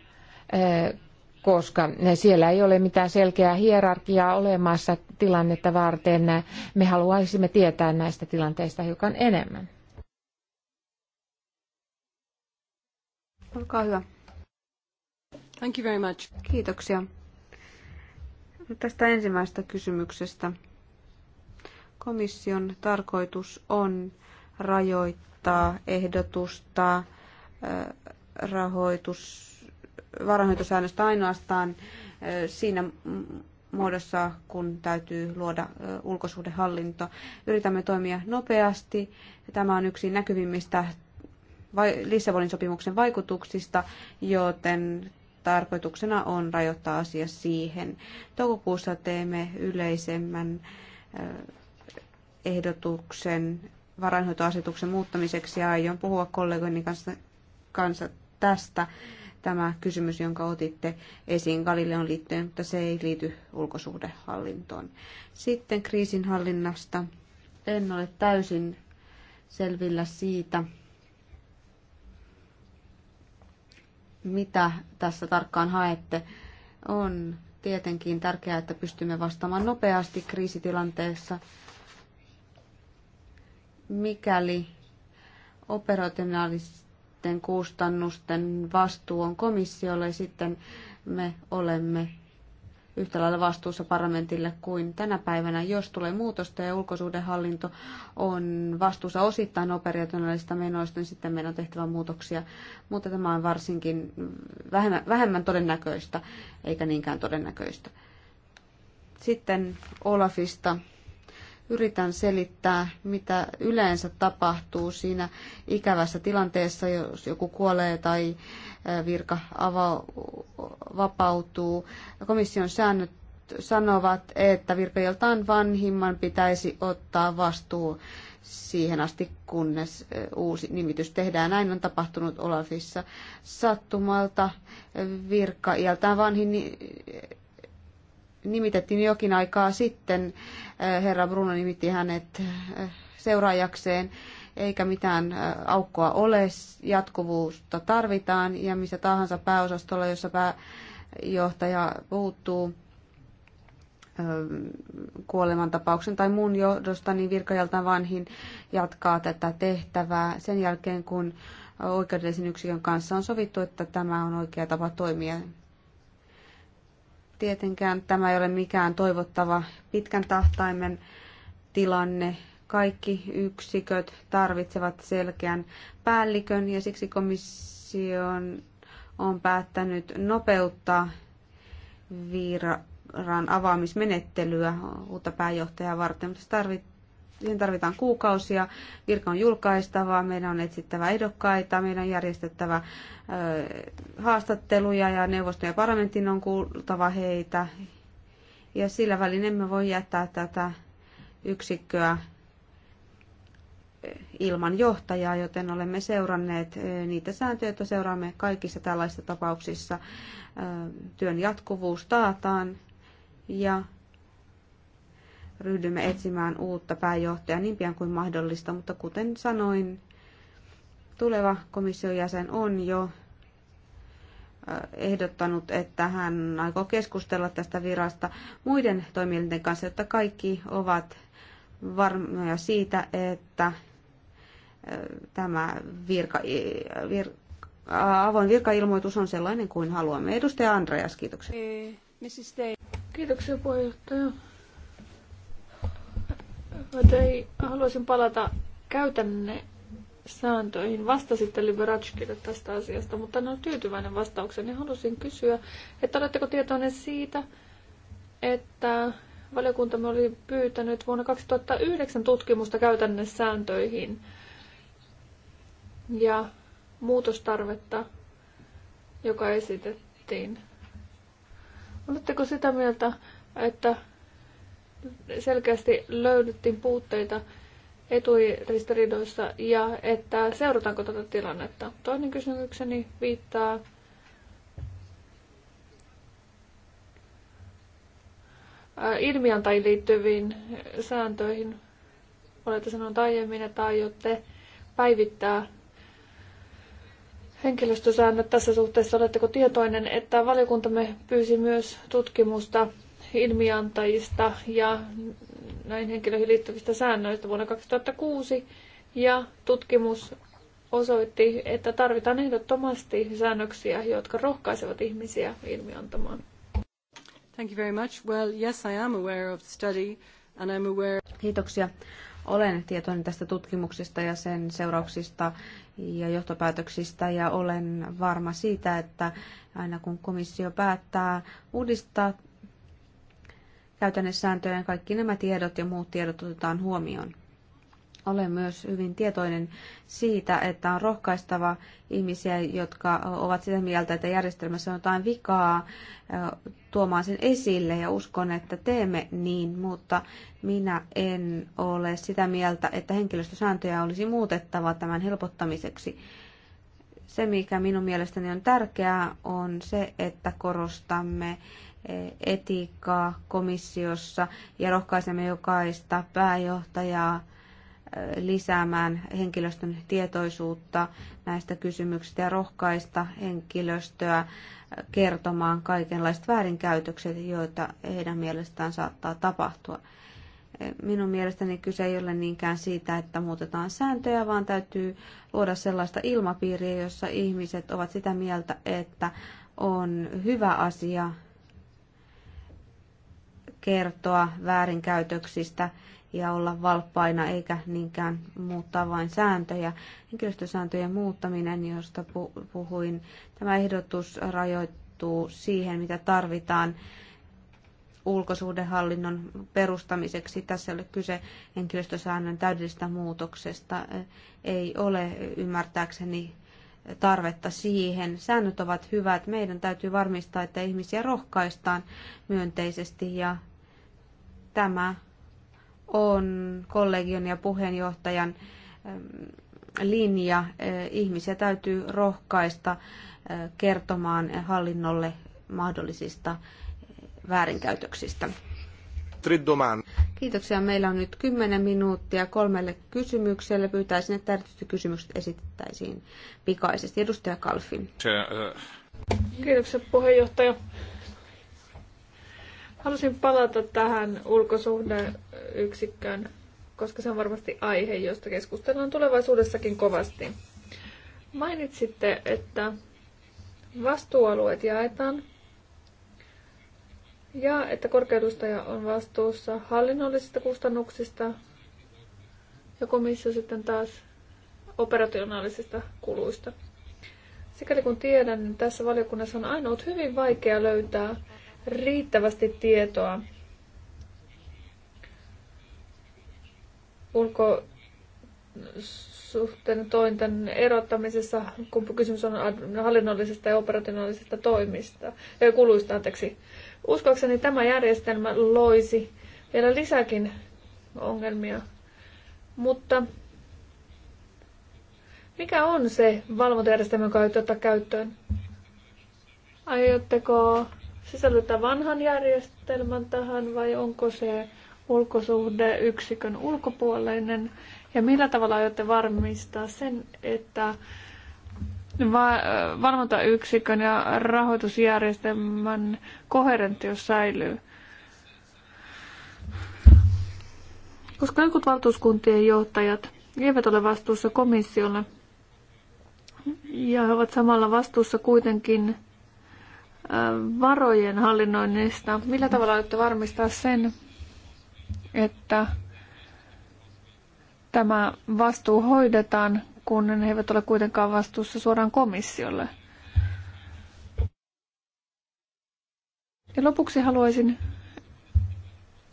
Speaker 4: koska siellä ei ole mitään selkeää hierarkiaa olemassa tilannetta varten. Me haluaisimme tietää näistä tilanteista hiukan enemmän.
Speaker 2: Olkaa hyvä. Thank you very much. Kiitoksia. Tästä ensimmäisestä kysymyksestä. Komission tarkoitus on rajoittaa ehdotusta rahoitus varainhoitosäännöstä ainoastaan siinä muodossa, kun täytyy luoda ulkosuhdehallinto. Yritämme toimia nopeasti. Tämä on yksi näkyvimmistä Lissabonin sopimuksen vaikutuksista, joten tarkoituksena on rajoittaa asia siihen. Toukokuussa teemme yleisemmän ehdotuksen varainhoitoasetuksen muuttamiseksi ja aion puhua kollegoini kanssa, kanssa tästä tämä kysymys, jonka otitte esiin Galileon liittyen, mutta se ei liity ulkosuhdehallintoon. Sitten kriisinhallinnasta. En ole täysin selvillä siitä, mitä tässä tarkkaan haette. On tietenkin tärkeää, että pystymme vastaamaan nopeasti kriisitilanteessa, mikäli operationaalisesti näiden kustannusten vastuu on komissiolle ja sitten me olemme yhtä lailla vastuussa parlamentille kuin tänä päivänä. Jos tulee muutosta ja ulkosuhdehallinto on vastuussa osittain operationaalista menoista, niin sitten meidän on tehtävä muutoksia. Mutta tämä on varsinkin vähemmän, vähemmän todennäköistä, eikä niinkään todennäköistä. Sitten Olafista yritän selittää, mitä yleensä tapahtuu siinä ikävässä tilanteessa, jos joku kuolee tai virka vapautuu. Komission säännöt sanovat, että virkailtaan vanhimman pitäisi ottaa vastuu siihen asti, kunnes uusi nimitys tehdään. Näin on tapahtunut Olafissa sattumalta. Virka iältään vanhin nimitettiin jokin aikaa sitten. Äh, Herra Bruno nimitti hänet äh, seuraajakseen, eikä mitään äh, aukkoa ole. Jatkuvuutta tarvitaan ja missä tahansa pääosastolla, jossa pääjohtaja puuttuu kuolemantapauksen tai muun johdosta, niin virkajalta vanhin jatkaa tätä tehtävää sen jälkeen, kun oikeudellisen yksikön kanssa on sovittu, että tämä on oikea tapa toimia. Tietenkään tämä ei ole mikään toivottava pitkän tahtaimen tilanne. Kaikki yksiköt tarvitsevat selkeän päällikön ja siksi komission on päättänyt nopeuttaa viiran avaamismenettelyä uutta pääjohtajaa varten, mutta se tarvitsee siihen tarvitaan kuukausia, virka on julkaistava, meidän on etsittävä ehdokkaita, meidän on järjestettävä haastatteluja ja neuvoston ja parlamentin on kuultava heitä. Ja sillä välin emme voi jättää tätä yksikköä ilman johtajaa, joten olemme seuranneet niitä sääntöjä, joita seuraamme kaikissa tällaisissa tapauksissa. Työn jatkuvuus taataan ja ryhdymme etsimään uutta pääjohtajaa niin pian kuin mahdollista, mutta kuten sanoin, tuleva komission jäsen on jo ehdottanut, että hän aikoo keskustella tästä virasta muiden toimielinten kanssa, jotta kaikki ovat varmoja siitä, että tämä virka, vir, avoin virkailmoitus on sellainen kuin haluamme. Edustaja Andreas, kiitoksia.
Speaker 3: Kiitoksia puheenjohtaja. Adei, haluaisin palata käytänne sääntöihin. Vastasitte Liberatskille tästä asiasta, mutta en ole tyytyväinen vastaukseen. niin halusin kysyä, että oletteko tietoinen siitä, että valiokuntamme oli pyytänyt vuonna 2009 tutkimusta sääntöihin ja muutostarvetta, joka esitettiin. Oletteko sitä mieltä, että selkeästi löydettiin puutteita eturistiriidoissa ja että seurataanko tätä tilannetta. Toinen kysymykseni viittaa ilmiantajiin liittyviin sääntöihin. Olette sanonut aiemmin, että aiotte päivittää henkilöstösäännöt tässä suhteessa. Oletteko tietoinen, että valiokuntamme pyysi myös tutkimusta ilmiantajista ja näin henkilöihin liittyvistä säännöistä vuonna 2006 ja tutkimus osoitti, että tarvitaan ehdottomasti säännöksiä, jotka rohkaisevat ihmisiä ilmiantamaan.
Speaker 1: Thank you very much. Well, yes, I am aware of the
Speaker 2: study and I'm aware... Kiitoksia. Olen tietoinen tästä tutkimuksesta ja sen seurauksista ja johtopäätöksistä ja olen varma siitä, että aina kun komissio päättää uudistaa käytännesääntöjen kaikki nämä tiedot ja muut tiedot otetaan huomioon. Olen myös hyvin tietoinen siitä, että on rohkaistava ihmisiä, jotka ovat sitä mieltä, että järjestelmässä on jotain vikaa, tuomaan sen esille ja uskon, että teemme niin, mutta minä en ole sitä mieltä, että henkilöstösääntöjä olisi muutettava tämän helpottamiseksi. Se, mikä minun mielestäni on tärkeää, on se, että korostamme etiikkaa komissiossa ja rohkaisemme jokaista pääjohtajaa lisäämään henkilöstön tietoisuutta näistä kysymyksistä ja rohkaista henkilöstöä kertomaan kaikenlaiset väärinkäytökset, joita heidän mielestään saattaa tapahtua. Minun mielestäni kyse ei ole niinkään siitä, että muutetaan sääntöjä, vaan täytyy luoda sellaista ilmapiiriä, jossa ihmiset ovat sitä mieltä, että on hyvä asia kertoa väärinkäytöksistä ja olla valppaina eikä niinkään muuttaa vain sääntöjä. Henkilöstösääntöjen muuttaminen, josta puhuin, tämä ehdotus rajoittuu siihen, mitä tarvitaan ulkosuhdehallinnon perustamiseksi. Tässä ei ole kyse henkilöstösäännön täydellisestä muutoksesta. Ei ole ymmärtääkseni tarvetta siihen. Säännöt ovat hyvät. Meidän täytyy varmistaa, että ihmisiä rohkaistaan myönteisesti ja Tämä on kollegion ja puheenjohtajan ähm, linja. Äh, ihmisiä täytyy rohkaista äh, kertomaan hallinnolle mahdollisista äh, väärinkäytöksistä. Kiitoksia. Meillä on nyt 10 minuuttia kolmelle kysymykselle. Pyytäisin, että tärkeitä kysymykset esitettäisiin pikaisesti. Edustaja Kalfin.
Speaker 1: Uh,
Speaker 2: Kiitoksia puheenjohtaja. Halusin palata tähän
Speaker 3: ulkosuhdeyksikköön, koska se on varmasti aihe, josta keskustellaan tulevaisuudessakin kovasti. Mainitsitte, että vastuualueet jaetaan ja että korkeudustaja on vastuussa hallinnollisista kustannuksista ja komissio sitten taas operationaalisista kuluista. Sikäli kun tiedän, niin tässä valiokunnassa on ainoa hyvin vaikea löytää riittävästi tietoa ulkosuhteen tointen erottamisessa, kun kysymys on hallinnollisista ja operationaalisista toimista, ja kuluista, anteeksi. Uskoakseni tämä järjestelmä loisi vielä lisäkin ongelmia, mutta mikä on se valvontajärjestelmä, joka aiot ottaa käyttöön? Aiotteko sisällyttää vanhan järjestelmän tähän vai onko se ulkosuhde yksikön ulkopuolinen ja millä tavalla aiotte varmistaa sen, että valvontayksikön ja rahoitusjärjestelmän koherentio säilyy? Koska jotkut valtuuskuntien johtajat eivät ole vastuussa komissiolle ja he ovat samalla vastuussa kuitenkin varojen hallinnoinnista. Millä tavalla olette varmistaa sen, että tämä vastuu hoidetaan, kun ne eivät ole kuitenkaan vastuussa suoraan komissiolle? Ja lopuksi haluaisin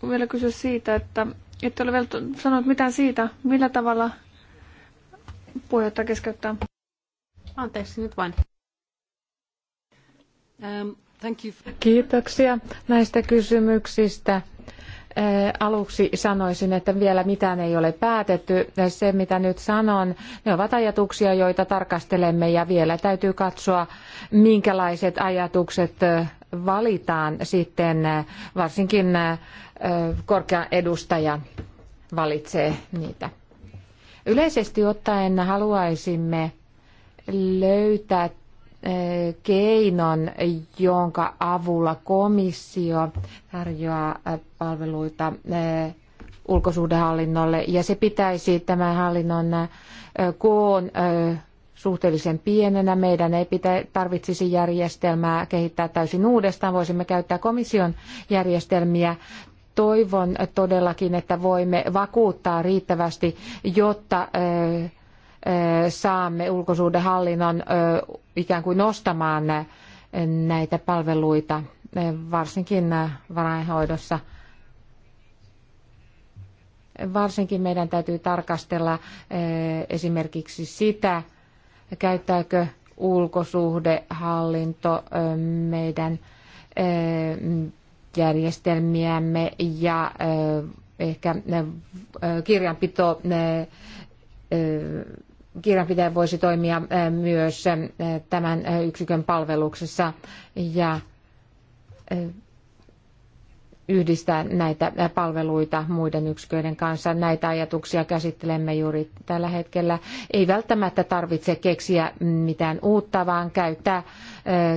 Speaker 3: vielä kysyä siitä, että ette ole vielä sanonut mitään siitä, millä tavalla puheenjohtaja keskeyttää. Anteeksi nyt vain. Um,
Speaker 4: Kiitoksia näistä kysymyksistä. Eh, aluksi sanoisin, että vielä mitään ei ole päätetty. Se, mitä nyt sanon, ne ovat ajatuksia, joita tarkastelemme ja vielä täytyy katsoa, minkälaiset ajatukset eh, valitaan sitten, eh, varsinkin korkean edustaja valitsee niitä. Yleisesti ottaen haluaisimme löytää Eh, keinon, jonka avulla komissio tarjoaa eh, palveluita eh, ulkosuhdehallinnolle ja se pitäisi tämän hallinnon koon suhteellisen pienenä. Meidän ei pitä, tarvitsisi järjestelmää kehittää täysin uudestaan. Voisimme käyttää komission järjestelmiä. Toivon todellakin, että voimme vakuuttaa riittävästi, jotta saamme ulkosuhdehallinnon ikään kuin nostamaan näitä palveluita, varsinkin varainhoidossa. Varsinkin meidän täytyy tarkastella esimerkiksi sitä, käyttääkö ulkosuhdehallinto meidän järjestelmiämme ja ehkä kirjanpito kirjanpitäjä voisi toimia myös tämän yksikön palveluksessa ja yhdistää näitä palveluita muiden yksiköiden kanssa. Näitä ajatuksia käsittelemme juuri tällä hetkellä. Ei välttämättä tarvitse keksiä mitään uutta, vaan käyttää,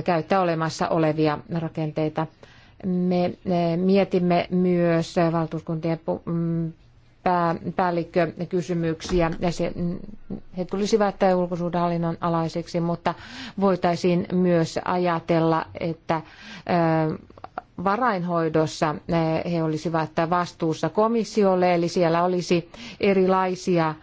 Speaker 4: käyttää olemassa olevia rakenteita. Me mietimme myös valtuuskuntien mm, pää, päällikkökysymyksiä ja se, he tulisivat ulkosuhdehallinnon alaiseksi, mutta voitaisiin myös ajatella, että varainhoidossa he olisivat vastuussa komissiolle, eli siellä olisi erilaisia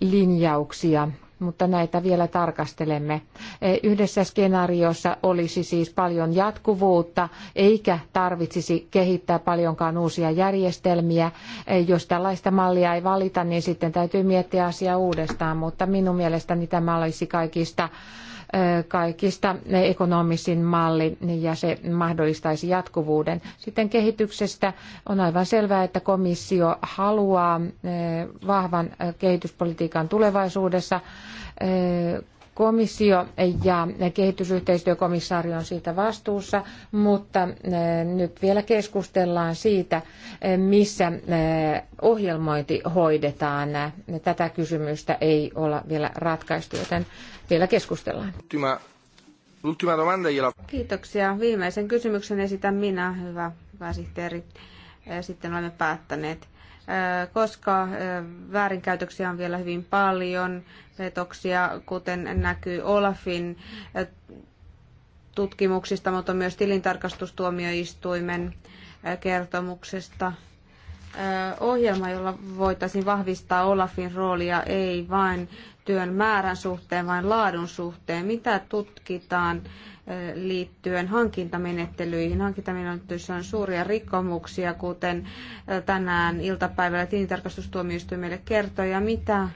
Speaker 4: linjauksia mutta näitä vielä tarkastelemme. Eh, yhdessä skenaariossa olisi siis paljon jatkuvuutta, eikä tarvitsisi kehittää paljonkaan uusia järjestelmiä. Eh, jos tällaista mallia ei valita, niin sitten täytyy miettiä asiaa uudestaan, mutta minun mielestäni tämä olisi kaikista kaikista ekonomisin malli ja se mahdollistaisi jatkuvuuden. Sitten kehityksestä on aivan selvää, että komissio haluaa vahvan kehityspolitiikan tulevaisuudessa Komissio ja kehitysyhteistyökomissaari on siitä vastuussa, mutta eh, nyt vielä keskustellaan siitä, eh, missä eh, ohjelmointi hoidetaan. Tätä kysymystä ei
Speaker 2: olla vielä ratkaistu, joten vielä keskustellaan. Kiitoksia. Viimeisen kysymyksen esitän minä, hyvä pääsihteeri. Sitten olemme päättäneet koska väärinkäytöksiä on vielä hyvin paljon, petoksia, kuten näkyy Olafin eh, tutkimuksista, mutta myös tilintarkastustuomioistuimen eh, kertomuksesta. Eh, ohjelma, jolla voitaisiin vahvistaa Olafin roolia ei vain työn määrän suhteen, vaan laadun suhteen. Mitä tutkitaan liittyen hankintamenettelyihin? Hankintamenettelyissä on suuria rikkomuksia, kuten tänään iltapäivällä tilintarkastustuomioistuimelle kertoi, ja mitä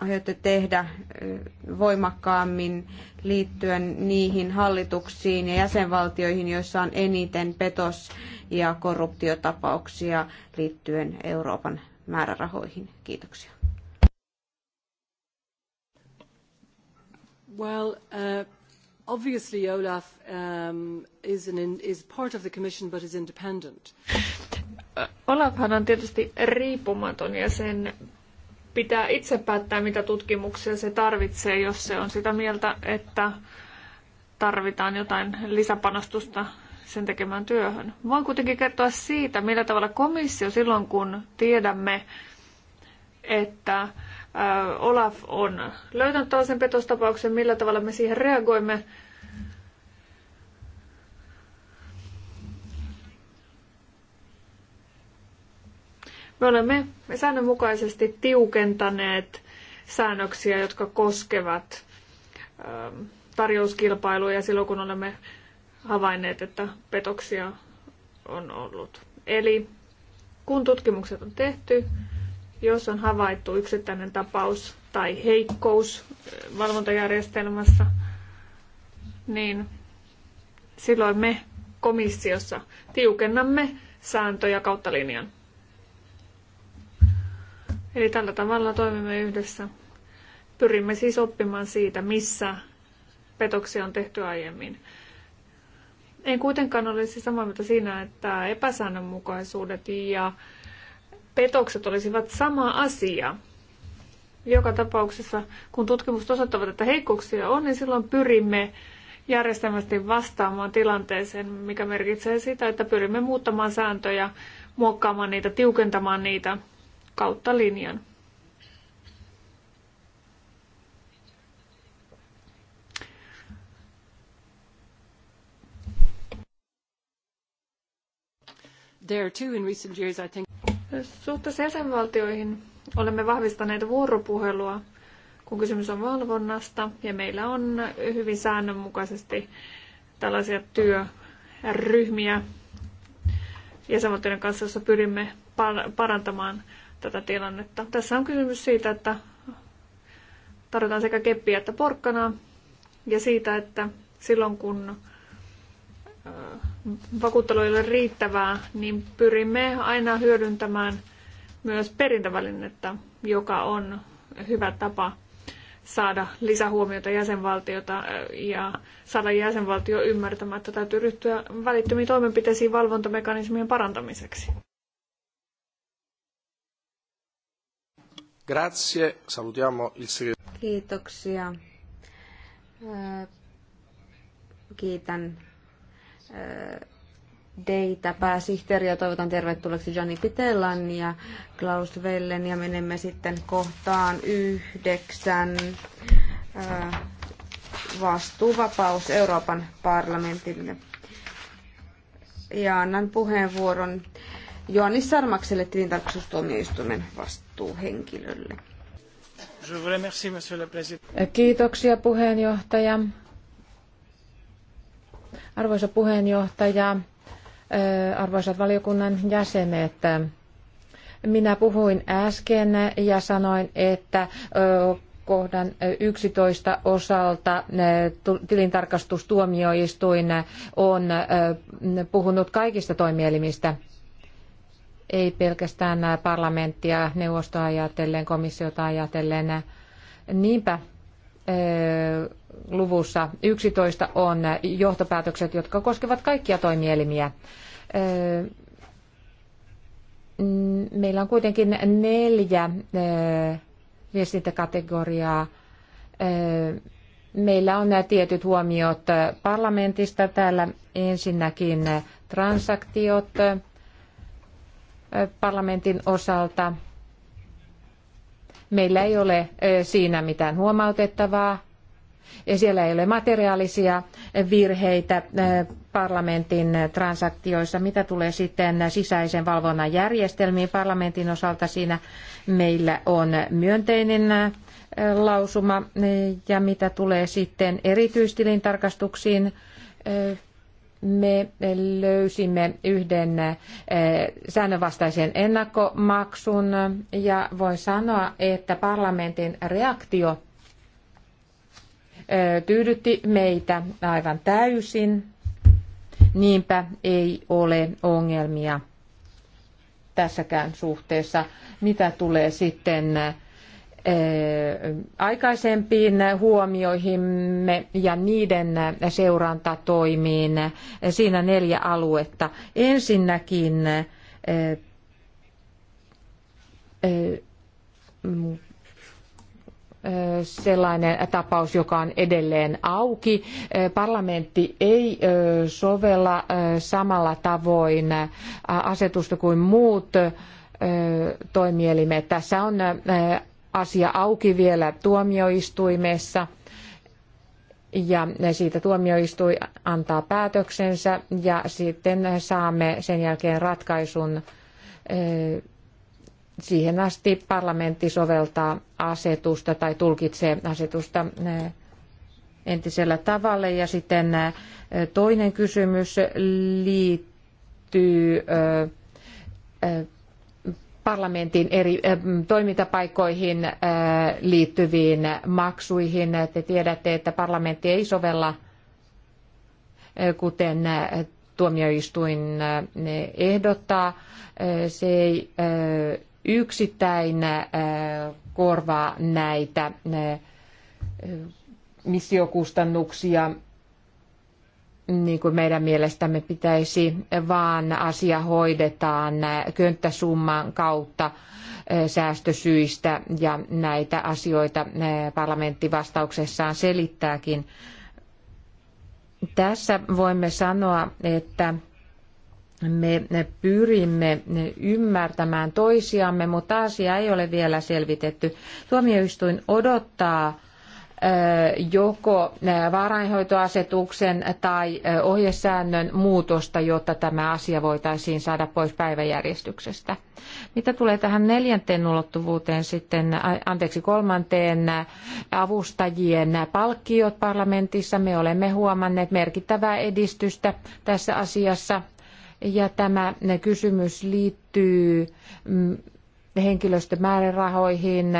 Speaker 2: aiotte tehdä voimakkaammin liittyen niihin hallituksiin ja jäsenvaltioihin, joissa on eniten petos- ja korruptiotapauksia liittyen Euroopan määrärahoihin? Kiitoksia.
Speaker 3: Well, uh, obviously Olaf um, is, an is part of the Commission but is independent. Olafhan on tietysti riippumaton ja sen pitää itse päättää, mitä tutkimuksia se tarvitsee, jos se on sitä mieltä, että tarvitaan jotain lisäpanostusta sen tekemään työhön. Voin kuitenkin kertoa siitä, millä tavalla komissio silloin, kun tiedämme, että Olaf on löytänyt tällaisen petostapauksen, millä tavalla me siihen reagoimme Me olemme säännönmukaisesti tiukentaneet säännöksiä, jotka koskevat ähm, tarjouskilpailuja silloin, kun olemme havainneet, että petoksia on ollut. Eli kun tutkimukset on tehty, jos on havaittu yksittäinen tapaus tai heikkous äh, valvontajärjestelmässä, niin silloin me komissiossa tiukennamme sääntöjä kautta linjan. Eli tällä tavalla toimimme yhdessä. Pyrimme siis oppimaan siitä, missä petoksia on tehty aiemmin. En kuitenkaan olisi siis samaa mieltä siinä, että epäsäännönmukaisuudet ja petokset olisivat sama asia. Joka tapauksessa, kun tutkimukset osoittavat, että heikkouksia on, niin silloin pyrimme järjestelmästi vastaamaan tilanteeseen, mikä merkitsee sitä, että pyrimme muuttamaan sääntöjä, muokkaamaan niitä, tiukentamaan niitä – kautta linjan. There too in recent years, I think. Suhteessa jäsenvaltioihin olemme vahvistaneet vuoropuhelua, kun kysymys on valvonnasta, ja meillä on hyvin säännönmukaisesti tällaisia työryhmiä jäsenvaltioiden kanssa, joissa pyrimme parantamaan tätä tilannetta. Tässä on kysymys siitä, että tarvitaan sekä keppiä että porkkanaa ja siitä, että silloin kun äh, vakuuttelu ei ole riittävää, niin pyrimme aina hyödyntämään myös perintävälinettä, joka on hyvä tapa saada lisähuomiota jäsenvaltiota äh, ja saada jäsenvaltio ymmärtämään, että täytyy ryhtyä välittömiin toimenpiteisiin valvontamekanismien parantamiseksi.
Speaker 1: Grazie. Salutiamo il segretario.
Speaker 2: Kiitoksia. Äh, kiitän Deitä äh, pääsihteeriä. Toivotan tervetulleeksi Gianni Pitellan ja Klaus Vellen ja menemme sitten kohtaan yhdeksän äh, vastuuvapaus Euroopan parlamentille. Ja annan puheenvuoron Joannis Sarmakselle tilintarkastustuomioistuimen vastuuhenkilölle. Kiitoksia puheenjohtaja.
Speaker 4: Arvoisa puheenjohtaja, äh, arvoisat valiokunnan jäsenet, minä puhuin äsken ja sanoin, että kohdan 11 osalta tilintarkastustuomioistuin on puhunut kaikista toimielimistä ei pelkästään parlamenttia, neuvostoa ajatellen, komissiota ajatellen. Niinpä luvussa 11 on johtopäätökset, jotka koskevat kaikkia toimielimiä. Meillä on kuitenkin neljä viestintäkategoriaa. Meillä on nämä tietyt huomiot parlamentista. Täällä ensinnäkin transaktiot, parlamentin osalta meillä ei ole siinä mitään huomautettavaa. Siellä ei ole materiaalisia virheitä parlamentin transaktioissa. Mitä tulee sitten sisäisen valvonnan järjestelmiin parlamentin osalta, siinä meillä on myönteinen lausuma. Ja mitä tulee sitten erityistilintarkastuksiin, me löysimme yhden eh, säännönvastaisen ennakkomaksun ja voin sanoa, että parlamentin reaktio eh, tyydytti meitä aivan täysin. Niinpä ei ole ongelmia tässäkään suhteessa. Mitä tulee sitten eh, Eh, aikaisempiin huomioihimme ja niiden seurantatoimiin. Siinä neljä aluetta. Ensinnäkin eh, eh, sellainen tapaus, joka on edelleen auki. Parlamentti ei sovella samalla tavoin asetusta kuin muut toimielimet. Tässä on asia auki vielä tuomioistuimessa ja siitä tuomioistuin antaa päätöksensä ja sitten saamme sen jälkeen ratkaisun eh, siihen asti parlamentti soveltaa asetusta tai tulkitsee asetusta eh, entisellä tavalla. Ja sitten eh, toinen kysymys liittyy parlamentin eri toimintapaikkoihin liittyviin maksuihin. Te tiedätte, että parlamentti ei sovella, kuten tuomioistuin ehdottaa. Se ei yksittäin korvaa näitä missiokustannuksia niin kuin meidän mielestämme pitäisi, vaan asia hoidetaan könttäsumman kautta eh, säästösyistä ja näitä asioita eh, parlamentti vastauksessaan selittääkin. Tässä voimme sanoa, että me pyrimme ymmärtämään toisiamme, mutta asia ei ole vielä selvitetty. Tuomioistuin odottaa joko vaarainhoitoasetuksen tai ohjesäännön muutosta, jotta tämä asia voitaisiin saada pois päiväjärjestyksestä. Mitä tulee tähän neljänteen ulottuvuuteen sitten, anteeksi kolmanteen, avustajien palkkiot parlamentissa, me olemme huomanneet merkittävää edistystä tässä asiassa. Ja tämä kysymys liittyy mm, henkilöstömäärärahoihin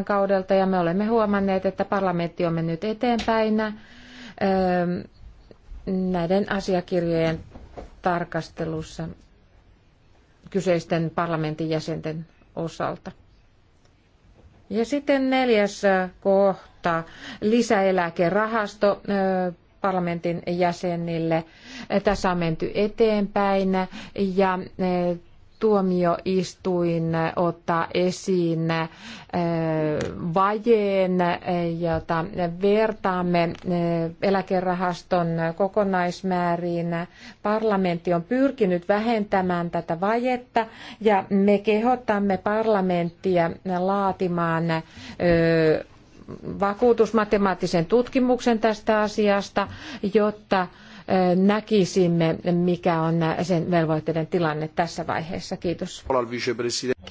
Speaker 4: 2004-2007 kaudelta ja me olemme huomanneet, että parlamentti on mennyt eteenpäin näiden asiakirjojen tarkastelussa kyseisten parlamentin jäsenten osalta. Ja sitten neljäs kohta, lisäeläkerahasto parlamentin jäsenille. Tässä on menty eteenpäin ja e, tuomioistuin ottaa esiin e, vajeen, e, jota vertaamme eläkerahaston kokonaismääriin. Parlamentti on pyrkinyt vähentämään tätä vajetta ja me kehotamme parlamenttia laatimaan vakuutusmatemaattisen tutkimuksen tästä asiasta, jotta näkisimme, mikä
Speaker 2: on sen velvoitteiden tilanne tässä vaiheessa. Kiitos.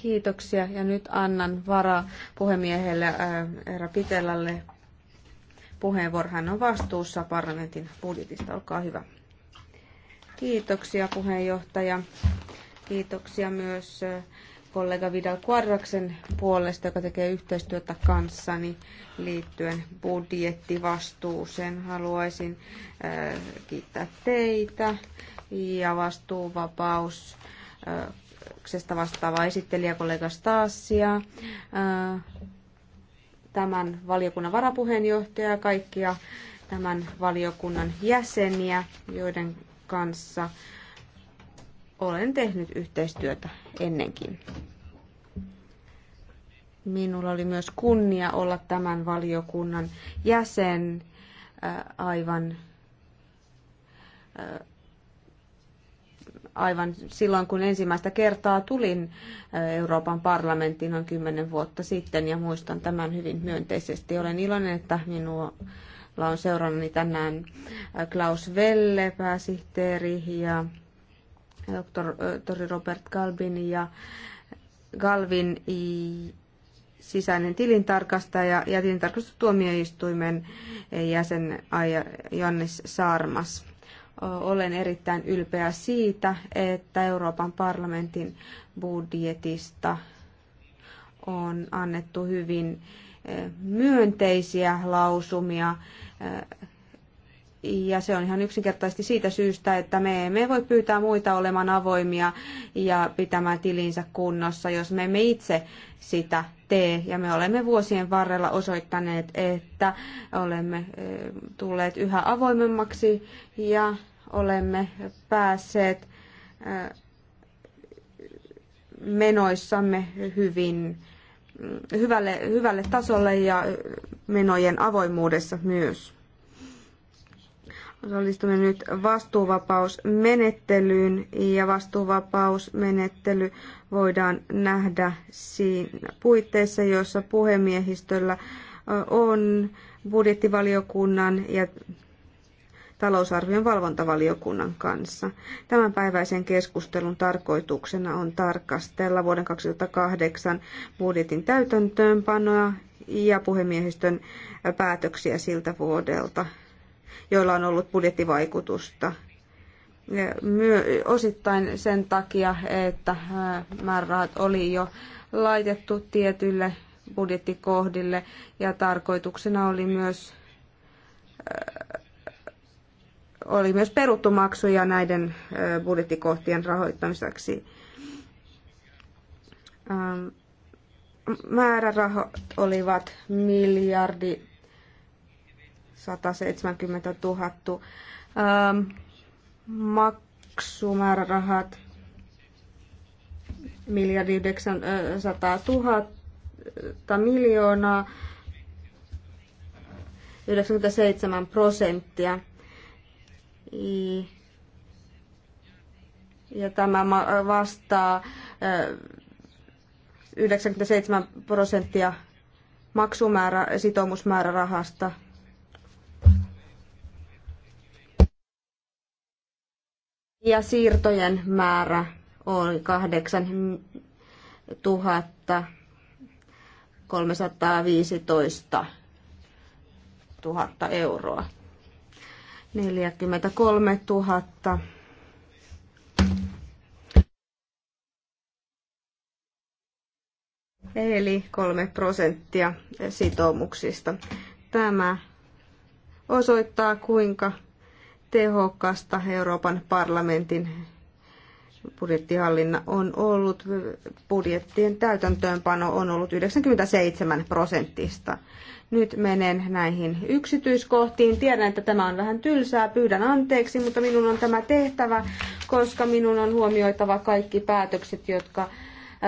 Speaker 2: Kiitoksia. Ja nyt annan varaa puhemiehelle herra Pitelalle puheenvuoro. Hän on vastuussa parlamentin budjetista. Olkaa hyvä. Kiitoksia puheenjohtaja. Kiitoksia myös kollega Vidal Quadraksen puolesta, joka tekee yhteistyötä kanssani liittyen budjettivastuuseen. Haluaisin äh, kiittää teitä ja vastuuvapaus äh, vastaavaa esittelijäkollega Stasia, äh, tämän valiokunnan ja kaikkia tämän valiokunnan jäseniä, joiden kanssa olen tehnyt yhteistyötä ennenkin. Minulla oli myös kunnia olla tämän valiokunnan jäsen äh, aivan, äh, aivan silloin, kun ensimmäistä kertaa tulin äh, Euroopan parlamenttiin noin kymmenen vuotta sitten ja muistan tämän hyvin myönteisesti. Olen iloinen, että minua Olen seurannani tänään Klaus Velle, pääsihteeri ja Tori Robert Galvin ja Galvin sisäinen tilintarkastaja ja tilintarkastustuomioistuimen jäsen Jannis Saarmas. Olen erittäin ylpeä siitä, että Euroopan parlamentin budjetista on annettu hyvin myönteisiä lausumia ja se on ihan yksinkertaisesti siitä syystä, että me emme voi pyytää muita olemaan avoimia ja pitämään tilinsä kunnossa, jos me emme itse sitä tee. Ja me olemme vuosien varrella osoittaneet, että olemme eh, tulleet yhä avoimemmaksi ja olemme päässeet eh, menoissamme hyvin mm, hyvälle, hyvälle tasolle ja menojen avoimuudessa myös. Osallistumme nyt vastuuvapausmenettelyyn ja vastuuvapausmenettely voidaan nähdä siinä puitteissa, joissa puhemiehistöllä on budjettivaliokunnan ja talousarvion valvontavaliokunnan kanssa. Tämänpäiväisen keskustelun tarkoituksena on tarkastella vuoden 2008 budjetin täytäntöönpanoa ja puhemiehistön päätöksiä siltä vuodelta joilla on ollut budjettivaikutusta. Osittain sen takia, että määrärahat oli jo laitettu tietylle budjettikohdille ja tarkoituksena oli myös oli myös peruttumaksuja näiden budjettikohtien rahoittamiseksi. Määrärahat olivat miljardi 170 000. Ähm, maksumäärärahat miljardi 900 000 miljoonaa 97 prosenttia. Ja tämä vastaa 97 äh, prosenttia maksumäärä, sitoumusmäärärahasta Ja siirtojen määrä oli 8315 000 euroa. 43 000 eli kolme prosenttia sitoumuksista. Tämä osoittaa, kuinka tehokasta Euroopan parlamentin budjettihallinna on ollut, budjettien täytäntöönpano on ollut 97 prosentista. Nyt menen näihin yksityiskohtiin. Tiedän, että tämä on vähän tylsää, pyydän anteeksi, mutta minun on tämä tehtävä, koska minun on huomioitava kaikki päätökset, jotka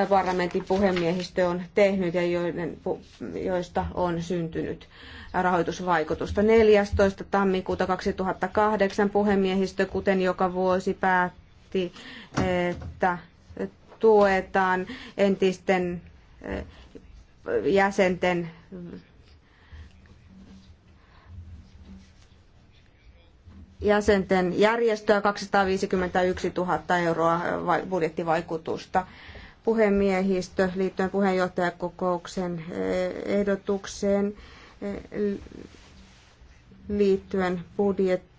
Speaker 2: parlamentin puhemiehistö on tehnyt ja joiden, joista on syntynyt rahoitusvaikutusta. 14. tammikuuta 2008 puhemiehistö, kuten joka vuosi, päätti, että tuetaan entisten eh, jäsenten jäsenten järjestöä 251 000 euroa budjettivaikutusta puhemiehistö liittyen puheenjohtajakokouksen eh, ehdotukseen eh, liittyen budjettiin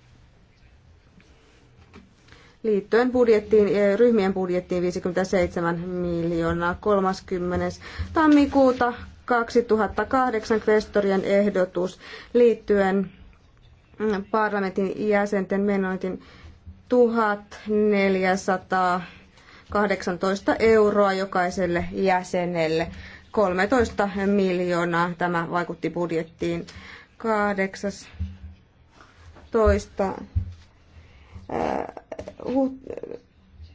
Speaker 2: liittyen eh, budjettiin, ryhmien budjettiin 57 miljoonaa 30. tammikuuta 2008 kvestorien ehdotus liittyen mm, parlamentin jäsenten menointin 1400 18 euroa jokaiselle jäsenelle. 13 miljoonaa tämä vaikutti budjettiin. 18 äh,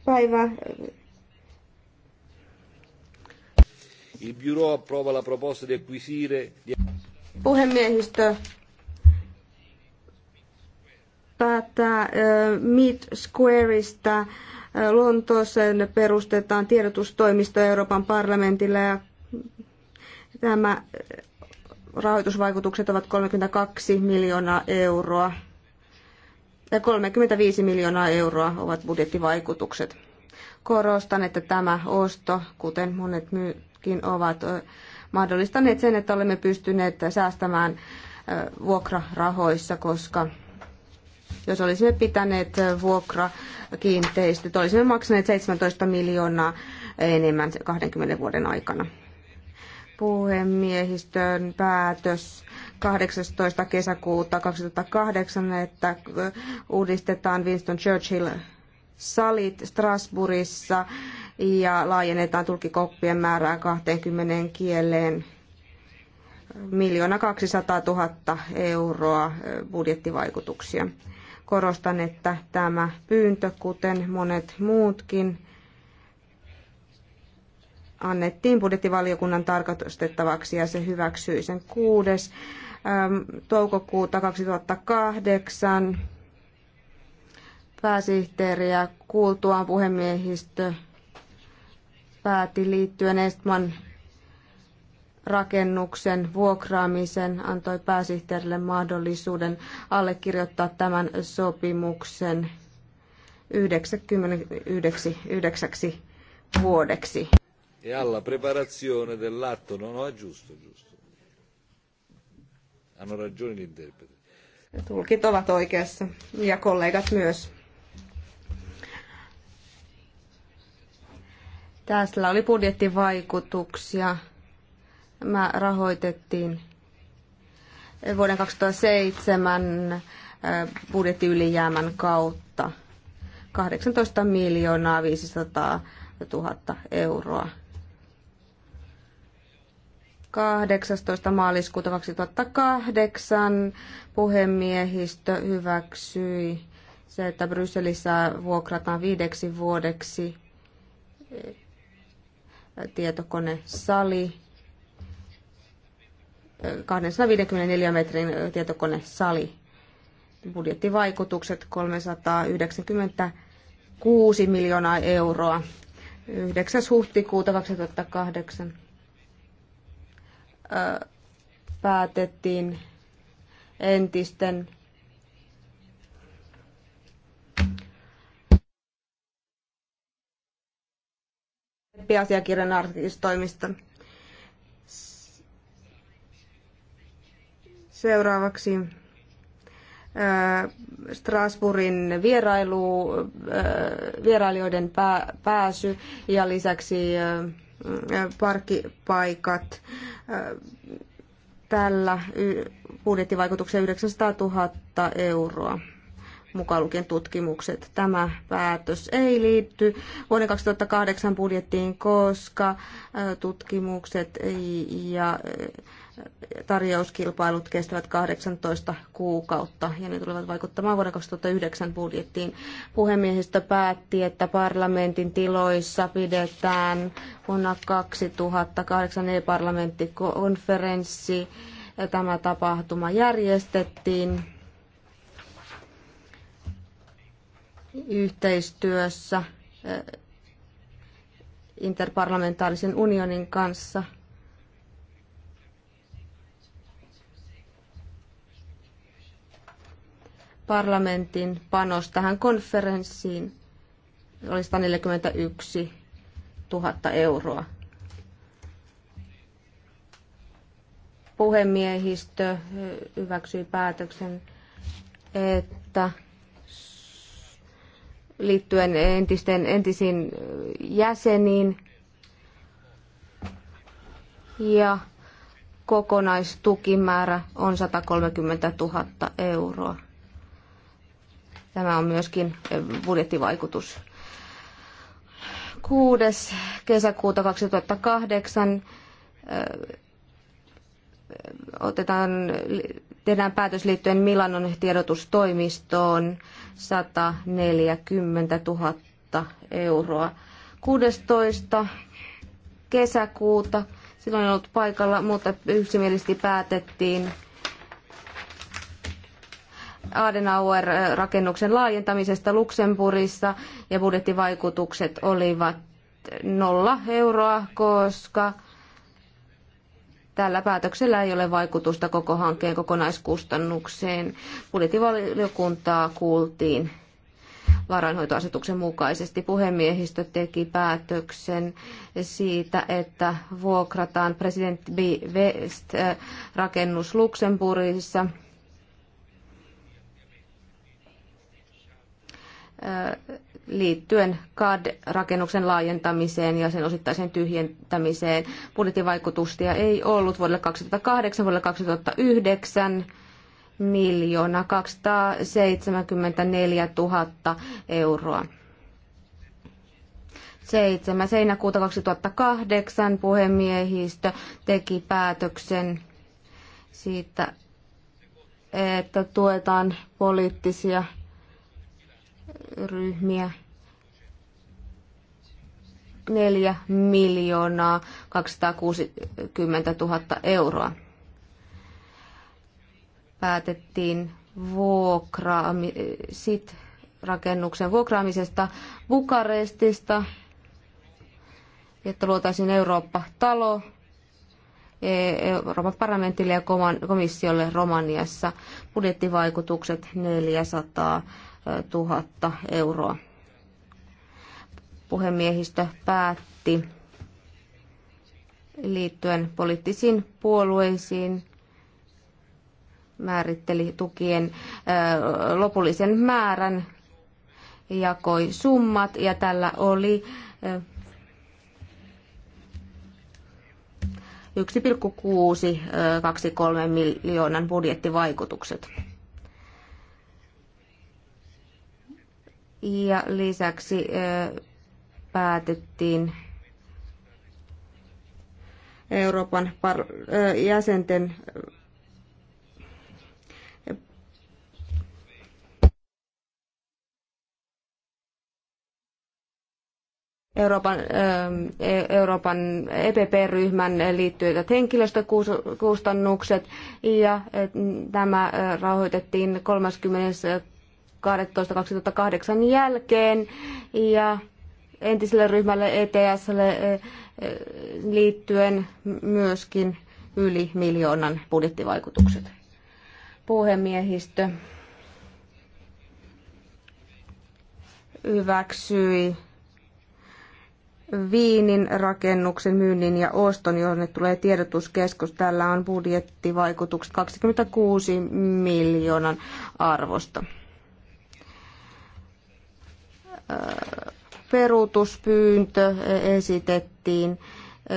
Speaker 2: päivä
Speaker 1: Il Bureau approva la proposta di acquisire...
Speaker 2: Puhemiehistö päättää äh, Squareista Lontooseen perustetaan tiedotustoimisto Euroopan parlamentille ja tämä rahoitusvaikutukset ovat 32 miljoonaa euroa ja äh, 35 miljoonaa euroa ovat budjettivaikutukset. Korostan, että tämä osto, kuten monet myykin ovat äh, mahdollistaneet sen, että olemme pystyneet säästämään äh, vuokrarahoissa, koska jos olisimme pitäneet vuokrakiinteistöt, niin olisimme maksaneet 17 miljoonaa enemmän 20 vuoden aikana. Puhemiehistön päätös 18. kesäkuuta 2008, että uudistetaan Winston Churchill salit Strasbourgissa ja laajennetaan tulkikoppien määrää 20 kieleen. Miljoona 200 000 euroa budjettivaikutuksia. Korostan, että tämä pyyntö, kuten monet muutkin, annettiin budjettivaliokunnan tarkastettavaksi ja se hyväksyi sen 6. Ähm, toukokuuta 2008 pääsihteeriä kuultuaan puhemiehistö päätti liittyen Estman rakennuksen vuokraamisen antoi pääsihteerille mahdollisuuden allekirjoittaa tämän sopimuksen 99 9 vuodeksi.
Speaker 1: E alla preparazione dell'atto, no, no, è giusto, giusto. Hanno ragione gli interpreti.
Speaker 2: Tulkit ovat oikeassa ja kollegat myös. Tässä oli budjettivaikutuksia Mä rahoitettiin vuoden 2007 budjettiylijäämän kautta 18 miljoonaa 500 000 euroa. 18. maaliskuuta 2008 puhemiehistö hyväksyi se, että Brysselissä vuokrataan viideksi vuodeksi tietokone sali. 254 metrin tietokonesali. Budjettivaikutukset 396 miljoonaa euroa. 9. huhtikuuta 2008 päätettiin entisten asiakirjan arkistoimista. Seuraavaksi Strasbourgin vierailu, vierailijoiden pää, pääsy ja lisäksi parkkipaikat. Tällä budjettivaikutuksen 900 000 euroa mukaan lukien tutkimukset. Tämä päätös ei liitty vuoden 2008 budjettiin, koska tutkimukset ja tarjouskilpailut kestävät 18 kuukautta ja ne tulevat vaikuttamaan vuoden 2009 budjettiin. Puhemiehistö päätti, että parlamentin tiloissa pidetään vuonna 2008 e-parlamenttikonferenssi. Tämä tapahtuma järjestettiin yhteistyössä eh, interparlamentaarisen unionin kanssa – parlamentin panos tähän konferenssiin oli 141 000 euroa. Puhemiehistö eh, hyväksyi päätöksen, että liittyen entisten, entisiin eh, jäseniin ja kokonaistukimäärä on 130 000 euroa. Tämä on myöskin budjettivaikutus. 6. kesäkuuta 2008 otetaan, tehdään päätös liittyen Milanon tiedotustoimistoon 140 000 euroa. 16. kesäkuuta, silloin on ollut paikalla, mutta yksimielisesti päätettiin Adenauer-rakennuksen laajentamisesta Luxemburgissa ja budjettivaikutukset olivat nolla euroa, koska tällä päätöksellä ei ole vaikutusta koko hankkeen kokonaiskustannukseen. Budjettivaliokuntaa kuultiin varainhoitoasetuksen mukaisesti. Puhemiehistö teki päätöksen siitä, että vuokrataan presidentti B. West rakennus Luxemburgissa – liittyen CAD-rakennuksen laajentamiseen ja sen osittaiseen tyhjentämiseen. Budjettivaikutusta ei ollut vuodelle 2008, vuodelle 2009 miljoona 274 000 euroa. 7. seinäkuuta 2008 puhemiehistö teki päätöksen siitä, että tuetaan poliittisia ryhmiä. neljä miljoonaa 260 000 euroa. Päätettiin vuokraami, sit rakennuksen vuokraamisesta Bukarestista, että luotaisiin Eurooppa-talo e-, Euroopan parlamentille ja komissiolle Romaniassa. Budjettivaikutukset 400 000 euroa. Puhemiehistö päätti liittyen poliittisiin puolueisiin määritteli tukien lopullisen määrän, jakoi summat ja tällä oli 1,623 miljoonan budjettivaikutukset. Ja lisäksi päätettiin Euroopan jäsenten Euroopan, e-, Euroopan EPP-ryhmän liittyvät henkilöstökustannukset ja tämä rahoitettiin 30. 12.2008 jälkeen ja entiselle ryhmälle ETSlle e, e, liittyen myöskin yli miljoonan budjettivaikutukset. Puhemiehistö hyväksyi Viinin rakennuksen myynnin ja oston, jonne tulee tiedotuskeskus. Tällä on budjettivaikutukset 26 miljoonan arvosta peruutuspyyntö esitettiin e,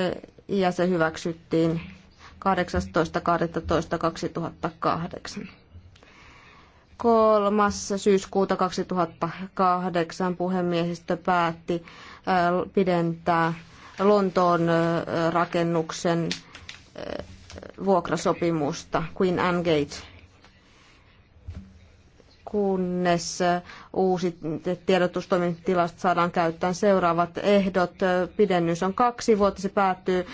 Speaker 2: ja se hyväksyttiin 18.12.2008. 3. syyskuuta 2008 puhemiehistö päätti e, pidentää Lontoon e, rakennuksen vuokrasopimusta Queen Anne Gate kunnes uusi tiedotustoimintatilasta saadaan käyttöön seuraavat ehdot. Pidennys on kaksi vuotta, se päättyy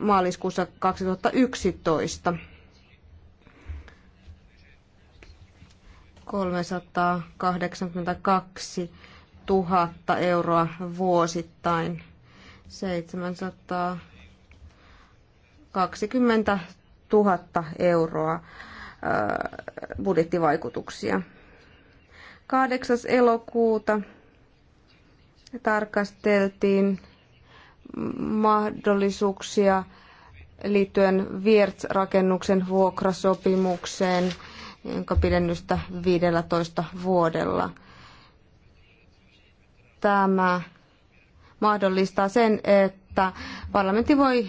Speaker 2: maaliskuussa 2011. 382 000 euroa vuosittain. 720 000 euroa Äh, budjettivaikutuksia. 8. elokuuta tarkasteltiin mahdollisuuksia liittyen wirtz rakennuksen vuokrasopimukseen, jonka pidennystä 15 vuodella. Tämä mahdollistaa sen, että parlamentti voi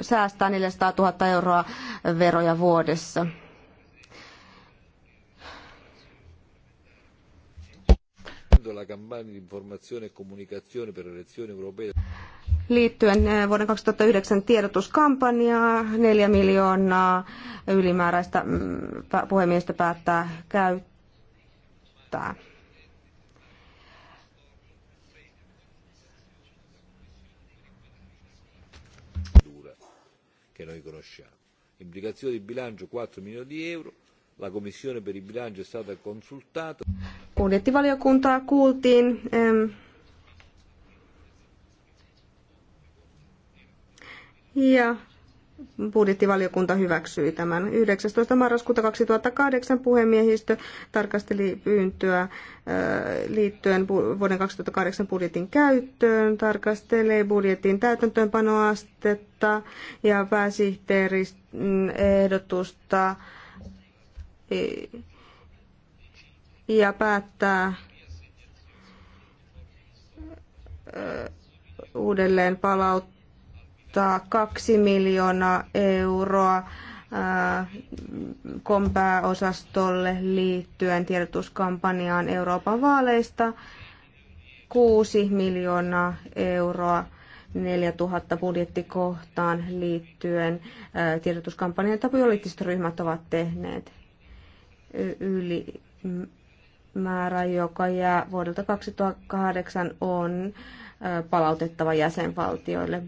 Speaker 2: säästää 400 000 euroa veroja vuodessa.
Speaker 1: riguardo alla campagna di informazione e comunicazione per le elezioni europee.
Speaker 2: Liittyen eh, vuoden 2009 tiedotuskampanjaa, neljä miljoonaa ylimääräistä mm, puhemiestä päättää käyttää.
Speaker 1: che noi conosciamo. Implicazioni di bilancio 4 milioni di euro, La Commissione per il bilancio è stata consultata.
Speaker 2: Budjettivaliokuntaa kuultiin. Ja budjettivaliokunta hyväksyi tämän. 19. marraskuuta 2008 puhemiehistö tarkasteli pyyntöä liittyen vuoden 2008 budjetin käyttöön, tarkastelee budjetin täytäntöönpanoastetta ja pääsihteerin ehdotusta ja päättää uudelleen palauttaa kaksi miljoonaa euroa kompääosastolle liittyen tiedotuskampanjaan Euroopan vaaleista 6 miljoonaa euroa 4000 budjettikohtaan liittyen tiedotuskampanjan, jota poliittiset ryhmät ovat tehneet ylimäärä, joka jää vuodelta 2008 on palautettava jäsenvaltioille.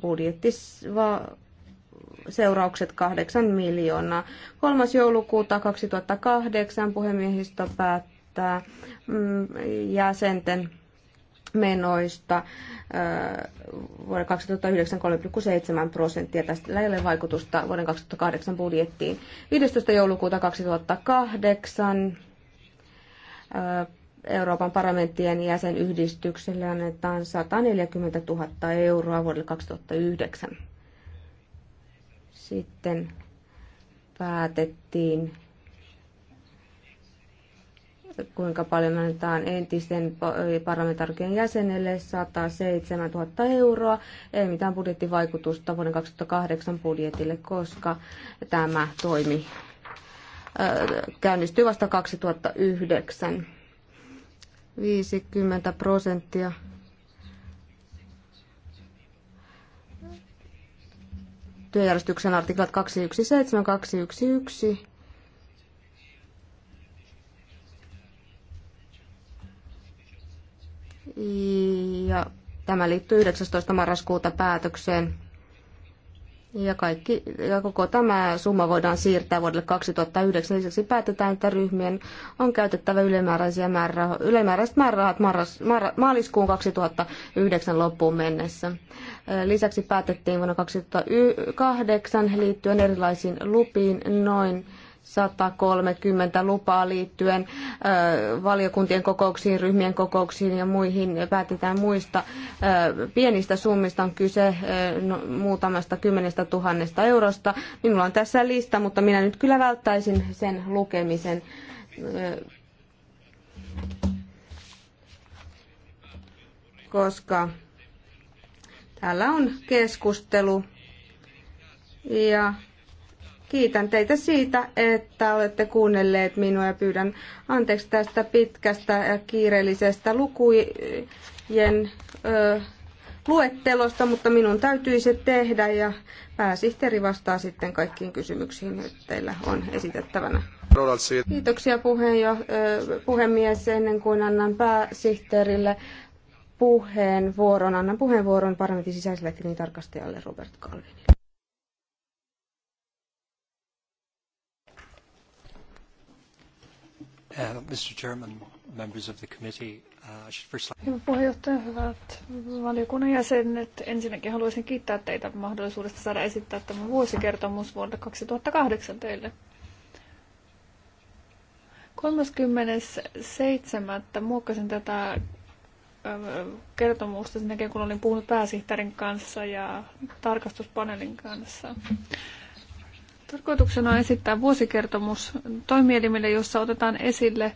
Speaker 2: Seuraukset 8 miljoonaa. 3. joulukuuta 2008 puhemiehistö päättää mm, jäsenten menoista vuoden 2009 3,7 prosenttia. Tästä ei ole vaikutusta vuoden 2008 budjettiin. 15. joulukuuta 2008 Euroopan parlamenttien jäsenyhdistykselle annetaan 140 000 euroa vuodelle 2009. Sitten päätettiin kuinka paljon annetaan entisten parlamentaarikon jäsenelle 107 000 euroa. Ei mitään budjettivaikutusta vuoden 2008 budjetille, koska tämä toimi äh, käynnistyi vasta 2009. 50 prosenttia työjärjestyksen artiklat 217, 211 Ja tämä liittyy 19. marraskuuta päätökseen. Ja, kaikki, ja koko tämä summa voidaan siirtää vuodelle 2009. Lisäksi päätetään, että ryhmien on käytettävä ylimääräisiä määräraho- ylimääräiset määrärahat marras, määrä, maaliskuun 2009 loppuun mennessä. Lisäksi päätettiin vuonna 2008 liittyen erilaisiin lupiin noin 130 lupaa liittyen valiokuntien kokouksiin, ryhmien kokouksiin ja muihin. Päätetään muista pienistä summista on kyse no, muutamasta kymmenestä tuhannesta eurosta. Minulla on tässä lista, mutta minä nyt kyllä välttäisin sen lukemisen. koska täällä on keskustelu ja Kiitän teitä siitä, että olette kuunnelleet minua ja pyydän anteeksi tästä pitkästä ja kiireellisestä lukujen ö, luettelosta, mutta minun täytyy se tehdä ja pääsihteeri vastaa sitten kaikkiin kysymyksiin, joita teillä on esitettävänä. Kiitoksia puheenjo- puhemies. Ennen kuin annan pääsihteerille puheenvuoron, annan puheenvuoron parlamentin sisäiselle tilintarkastajalle Robert Calvinille.
Speaker 1: Uh, Mr. Chairman, members of the committee, uh, I should first... Hyvä
Speaker 3: puheenjohtaja, hyvät valiokunnan jäsenet. Ensinnäkin haluaisin kiittää teitä mahdollisuudesta saada esittää tämä vuosikertomus vuodelle 2008 teille. 37. muokkasin tätä kertomusta sen jälkeen, kun olin puhunut pääsihteerin kanssa ja tarkastuspaneelin kanssa. Tarkoituksena on esittää vuosikertomus toimielimille, jossa otetaan esille,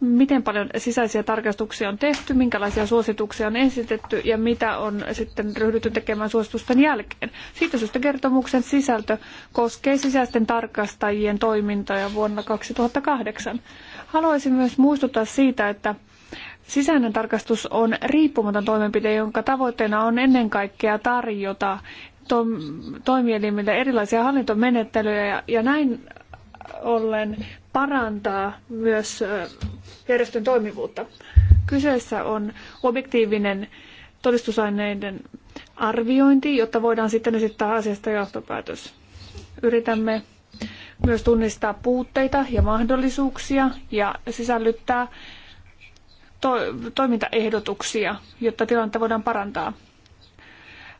Speaker 3: miten paljon sisäisiä tarkastuksia on tehty, minkälaisia suosituksia on esitetty ja mitä on sitten ryhdytty tekemään suositusten jälkeen. Siitä syystä kertomuksen sisältö koskee sisäisten tarkastajien toimintoja vuonna 2008. Haluaisin myös muistuttaa siitä, että Sisäinen tarkastus on riippumaton toimenpide, jonka tavoitteena on ennen kaikkea tarjota to, toimielimille erilaisia hallintomenettelyjä ja, ja näin ollen parantaa myös järjestön toimivuutta. Kyseessä on objektiivinen todistusaineiden arviointi, jotta voidaan sitten esittää asiasta johtopäätös. Yritämme myös tunnistaa puutteita ja mahdollisuuksia ja sisällyttää to- toimintaehdotuksia, jotta tilannetta voidaan parantaa.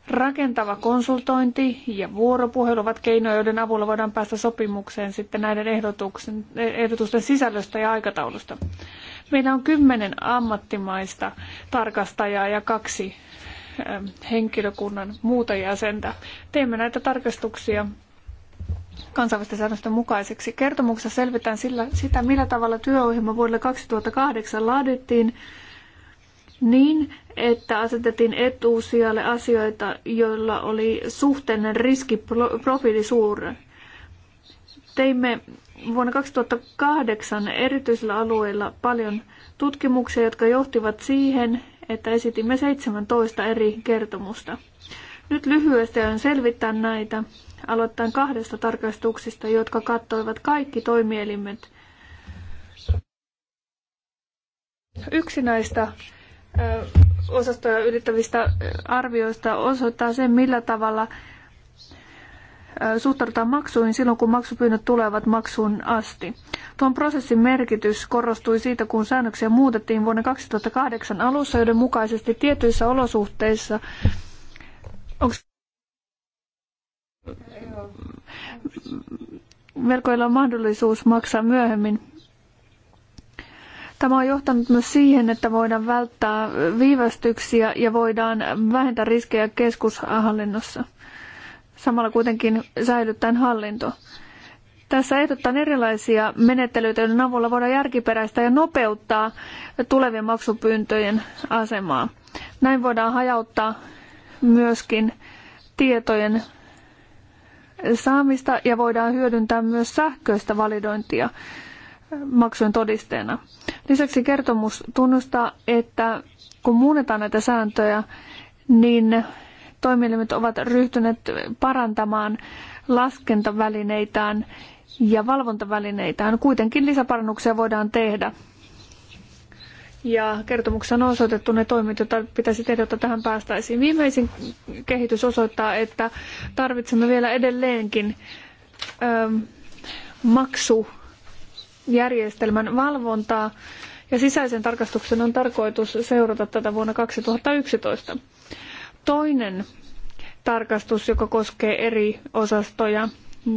Speaker 3: Rakentava konsultointi ja vuoropuhelu ovat keinoja, joiden avulla voidaan päästä sopimukseen sitten näiden ehdotuksen, ehdotusten sisällöstä ja aikataulusta. Meillä on kymmenen ammattimaista tarkastajaa ja kaksi ähm, henkilökunnan muuta jäsentä. Teemme näitä tarkastuksia kansainvälisten säännösten mukaiseksi. Kertomuksessa selvitään sillä, sitä, millä tavalla työohjelma vuodelle 2008 laadittiin niin, että asetettiin etusijalle asioita, joilla oli suhteellinen riskiprofiili suuren. Teimme vuonna 2008 erityisillä alueilla paljon tutkimuksia, jotka johtivat siihen, että esitimme 17 eri kertomusta. Nyt lyhyesti on selvittää näitä, aloittain kahdesta tarkastuksista, jotka kattoivat kaikki toimielimet. Yksi näistä osastoja ylittävistä eh, arvioista osoittaa sen, millä tavalla eh, suhtaudutaan maksuihin silloin, kun maksupyynnöt tulevat maksuun asti. Tuon prosessin merkitys korostui siitä, kun säännöksiä muutettiin vuonna 2008 alussa, joiden mukaisesti tietyissä olosuhteissa onks, velkoilla on mahdollisuus maksaa myöhemmin Tämä on johtanut myös siihen, että voidaan välttää viivästyksiä ja voidaan vähentää riskejä keskushallinnossa, samalla kuitenkin säilyttäen hallinto. Tässä ehdotetaan erilaisia menettelyitä, joiden avulla voidaan järkiperäistää ja nopeuttaa tulevien maksupyyntöjen asemaa. Näin voidaan hajauttaa myöskin tietojen saamista ja voidaan hyödyntää myös sähköistä validointia maksujen todisteena. Lisäksi kertomus tunnustaa, että kun muunnetaan näitä sääntöjä, niin toimielimet ovat ryhtyneet parantamaan laskentavälineitään ja valvontavälineitään. Kuitenkin lisäparannuksia voidaan tehdä. Ja kertomuksessa on osoitettu ne toimet, joita pitäisi tehdä, jotta tähän päästäisiin. Viimeisin kehitys osoittaa, että tarvitsemme vielä edelleenkin ö, maksu järjestelmän valvontaa ja sisäisen tarkastuksen on tarkoitus seurata tätä vuonna 2011. Toinen tarkastus, joka koskee eri osastoja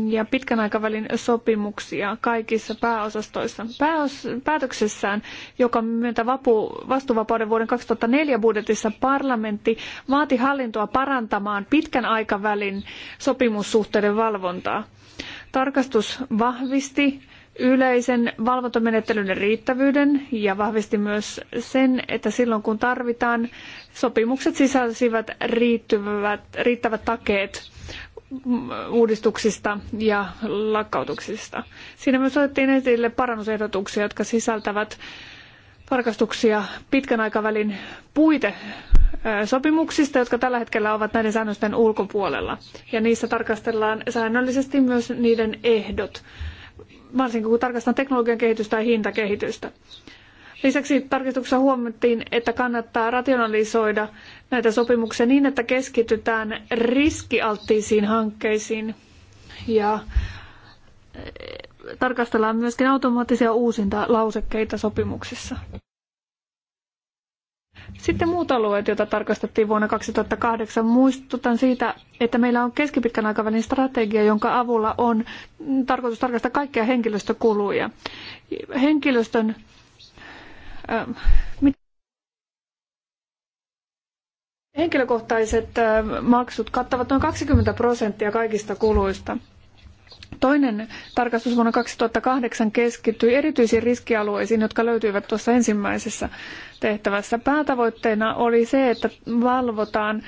Speaker 3: ja pitkän aikavälin sopimuksia kaikissa pääosastoissa. Pääos- päätöksessään, joka myötä vapu- vastuuvapauden vuoden 2004 budjetissa parlamentti vaati hallintoa parantamaan pitkän aikavälin sopimussuhteiden valvontaa. Tarkastus vahvisti yleisen valvontamenettelyn riittävyyden ja vahvisti myös sen, että silloin kun tarvitaan, sopimukset sisälsivät riittävät, riittävät takeet mm, uudistuksista ja lakkautuksista. Siinä myös otettiin esille parannusehdotuksia, jotka sisältävät tarkastuksia pitkän aikavälin puitesopimuksista, jotka tällä hetkellä ovat näiden säännösten ulkopuolella. Ja niissä tarkastellaan säännöllisesti myös niiden ehdot varsinkin kun tarkastetaan teknologian kehitystä ja hintakehitystä. Lisäksi tarkistuksessa huomattiin, että kannattaa rationalisoida näitä sopimuksia niin, että keskitytään riskialttiisiin hankkeisiin ja eh, tarkastellaan myöskin automaattisia uusinta lausekkeita sopimuksissa. Sitten muut alueet, joita tarkastettiin vuonna 2008. Muistutan siitä, että meillä on keskipitkän aikavälin strategia, jonka avulla on tarkoitus tarkastaa kaikkia henkilöstökuluja. Henkilöstön... Äh, mit- Henkilökohtaiset äh, maksut kattavat noin 20 prosenttia kaikista kuluista. Toinen tarkastus vuonna 2008 keskittyi erityisiin riskialueisiin, jotka löytyivät tuossa ensimmäisessä tehtävässä. Päätavoitteena oli se, että valvotaan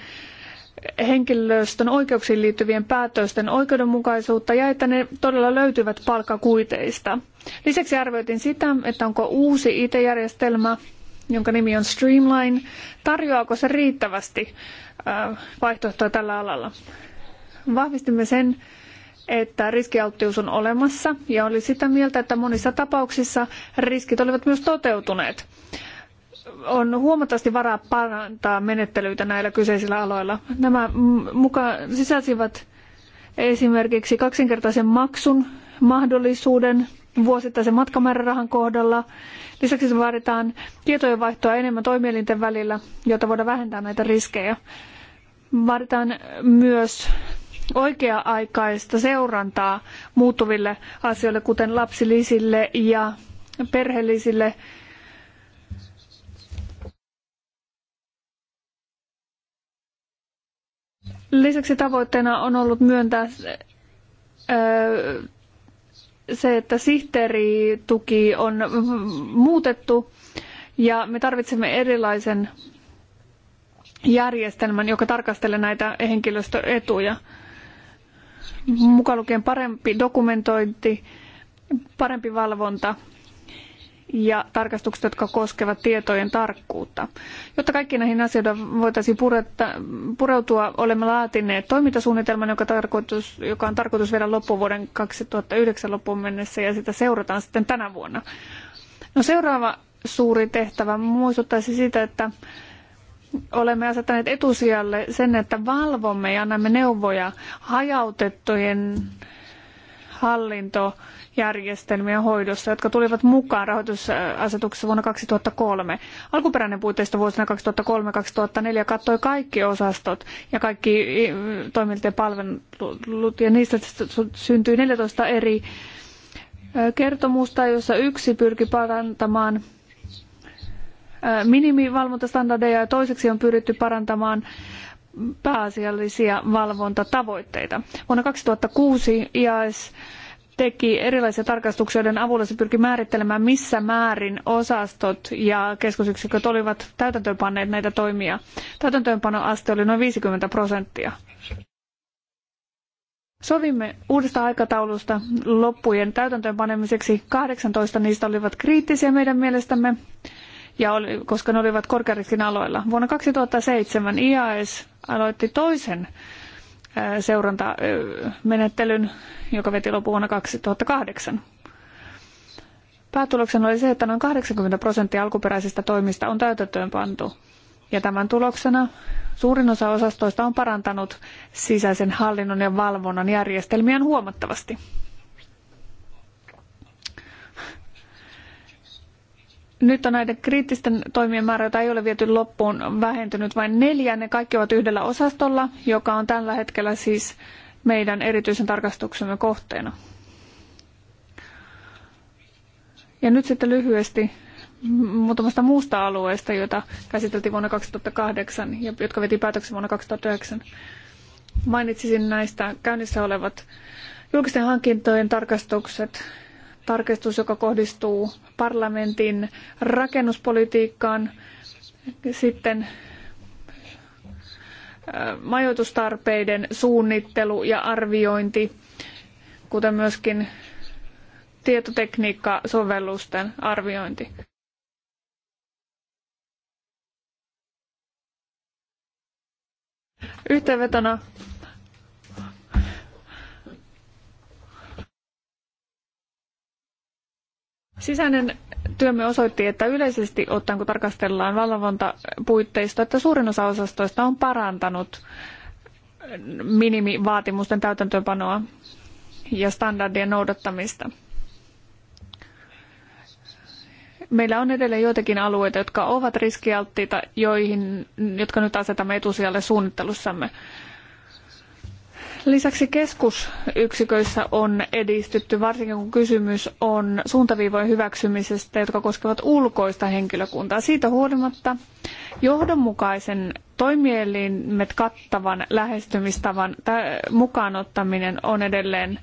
Speaker 3: henkilöstön oikeuksiin liittyvien päätösten oikeudenmukaisuutta ja että ne todella löytyvät palkkakuiteista. Lisäksi arvioitiin sitä, että onko uusi IT-järjestelmä, jonka nimi on Streamline, tarjoaako se riittävästi äh, vaihtoehtoja tällä alalla. Vahvistimme sen, että riskialttius on olemassa ja oli sitä mieltä, että monissa tapauksissa riskit olivat myös toteutuneet. On huomattavasti varaa parantaa menettelyitä näillä kyseisillä aloilla. Nämä muka sisälsivät esimerkiksi kaksinkertaisen maksun mahdollisuuden vuosittaisen matkamäärärahan kohdalla. Lisäksi se vaaditaan tietojenvaihtoa enemmän toimielinten välillä, jotta voidaan vähentää näitä riskejä. Vaaditaan myös oikea-aikaista seurantaa muuttuville asioille, kuten lapsilisille ja perheellisille. Lisäksi tavoitteena on ollut myöntää se, että sihteerituki on muutettu ja me tarvitsemme erilaisen järjestelmän, joka tarkastelee näitä henkilöstöetuja mukaan lukien parempi dokumentointi, parempi valvonta ja tarkastukset, jotka koskevat tietojen tarkkuutta. Jotta kaikki näihin asioihin voitaisiin puretta, pureutua, olemme laatineet toimintasuunnitelman, joka, tarkoitus, joka on tarkoitus viedä loppuvuoden 2009 loppuun mennessä ja sitä seurataan sitten tänä vuonna. No seuraava suuri tehtävä muistuttaisi siitä, että olemme asettaneet etusijalle sen, että valvomme ja annamme neuvoja hajautettujen hallintojärjestelmien hoidossa, jotka tulivat mukaan rahoitusasetuksessa vuonna 2003. Alkuperäinen puitteista vuosina 2003-2004 kattoi kaikki osastot ja kaikki toimijoiden palvelut, ja niistä syntyi 14 eri kertomusta, jossa yksi pyrki parantamaan minimivalvontastandardeja ja toiseksi on pyritty parantamaan pääasiallisia valvontatavoitteita. Vuonna 2006 IAS teki erilaisia tarkastuksia, joiden avulla se pyrki määrittelemään, missä määrin osastot ja keskusyksiköt olivat täytäntöönpanneet näitä toimia. Täytäntöönpanoaste oli noin 50 prosenttia. Sovimme uudesta aikataulusta loppujen täytäntöönpanemiseksi. 18 niistä olivat kriittisiä meidän mielestämme ja oli, koska ne olivat korkeariskin aloilla. Vuonna 2007 IAS aloitti toisen seurantamenettelyn, joka veti lopun vuonna 2008. Päätuloksena oli se, että noin 80 prosenttia alkuperäisistä toimista on täytäntöön pantu. Ja tämän tuloksena suurin osa osastoista on parantanut sisäisen hallinnon ja valvonnan järjestelmiään huomattavasti. Nyt on näiden kriittisten toimien määrä, jota ei ole viety loppuun, vähentynyt vain neljä. Ne kaikki ovat yhdellä osastolla, joka on tällä hetkellä siis meidän erityisen tarkastuksemme kohteena. Ja nyt sitten lyhyesti muutamasta muusta alueesta, joita käsiteltiin vuonna 2008 ja jotka veti päätöksen vuonna 2009. Mainitsisin näistä käynnissä olevat julkisten hankintojen tarkastukset, tarkistus, joka kohdistuu parlamentin rakennuspolitiikkaan, sitten äh, majoitustarpeiden suunnittelu ja arviointi, kuten myöskin tietotekniikkasovellusten arviointi. Yhteenvetona Sisäinen työmme osoitti, että yleisesti ottaen kun tarkastellaan valvontapuitteista, että suurin osa osastoista on parantanut minimivaatimusten täytäntöönpanoa ja standardien noudattamista. Meillä on edelleen joitakin alueita, jotka ovat riskialttiita, joihin, jotka nyt asetamme etusijalle suunnittelussamme. Lisäksi keskusyksiköissä on edistytty, varsinkin kun kysymys on suuntaviivojen hyväksymisestä, jotka koskevat ulkoista henkilökuntaa. Siitä huolimatta johdonmukaisen toimielimet kattavan lähestymistavan mukaanottaminen on edelleen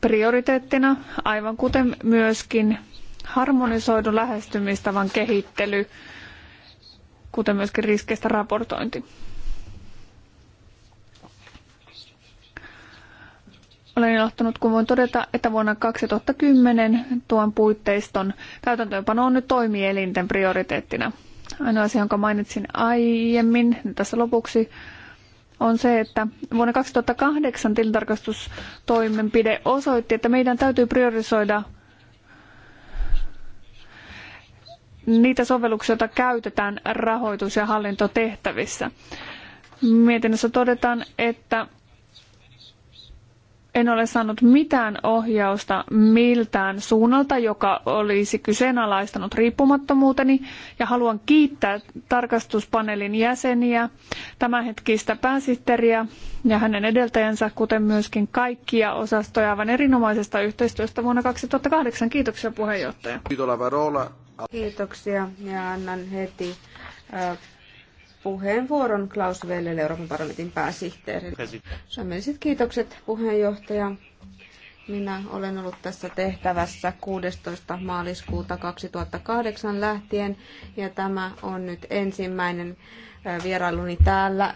Speaker 3: prioriteettina, aivan kuten myöskin harmonisoidun lähestymistavan kehittely, kuten myöskin riskeistä raportointi. Olen ilahtunut, kun voin todeta, että vuonna 2010 tuon puitteiston täytäntöönpano on nyt toimielinten prioriteettina. Ainoa asia, jonka mainitsin aiemmin tässä lopuksi, on se, että vuonna 2008 tilintarkastustoimenpide osoitti, että meidän täytyy priorisoida niitä sovelluksia, joita käytetään rahoitus- ja hallintotehtävissä. Mietinnössä todetaan, että en ole saanut mitään ohjausta miltään suunnalta, joka olisi kyseenalaistanut riippumattomuuteni ja haluan kiittää tarkastuspaneelin jäseniä, tämänhetkistä pääsihteeriä ja hänen edeltäjänsä, kuten myöskin kaikkia osastoja aivan erinomaisesta yhteistyöstä vuonna 2008. Kiitoksia puheenjohtaja.
Speaker 2: Kiitoksia ja annan heti äh, puheenvuoron Klaus Wellelle, Euroopan parlamentin pääsihteerille. Suomelliset kiitokset puheenjohtaja. Minä olen ollut tässä tehtävässä 16. maaliskuuta 2008 lähtien ja tämä on nyt ensimmäinen vierailuni täällä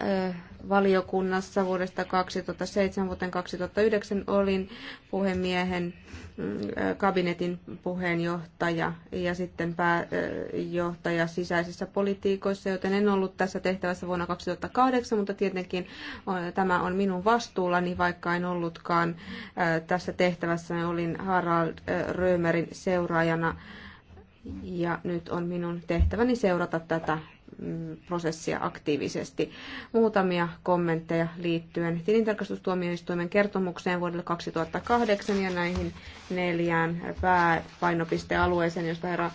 Speaker 2: valiokunnassa vuodesta 2007 vuoteen 2009 olin puhemiehen mm, kabinetin puheenjohtaja ja sitten pääjohtaja sisäisissä politiikoissa, joten en ollut tässä tehtävässä vuonna 2008, mutta tietenkin tämä on minun vastuullani, vaikka en ollutkaan tässä tehtävässä. Olin Harald Römerin seuraajana ja nyt on minun tehtäväni seurata tätä prosessia aktiivisesti. Muutamia kommentteja liittyen tilintarkastustuomioistuimen kertomukseen vuodelle 2008 ja näihin neljään pääpainopistealueeseen, josta herra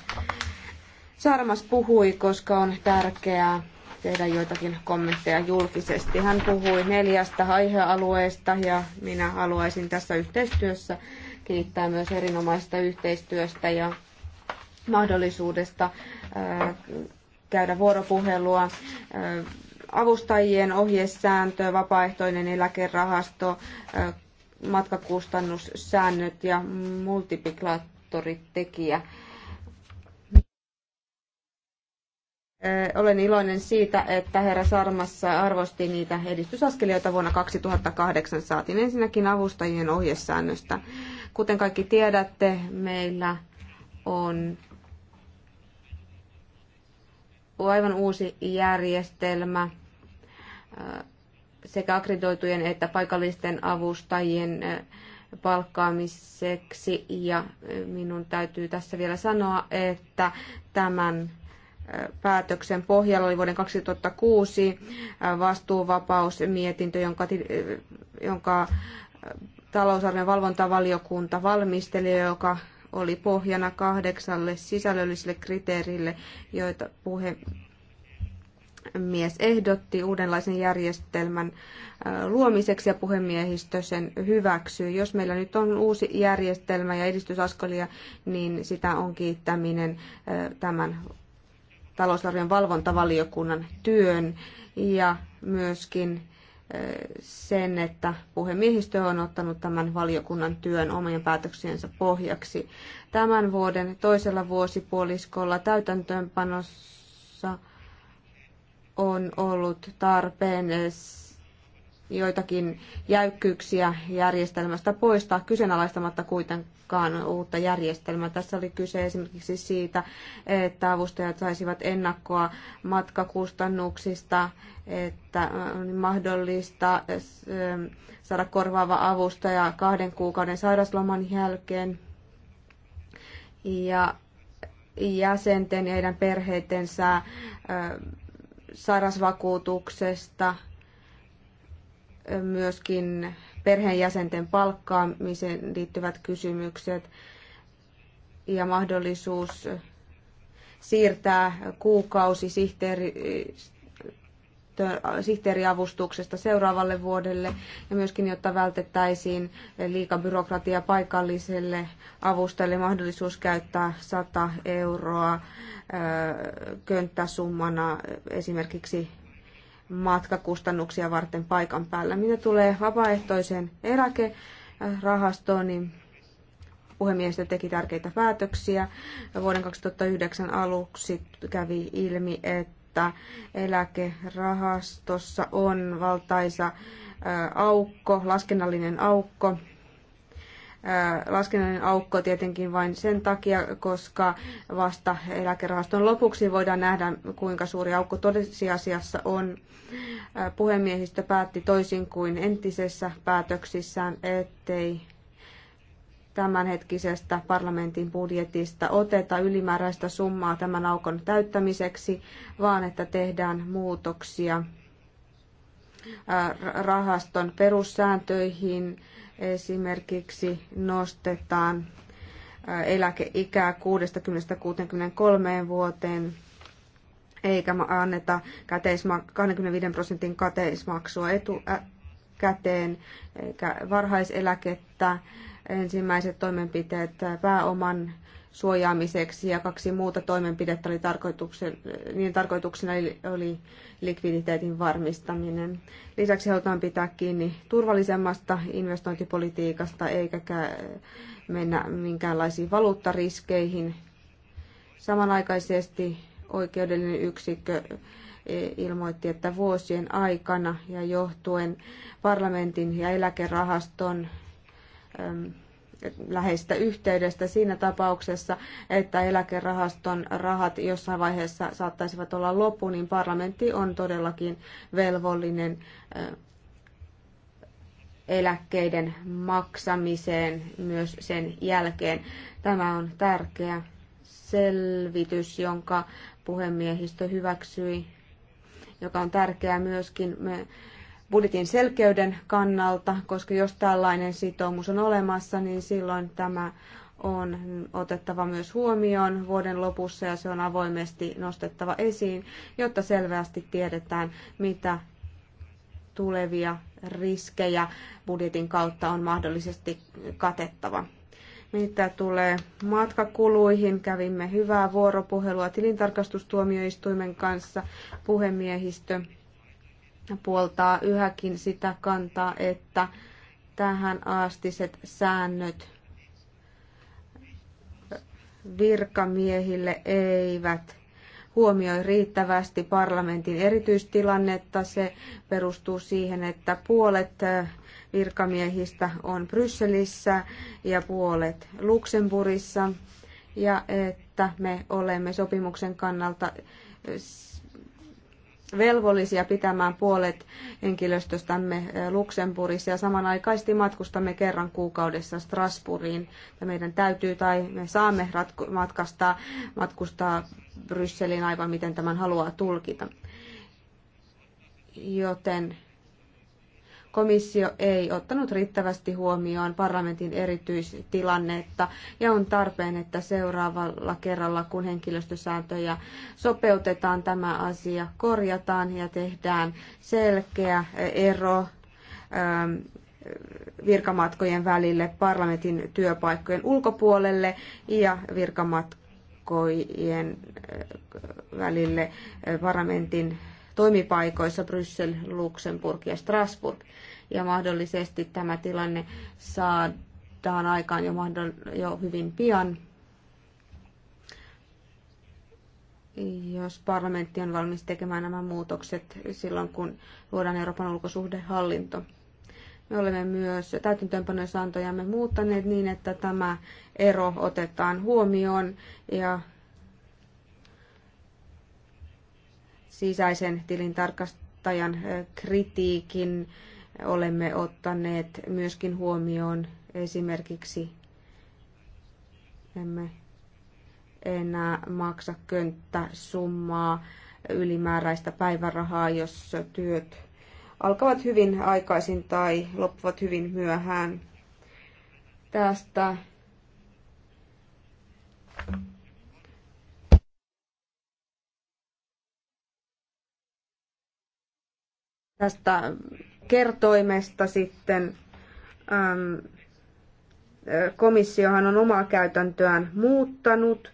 Speaker 2: Sarmas puhui, koska on tärkeää tehdä joitakin kommentteja julkisesti. Hän puhui neljästä aihealueesta ja minä haluaisin tässä yhteistyössä kiittää myös erinomaista yhteistyöstä ja mahdollisuudesta käydä vuoropuhelua avustajien ohjesääntö, vapaaehtoinen eläkerahasto, matkakustannussäännöt ja multiplikaattoritekijä. Olen iloinen siitä, että herra Sarmassa arvosti niitä edistysaskelijoita vuonna 2008 saatiin ensinnäkin avustajien ohjesäännöstä. Kuten kaikki tiedätte, meillä on aivan uusi järjestelmä sekä akkreditoitujen että paikallisten avustajien palkkaamiseksi. Ja minun täytyy tässä vielä sanoa, että tämän päätöksen pohjalla oli vuoden 2006 vastuuvapausmietintö, jonka, jonka talousarvion valvontavaliokunta valmisteli, joka oli pohjana kahdeksalle sisällölliselle kriteerille, joita puhemies ehdotti uudenlaisen järjestelmän äh, luomiseksi ja puhemiehistö sen hyväksyy. Jos meillä nyt on uusi järjestelmä ja edistysaskelia, niin sitä on kiittäminen äh, tämän talousarvion valvontavaliokunnan työn ja myöskin sen, että puhemiehistö on ottanut tämän valiokunnan työn omien päätöksiensä pohjaksi. Tämän vuoden toisella vuosipuoliskolla täytäntöönpanossa on ollut tarpeen joitakin jäykkyyksiä järjestelmästä poistaa kyseenalaistamatta kuitenkaan uutta järjestelmää. Tässä oli kyse esimerkiksi siitä, että avustajat saisivat ennakkoa matkakustannuksista, että on mahdollista äh, saada korvaava avustaja kahden kuukauden sairasloman jälkeen. Ja jäsenten ja heidän perheidensä äh, sairasvakuutuksesta myöskin perheenjäsenten palkkaamiseen liittyvät kysymykset ja mahdollisuus siirtää kuukausi sihteeri, sihteeriavustuksesta seuraavalle vuodelle ja myöskin, jotta vältettäisiin byrokratia paikalliselle avustajalle mahdollisuus käyttää 100 euroa könttäsummana esimerkiksi matkakustannuksia varten paikan päällä. Mitä tulee vapaaehtoiseen eläkerahastoon, niin puhemies teki tärkeitä päätöksiä. Vuoden 2009 aluksi kävi ilmi, että eläkerahastossa on valtaisa aukko, laskennallinen aukko, laskennallinen aukko tietenkin vain sen takia, koska vasta eläkerahaston lopuksi voidaan nähdä, kuinka suuri aukko tosiasiassa on. Puhemiehistö päätti toisin kuin entisessä päätöksissään, ettei tämänhetkisestä parlamentin budjetista oteta ylimääräistä summaa tämän aukon täyttämiseksi, vaan että tehdään muutoksia rahaston perussääntöihin, Esimerkiksi nostetaan eläkeikää 60-63 vuoteen eikä anneta käteisma- 25 prosentin käteismaksua etukäteen, eikä varhaiseläkettä. Ensimmäiset toimenpiteet pääoman suojaamiseksi ja kaksi muuta toimenpidettä oli tarkoituksen, niin tarkoituksena oli likviditeetin varmistaminen. Lisäksi halutaan pitää kiinni turvallisemmasta investointipolitiikasta eikä mennä minkäänlaisiin valuuttariskeihin. Samanaikaisesti oikeudellinen yksikkö e, ilmoitti, että vuosien aikana ja johtuen parlamentin ja eläkerahaston läheistä yhteydestä siinä tapauksessa, että eläkerahaston rahat jossain vaiheessa saattaisivat olla loppu, niin parlamentti on todellakin velvollinen eläkkeiden maksamiseen myös sen jälkeen. Tämä on tärkeä selvitys, jonka puhemiehistö hyväksyi, joka on tärkeää myöskin me budjetin selkeyden kannalta, koska jos tällainen sitoumus on olemassa, niin silloin tämä on otettava myös huomioon vuoden lopussa ja se on avoimesti nostettava esiin, jotta selvästi tiedetään, mitä tulevia riskejä budjetin kautta on mahdollisesti katettava. Mitä tulee matkakuluihin, kävimme hyvää vuoropuhelua tilintarkastustuomioistuimen kanssa, puhemiehistö puoltaa yhäkin sitä kantaa, että tähän aastiset säännöt virkamiehille eivät huomioi riittävästi parlamentin erityistilannetta. Se perustuu siihen, että puolet virkamiehistä on Brysselissä ja puolet Luxemburissa ja että me olemme sopimuksen kannalta velvollisia pitämään puolet henkilöstöstämme eh, Luxemburgissa ja samanaikaisesti matkustamme kerran kuukaudessa Strasbourgiin. Ja meidän täytyy tai me saamme matkastaa, matkustaa Brysseliin aivan miten tämän haluaa tulkita. Joten komissio ei ottanut riittävästi huomioon parlamentin erityistilannetta ja on tarpeen, että seuraavalla kerralla, kun henkilöstösääntöjä sopeutetaan, tämä asia korjataan ja tehdään selkeä ero ähm, virkamatkojen välille parlamentin työpaikkojen ulkopuolelle ja virkamatkojen välille äh, parlamentin toimipaikoissa Bryssel, Luxemburg ja Strasbourg. Ja mahdollisesti tämä tilanne saadaan aikaan jo, mahdoll- jo hyvin pian. Jos parlamentti on valmis tekemään nämä muutokset silloin, kun luodaan Euroopan ulkosuhdehallinto. Me olemme myös täytäntöönpanosantojamme muuttaneet niin, että tämä ero otetaan huomioon ja sisäisen tilintarkastajan kritiikin olemme ottaneet myöskin huomioon esimerkiksi emme enää maksa summaa ylimääräistä päivärahaa, jos työt alkavat hyvin aikaisin tai loppuvat hyvin myöhään. Tästä Tästä kertoimesta sitten äm, komissiohan on omaa käytäntöään muuttanut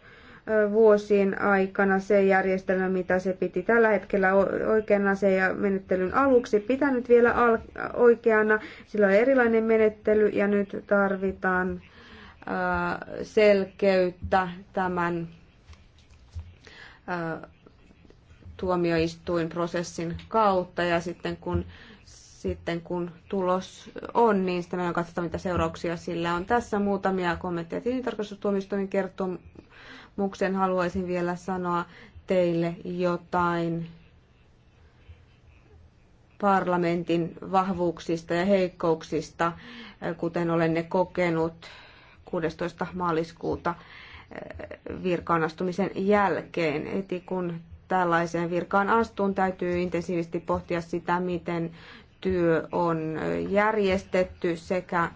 Speaker 2: vuosien aikana se järjestelmä, mitä se piti tällä hetkellä oikeana se ja menettelyn aluksi pitänyt vielä al- oikeana. Sillä on erilainen menettely ja nyt tarvitaan selkeyttä tämän tuomioistuinprosessin kautta ja sitten kun, sitten kun tulos on, niin sitten meidän on katsotaan, mitä seurauksia sillä on. Tässä muutamia kommentteja tilintarkastustuomioistuimen kertomuksen haluaisin vielä sanoa teille jotain parlamentin vahvuuksista ja heikkouksista, kuten olen ne kokenut 16. maaliskuuta eh, virkaanastumisen jälkeen, heti kun tällaiseen virkaan astun, täytyy intensiivisesti pohtia sitä, miten työ on järjestetty sekä ähm,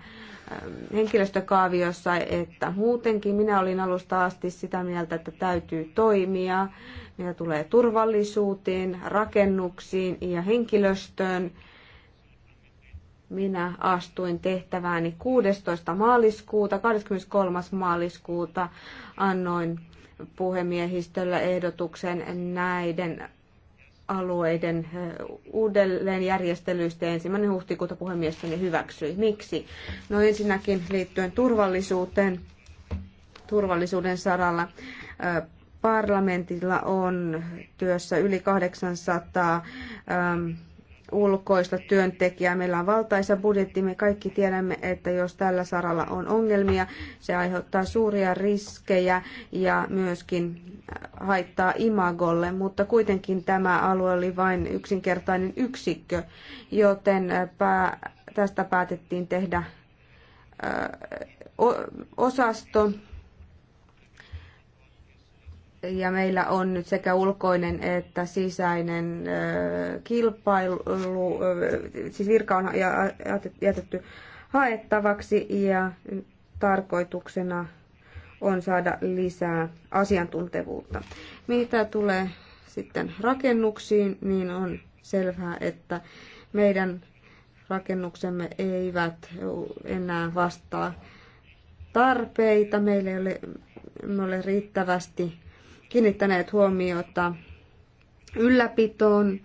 Speaker 2: henkilöstökaaviossa että muutenkin. Minä olin alusta asti sitä mieltä, että täytyy toimia, mitä tulee turvallisuuteen, rakennuksiin ja henkilöstöön. Minä astuin tehtävääni 16. maaliskuuta, 23. maaliskuuta annoin puhemiehistöllä ehdotuksen näiden alueiden uudelleenjärjestelyistä. Ensimmäinen huhtikuuta puhemiestäni hyväksyi. Miksi? No ensinnäkin liittyen turvallisuuteen, turvallisuuden saralla. Parlamentilla on työssä yli 800 ähm, ulkoista työntekijää. Meillä on valtaisa budjetti. Me kaikki tiedämme, että jos tällä saralla on ongelmia, se aiheuttaa suuria riskejä ja myöskin haittaa imagolle. Mutta kuitenkin tämä alue oli vain yksinkertainen yksikkö, joten äh, tästä päätettiin tehdä äh, osasto ja meillä on nyt sekä ulkoinen että sisäinen kilpailu, siis virka on jätetty haettavaksi ja tarkoituksena on saada lisää asiantuntevuutta. Mitä tulee sitten rakennuksiin, niin on selvää, että meidän rakennuksemme eivät enää vastaa tarpeita. Meillä ei ole, ole riittävästi kiinnittäneet huomiota ylläpitoon.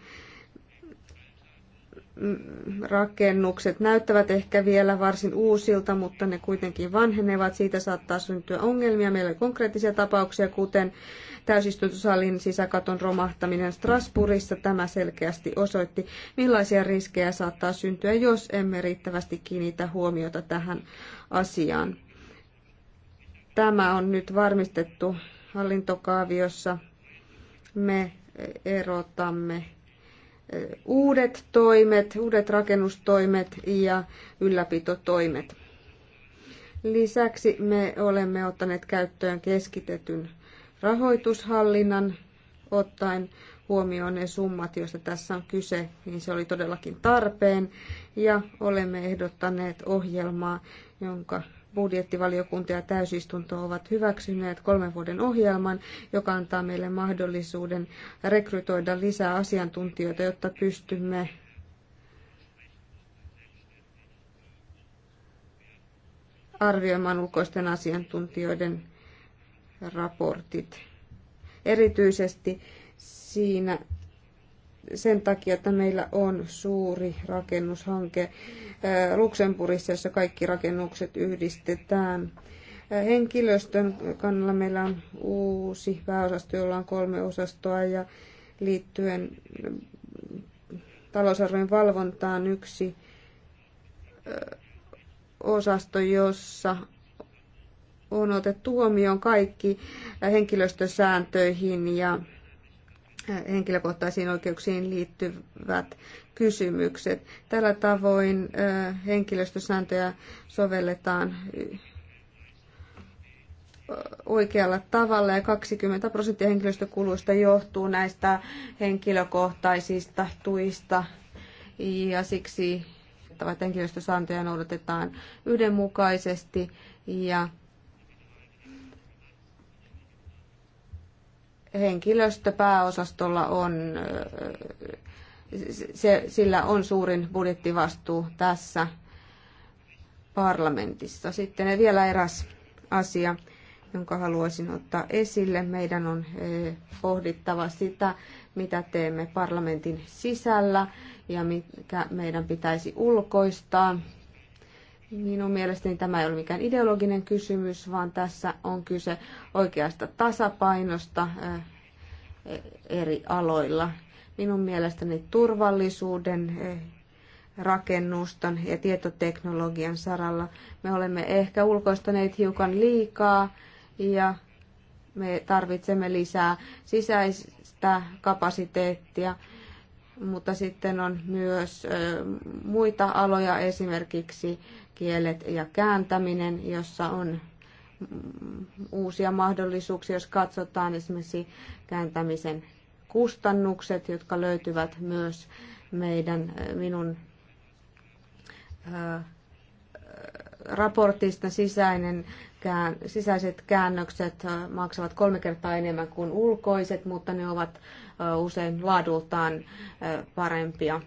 Speaker 2: Rakennukset näyttävät ehkä vielä varsin uusilta, mutta ne kuitenkin vanhenevat. Siitä saattaa syntyä ongelmia. Meillä on konkreettisia tapauksia, kuten täysistuntosalin sisäkaton romahtaminen Strasbourgissa. Tämä selkeästi osoitti, millaisia riskejä saattaa syntyä, jos emme riittävästi kiinnitä huomiota tähän asiaan. Tämä on nyt varmistettu hallintokaaviossa me erotamme e, uudet toimet, uudet rakennustoimet ja ylläpitotoimet. Lisäksi me olemme ottaneet käyttöön keskitetyn rahoitushallinnan ottaen huomioon ne summat, joista tässä on kyse, niin se oli todellakin tarpeen. Ja olemme ehdottaneet ohjelmaa, jonka budjettivaliokunta ja täysistunto ovat hyväksyneet kolmen vuoden ohjelman, joka antaa meille mahdollisuuden rekrytoida lisää asiantuntijoita, jotta pystymme arvioimaan ulkoisten asiantuntijoiden raportit. Erityisesti siinä sen takia, että meillä on suuri rakennushanke äh, Luxemburgissa, jossa kaikki rakennukset yhdistetään. Äh, henkilöstön kannalla meillä on uusi pääosasto, jolla on kolme osastoa ja liittyen äh, talousarvojen valvontaan yksi osasto, jossa on otettu huomioon kaikki henkilöstösääntöihin ja henkilökohtaisiin oikeuksiin liittyvät kysymykset. Tällä tavoin henkilöstösääntöjä sovelletaan oikealla tavalla ja 20 prosenttia henkilöstökuluista johtuu näistä henkilökohtaisista tuista ja siksi että henkilöstösääntöjä noudatetaan yhdenmukaisesti ja henkilöstö pääosastolla on, se, sillä on suurin budjettivastuu tässä parlamentissa. Sitten vielä eräs asia, jonka haluaisin ottaa esille. Meidän on e, pohdittava sitä, mitä teemme parlamentin sisällä ja mikä meidän pitäisi ulkoistaa. Minun mielestäni tämä ei ole mikään ideologinen kysymys, vaan tässä on kyse oikeasta tasapainosta eh, eri aloilla. Minun mielestäni turvallisuuden eh, rakennusten ja tietoteknologian saralla. Me olemme ehkä ulkoistaneet hiukan liikaa ja me tarvitsemme lisää sisäistä kapasiteettia mutta sitten on myös muita aloja, esimerkiksi kielet ja kääntäminen, jossa on mm, uusia mahdollisuuksia, jos katsotaan esimerkiksi kääntämisen kustannukset, jotka löytyvät myös meidän minun raportista sisäinen kään, sisäiset käännökset maksavat kolme kertaa enemmän kuin ulkoiset, mutta ne ovat usein laadultaan parempia.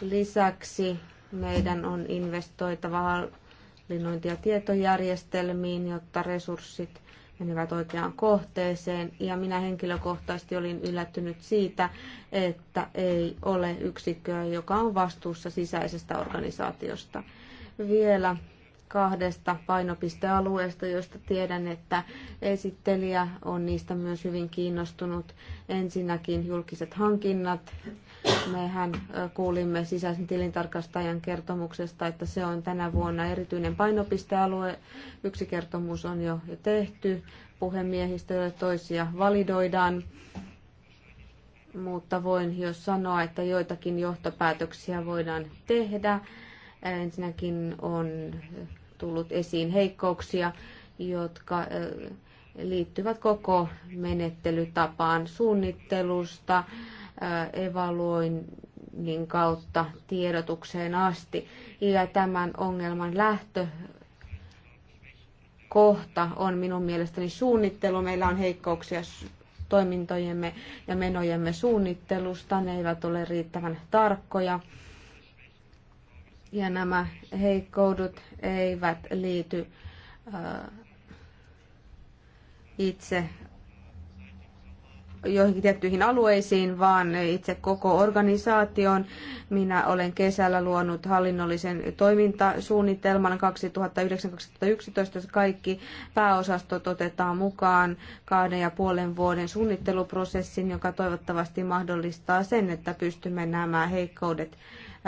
Speaker 2: Lisäksi meidän on investoitava hallinnointia, tietojärjestelmiin, jotta resurssit menivät oikeaan kohteeseen. Ja minä henkilökohtaisesti olin yllättynyt siitä, että ei ole yksikköä, joka on vastuussa sisäisestä organisaatiosta. Vielä kahdesta painopistealueesta, josta tiedän, että esittelijä on niistä myös hyvin kiinnostunut. Ensinnäkin julkiset hankinnat. Mehän kuulimme sisäisen tilintarkastajan kertomuksesta, että se on tänä vuonna erityinen painopistealue. Yksi kertomus on jo tehty. Puhemiehistölle toisia validoidaan mutta voin jo sanoa, että joitakin johtopäätöksiä voidaan tehdä. Ensinnäkin on tullut esiin heikkouksia, jotka liittyvät koko menettelytapaan suunnittelusta, evaluoinnin kautta tiedotukseen asti. Ja tämän ongelman lähtö kohta on minun mielestäni suunnittelu. Meillä on heikkouksia toimintojemme ja menojemme suunnittelusta. Ne eivät ole riittävän tarkkoja. Ja nämä heikkoudut eivät liity äh, itse joihinkin tiettyihin alueisiin, vaan itse koko organisaation. Minä olen kesällä luonut hallinnollisen toimintasuunnitelman 2009-2011, kaikki pääosastot otetaan mukaan kahden ja puolen vuoden suunnitteluprosessin, joka toivottavasti mahdollistaa sen, että pystymme nämä heikkoudet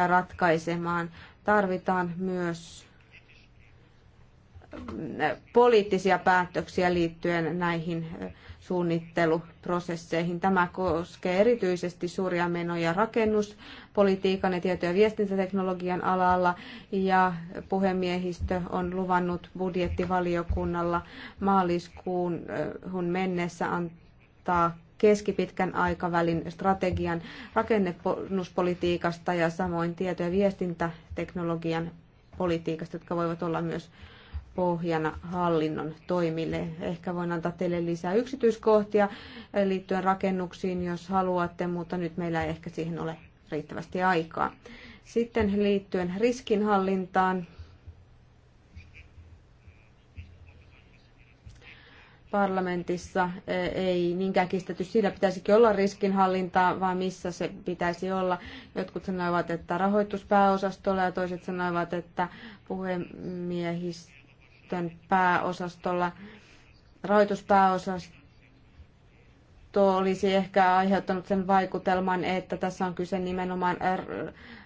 Speaker 2: ratkaisemaan tarvitaan myös poliittisia päätöksiä liittyen näihin suunnitteluprosesseihin. Tämä koskee erityisesti suuria menoja rakennuspolitiikan ja tieto- ja viestintäteknologian alalla ja puhemiehistö on luvannut budjettivaliokunnalla maaliskuun mennessä antaa keskipitkän aikavälin strategian rakennuspolitiikasta ja samoin tieto- ja viestintäteknologian politiikasta, jotka voivat olla myös pohjana hallinnon toimille. Ehkä voin antaa teille lisää yksityiskohtia liittyen rakennuksiin, jos haluatte, mutta nyt meillä ei ehkä siihen ole riittävästi aikaa. Sitten liittyen riskinhallintaan, parlamentissa e, ei niinkään kistetty sillä, pitäisikin olla riskinhallintaa, vaan missä se pitäisi olla. Jotkut sanoivat, että rahoituspääosastolla ja toiset sanoivat, että puhemiehistön pääosastolla. Tuo olisi ehkä aiheuttanut sen vaikutelman, että tässä on kyse nimenomaan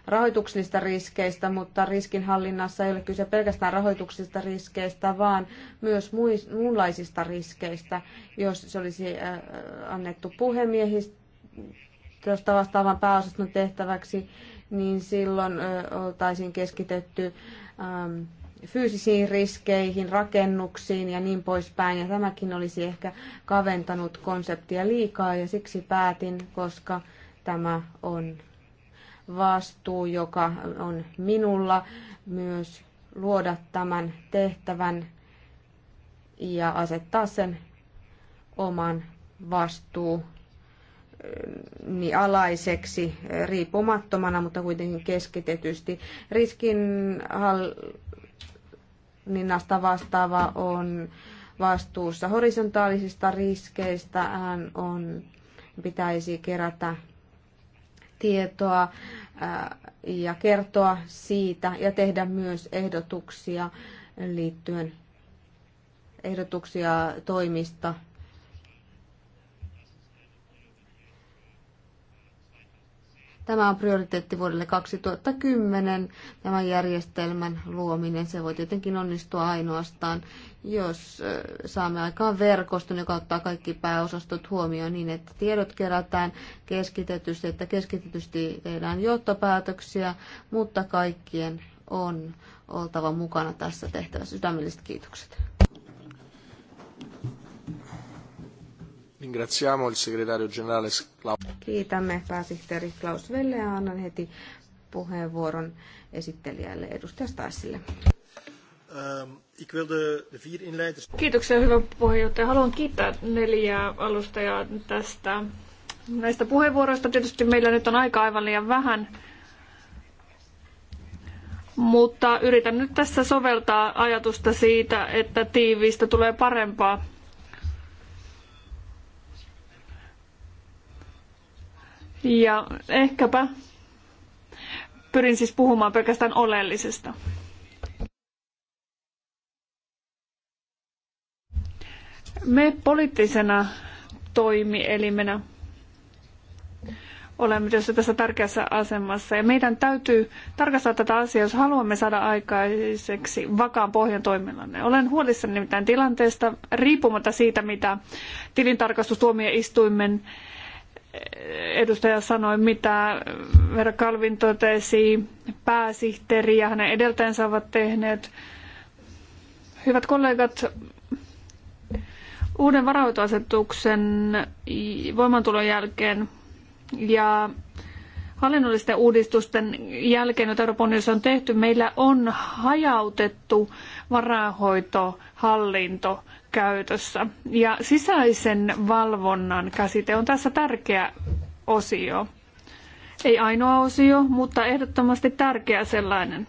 Speaker 2: rahoituksellisista riskeistä, mutta riskinhallinnassa ei ole kyse pelkästään rahoituksista riskeistä, vaan myös muunlaisista riskeistä. Jos se olisi äh, annettu puhemiehistöstä vastaavan pääosaston tehtäväksi, niin silloin äh, oltaisiin keskitetty ähm, fyysisiin riskeihin, rakennuksiin ja niin poispäin. Ja tämäkin olisi ehkä kaventanut konseptia liikaa ja siksi päätin, koska tämä on vastuu, joka on minulla myös luoda tämän tehtävän ja asettaa sen oman vastuu niin alaiseksi riippumattomana, mutta kuitenkin keskitetysti. Riskinhallinnasta vastaava on vastuussa horisontaalisista riskeistä. Hän on, pitäisi kerätä tietoa ja kertoa siitä ja tehdä myös ehdotuksia liittyen ehdotuksia toimista. Tämä on prioriteetti vuodelle 2010, tämän järjestelmän luominen. Se voi tietenkin onnistua ainoastaan, jos saamme aikaan verkoston, joka ottaa kaikki pääosastot huomioon niin, että tiedot kerätään keskitetysti, että keskitetysti tehdään johtopäätöksiä, mutta kaikkien on oltava mukana tässä tehtävässä. Sydämelliset kiitokset.
Speaker 1: Ringraziamo il segretario generale
Speaker 2: Kiitämme pääsihteeri Klaus Velle ja annan heti puheenvuoron esittelijälle edustaja Staisille.
Speaker 1: Ehm,
Speaker 3: Kiitoksia
Speaker 2: hyvä puheenjohtaja. Haluan kiittää
Speaker 3: neljää alustajaa tästä näistä puheenvuoroista. Tietysti meillä nyt on aika aivan liian vähän, mutta yritän nyt tässä soveltaa ajatusta siitä, että tiiviistä tulee parempaa. Ja ehkäpä pyrin siis puhumaan pelkästään oleellisesta. Me poliittisena toimielimenä olemme tietysti tässä tärkeässä asemassa. Ja meidän täytyy tarkastaa tätä asiaa, jos haluamme saada aikaiseksi vakaan pohjan toimillanne. Olen huolissani nimittäin tilanteesta, riippumatta siitä, mitä tilintarkastustuomioistuimen edustaja sanoi, mitä Vera Kalvin totesi, pääsihteeri ja hänen edeltäjänsä ovat tehneet. Hyvät kollegat, uuden varautuasetuksen voimantulon jälkeen ja hallinnollisten uudistusten jälkeen, joita Euroopan unionissa on tehty, meillä on hajautettu varainhoitohallinto käytössä. Ja sisäisen valvonnan käsite on tässä tärkeä osio. Ei ainoa osio, mutta ehdottomasti tärkeä sellainen.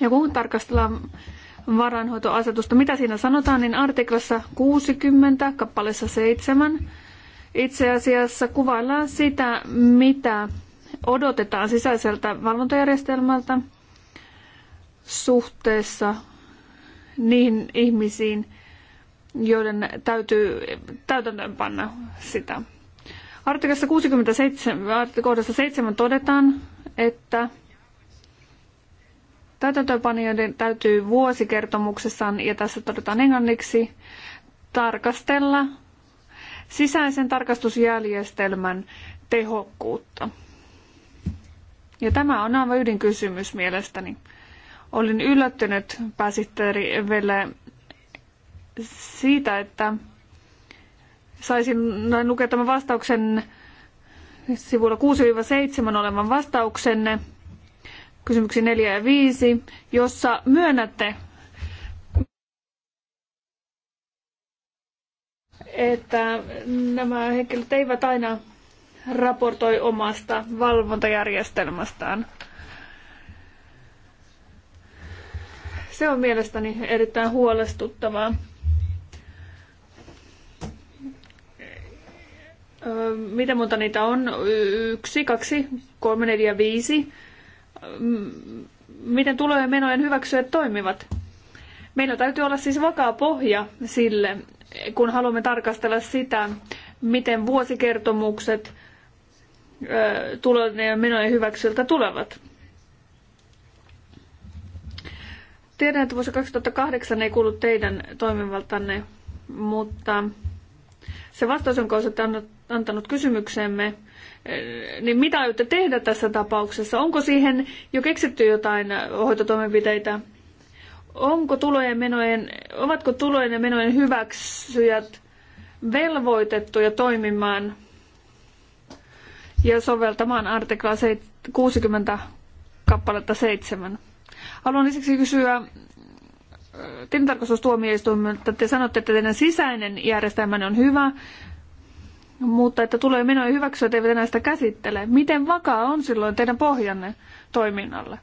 Speaker 3: Ja kun tarkastellaan varainhoitoasetusta, mitä siinä sanotaan, niin artiklassa 60, kappaleessa 7, itse asiassa kuvaillaan sitä, mitä odotetaan sisäiseltä valvontajärjestelmältä suhteessa niihin ihmisiin, joiden täytyy täytäntöönpanna sitä. Artiklassa 67, kohdassa 7 todetaan, että Täytäntöönpanijoiden täytyy vuosikertomuksessaan, ja tässä todetaan englanniksi, tarkastella sisäisen tarkastusjärjestelmän tehokkuutta. Ja tämä on aivan ydinkysymys mielestäni. Olin yllättynyt pääsihteeri Velle siitä, että saisin lukea tämän vastauksen sivulla 6-7 olevan vastauksenne – kysymyksiin 4 ja 5, jossa myönnätte, että nämä henkilöt eivät aina raportoi omasta valvontajärjestelmästään. Se on mielestäni erittäin huolestuttavaa. Öö, Miten monta niitä on? Yksi, kaksi, kolme, neljä, viisi miten tulojen menojen hyväksyjät toimivat. Meillä täytyy olla siis vakaa pohja sille, kun haluamme tarkastella sitä, miten vuosikertomukset tulojen ja menojen hyväksyltä tulevat. Tiedän, että vuosi 2008 ei kuulu teidän toimivaltanne, mutta se vastaus, jonka olette antanut kysymykseemme, niin mitä aiotte tehdä tässä tapauksessa? Onko siihen jo keksitty jotain hoitotoimenpiteitä? Onko tulojen menojen, ovatko tulojen ja menojen hyväksyjät velvoitettuja toimimaan ja soveltamaan artiklaa 60 kappaletta 7? Haluan lisäksi kysyä äh, tilintarkastustuomioistuimelta, te sanotte, että teidän sisäinen järjestelmänne on hyvä, mutta että tulee menoja hyväksyä, eivät enää sitä käsittele. Miten vakaa on silloin teidän pohjanne toiminnalle?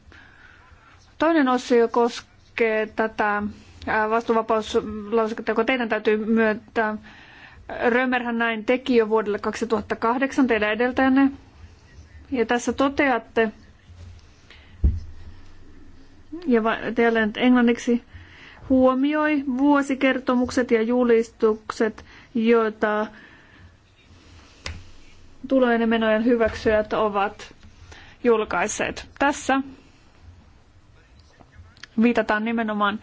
Speaker 3: Toinen osio koskee tätä vastuuvapauslauseketta, joka teidän täytyy myöntää. Römerhän näin teki jo vuodelle 2008 teidän edeltäjänne. Ja tässä toteatte, ja nyt englanniksi, huomioi vuosikertomukset ja julistukset, joita tulojen ja menojen hyväksyjät ovat julkaisseet. Tässä viitataan nimenomaan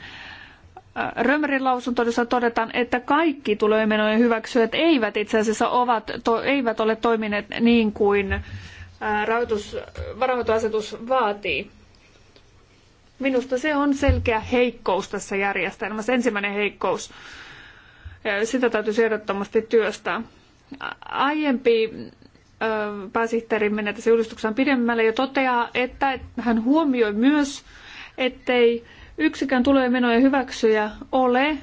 Speaker 3: äh, Römerin lausunto, jossa todetaan, että kaikki tulojen ja menojen hyväksyjät eivät itse asiassa ovat, to, eivät ole toimineet niin kuin äh, rahoitus, varahoitoasetus vaatii. Minusta se on selkeä heikkous tässä järjestelmässä, ensimmäinen heikkous. Äh, sitä täytyy ehdottomasti työstää. Aiempi pääsihteeri menee tässä julistuksessaan pidemmälle ja toteaa, että hän huomioi myös, ettei yksikään tulojen menojen hyväksyjä ole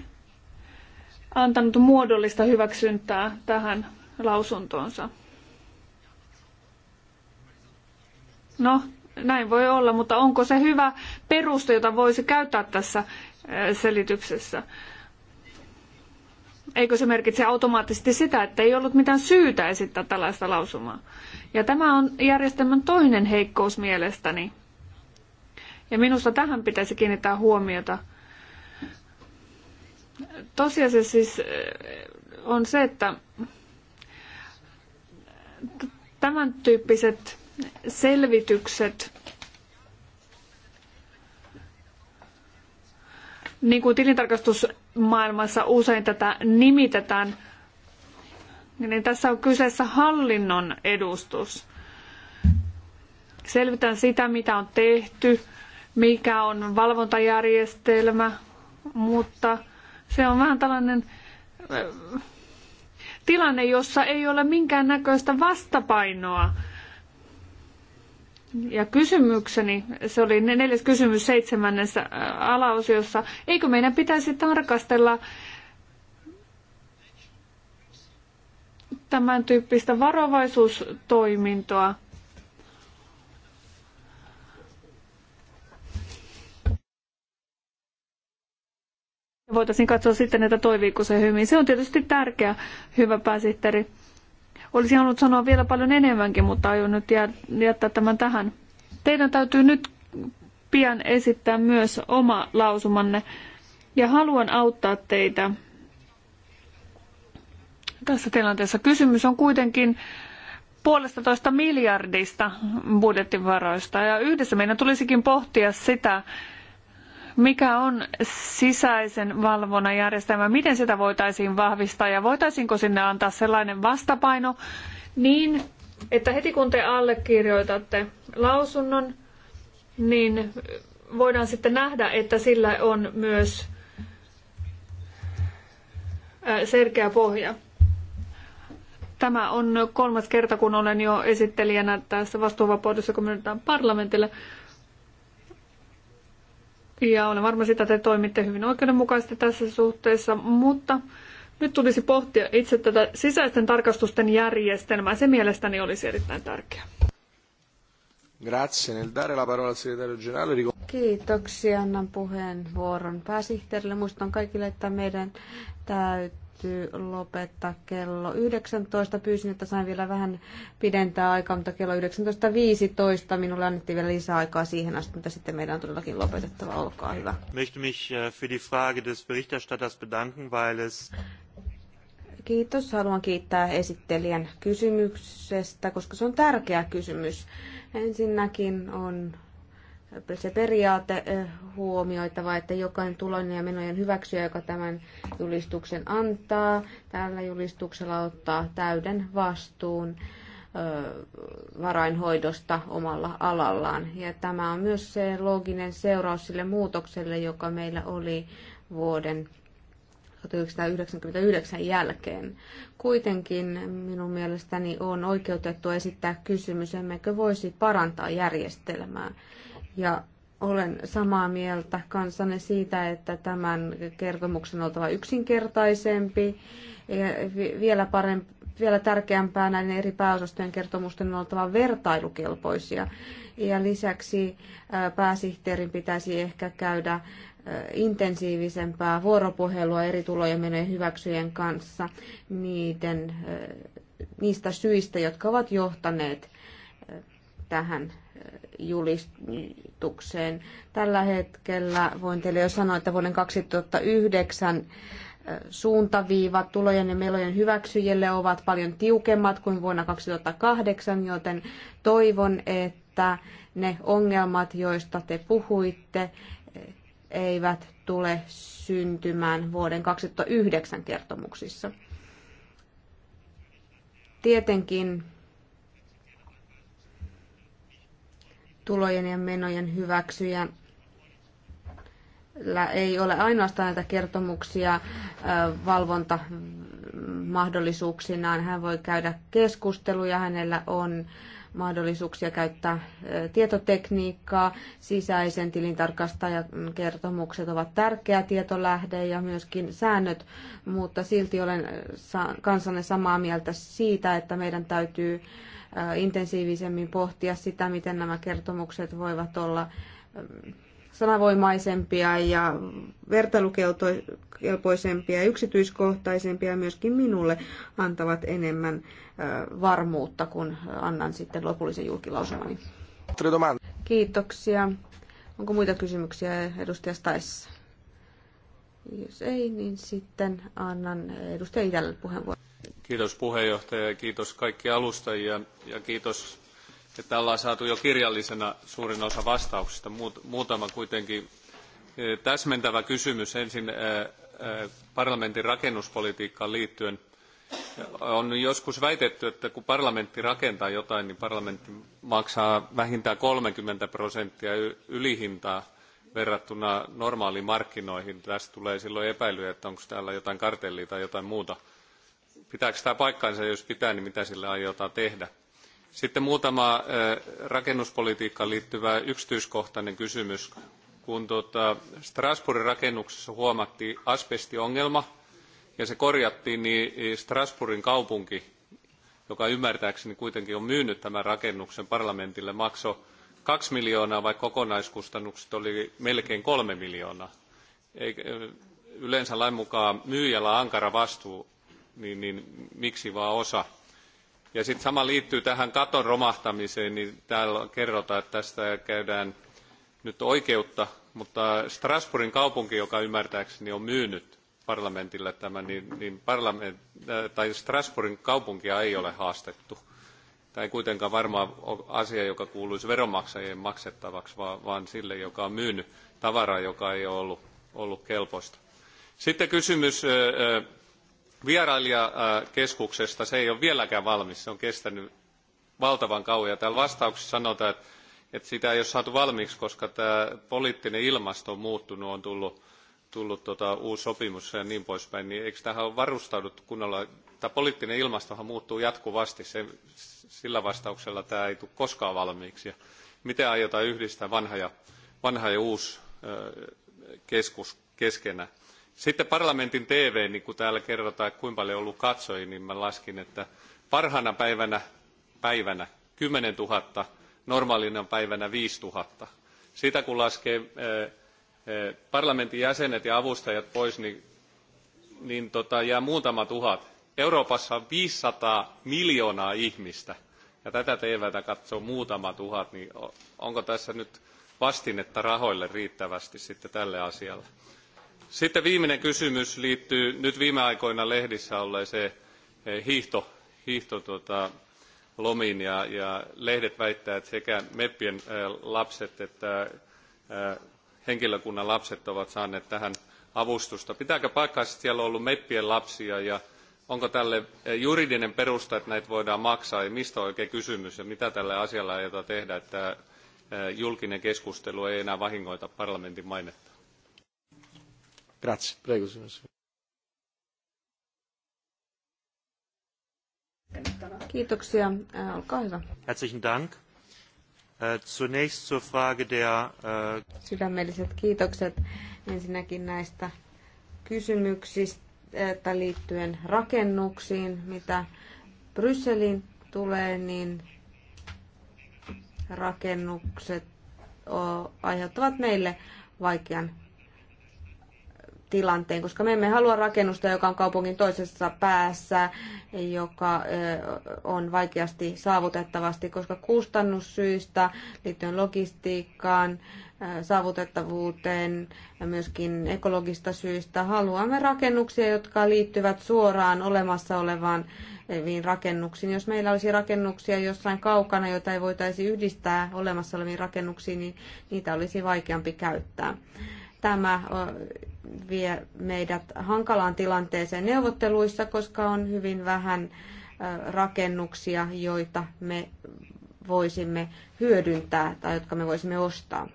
Speaker 3: antanut muodollista hyväksyntää tähän lausuntoonsa. No, näin voi olla, mutta onko se hyvä peruste, jota voisi käyttää tässä selityksessä? eikö se merkitse automaattisesti sitä, että ei ollut mitään syytä esittää tällaista lausumaa. Ja tämä on järjestelmän toinen heikkous mielestäni. Ja minusta tähän pitäisi kiinnittää huomiota. Tosiasia siis eh, on se, että tämän tyyppiset selvitykset, niin kuin tilintarkastus maailmassa usein tätä nimitetään, niin tässä on kyseessä hallinnon edustus. Selvitän sitä, mitä on tehty, mikä on valvontajärjestelmä, mutta se on vähän tällainen äh, tilanne, jossa ei ole minkäännäköistä vastapainoa ja kysymykseni, se oli neljäs kysymys seitsemännessä alaosiossa, eikö meidän pitäisi tarkastella tämän tyyppistä varovaisuustoimintoa? Voitaisiin katsoa sitten, että toiviiko se hyvin. Se on tietysti tärkeä, hyvä pääsihteeri. Olisin halunnut sanoa vielä paljon enemmänkin, mutta aion nyt jättää tämän tähän. Teidän täytyy nyt pian esittää myös oma lausumanne ja haluan auttaa teitä tässä tilanteessa. Kysymys on kuitenkin puolestatoista miljardista budjettivaroista ja yhdessä meidän tulisikin pohtia sitä, mikä on sisäisen valvonnan järjestelmä, miten sitä voitaisiin vahvistaa ja voitaisiinko sinne antaa sellainen vastapaino niin, että heti kun te allekirjoitatte lausunnon, niin voidaan sitten nähdä, että sillä on myös selkeä pohja. Tämä on kolmas kerta, kun olen jo esittelijänä tässä vastuuvapaudessa, kun parlamentille. Ja olen varma sitä, että te toimitte hyvin oikeudenmukaisesti tässä suhteessa, mutta nyt tulisi pohtia itse tätä sisäisten tarkastusten järjestelmää. Se mielestäni olisi erittäin tärkeää.
Speaker 1: Grazie. Nel dare la parola al segretario generale,
Speaker 2: Kiitoksia. Annan puheenvuoron pääsihteerille. Muistan kaikille, että meidän täytyy täytyy lopettaa kello 19. Pyysin, että sain vielä vähän pidentää aikaa, mutta kello 19.15 minulle annettiin vielä lisää aikaa siihen asti, mutta sitten meidän on todellakin lopetettava. Olkaa hyvä. Möchte mich äh, für die Frage des Berichterstatters bedanken, weil es Kiitos. Haluan kiittää esittelijän kysymyksestä, koska se on tärkeä kysymys. Ensinnäkin on se periaate eh, huomioitava, että jokainen tulon ja menojen hyväksyjä, joka tämän julistuksen antaa, tällä julistuksella ottaa täyden vastuun varainhoidosta omalla alallaan. Ja tämä on myös se looginen seuraus sille muutokselle, joka meillä oli vuoden 1999 jälkeen. Kuitenkin minun mielestäni on oikeutettu esittää kysymys, emmekö voisi parantaa järjestelmää. Ja olen samaa mieltä kanssanne siitä, että tämän kertomuksen on oltava yksinkertaisempi. Ja vielä, parempi, vielä tärkeämpää näiden eri pääosastojen kertomusten on oltava vertailukelpoisia. Ja lisäksi pääsihteerin pitäisi ehkä käydä intensiivisempää vuoropuhelua eri tulojen menojen hyväksyjen kanssa niiden, niistä syistä, jotka ovat johtaneet tähän julistukseen. Tällä hetkellä voin teille jo sanoa, että vuoden 2009 suuntaviivat tulojen ja melojen hyväksyjille ovat paljon tiukemmat kuin vuonna 2008, joten toivon, että ne ongelmat, joista te puhuitte, eivät tule syntymään vuoden 2009 kertomuksissa. Tietenkin tulojen ja menojen hyväksyjä ei ole ainoastaan näitä kertomuksia valvontamahdollisuuksinaan. Hän voi käydä keskusteluja, hänellä on mahdollisuuksia käyttää tietotekniikkaa. Sisäisen tilintarkastajan kertomukset ovat tärkeä tietolähde ja myöskin säännöt, mutta silti olen kansanne samaa mieltä siitä, että meidän täytyy intensiivisemmin pohtia sitä, miten nämä kertomukset voivat olla sanavoimaisempia ja vertailukelpoisempia ja yksityiskohtaisempia myöskin minulle antavat enemmän varmuutta, kun annan sitten lopullisen julkilausumani. Kiitoksia. Onko muita kysymyksiä edustaja Staissa? Jos ei, niin sitten annan edustaja Itälle puheenvuoron.
Speaker 1: Kiitos puheenjohtaja ja kiitos kaikki alustajia ja kiitos, että ollaan saatu jo kirjallisena suurin osa vastauksista. Muutama kuitenkin e, täsmentävä kysymys ensin e, e, parlamentin rakennuspolitiikkaan liittyen. On joskus väitetty, että kun parlamentti rakentaa jotain, niin parlamentti maksaa vähintään 30 prosenttia ylihintaa verrattuna normaaliin markkinoihin. Tästä tulee silloin epäilyä, että onko täällä jotain kartellia tai jotain muuta pitääkö tämä paikkaansa, ja jos pitää, niin mitä sille aiotaan tehdä. Sitten muutama rakennuspolitiikkaan liittyvä yksityiskohtainen kysymys. Kun tuota Strasbourgin rakennuksessa huomattiin asbestiongelma ja se korjattiin, niin, niin Strasbourgin kaupunki, joka ymmärtääkseni kuitenkin on myynyt tämän rakennuksen parlamentille, maksoi kaksi miljoonaa, vaikka kokonaiskustannukset oli melkein kolme miljoonaa. Yleensä lain mukaan myyjällä on ankara vastuu niin, niin miksi vaan osa? Ja sitten sama liittyy tähän katon romahtamiseen, niin täällä kerrotaan, että tästä käydään nyt oikeutta, mutta Strasbourgin kaupunki, joka ymmärtääkseni on myynyt parlamentille tämän, niin, niin parlament, äh, tai Strasbourgin kaupunkia ei ole haastettu. Tämä ei kuitenkaan varmaan ole asia, joka kuuluisi veronmaksajien maksettavaksi, vaan, vaan sille, joka on myynyt tavaraa, joka ei ole ollut, ollut kelpoista. Sitten kysymys äh, äh, vierailijakeskuksesta se ei ole vieläkään valmis se on kestänyt valtavan kauan ja täällä vastauksessa sanotaan että, että sitä ei ole saatu valmiiksi koska tämä poliittinen ilmasto on muuttunut on tullut, tullut tota, uusi sopimus ja niin poispäin niin eikö tähän ole varustauduttu kunnolla tämä poliittinen ilmastohan muuttuu jatkuvasti se, sillä vastauksella tämä ei tule koskaan valmiiksi ja miten aiotaan yhdistää vanha ja, vanha ja uusi keskus keskenään sitten parlamentin TV, niin kuin täällä kerrotaan, että kuinka paljon on ollut katsojia, niin mä laskin, että parhaana päivänä, päivänä 10 000, normaalina päivänä 5 000. Sitä kun laskee eh, eh, parlamentin jäsenet ja avustajat pois, niin, niin tota, jää muutama tuhat. Euroopassa on 500 miljoonaa ihmistä ja tätä TVtä katsoo muutama tuhat, niin onko tässä nyt vastinetta rahoille riittävästi sitten tälle asialle? sitten viimeinen kysymys liittyy nyt viime aikoina lehdissä olleeseen eh, hiihto, hiihto tota, lomiin ja, ja lehdet väittävät, että sekä meppien eh, lapset että eh, henkilökunnan lapset ovat saaneet tähän avustusta. Pitääkö paikkaansa, että siellä on ollut meppien lapsia ja onko tälle juridinen perusta, että näitä voidaan maksaa ja mistä on oikein kysymys ja mitä tälle asialle aiotaan tehdä, että julkinen keskustelu ei enää vahingoita parlamentin mainetta? Grazie. Prego,
Speaker 2: Kiitoksia. Äh, olkaa hyvä.
Speaker 1: Herzlichen Dank. Äh, zunächst zur Frage der... Äh,
Speaker 2: Sydämelliset kiitokset ensinnäkin näistä kysymyksistä liittyen rakennuksiin, mitä Brysselin tulee, niin rakennukset aiheuttavat meille vaikean tilanteen, koska me emme halua rakennusta, joka on kaupungin toisessa päässä, joka on vaikeasti saavutettavasti, koska kustannussyistä liittyen logistiikkaan, saavutettavuuteen ja myöskin ekologista syistä haluamme rakennuksia, jotka liittyvät suoraan olemassa olevaan rakennuksiin. Jos meillä olisi rakennuksia jossain kaukana, joita ei voitaisi yhdistää olemassa oleviin rakennuksiin, niin niitä olisi vaikeampi käyttää. Tämä vie meidät hankalaan tilanteeseen neuvotteluissa, koska on hyvin vähän rakennuksia, joita me voisimme hyödyntää tai jotka me voisimme ostaa.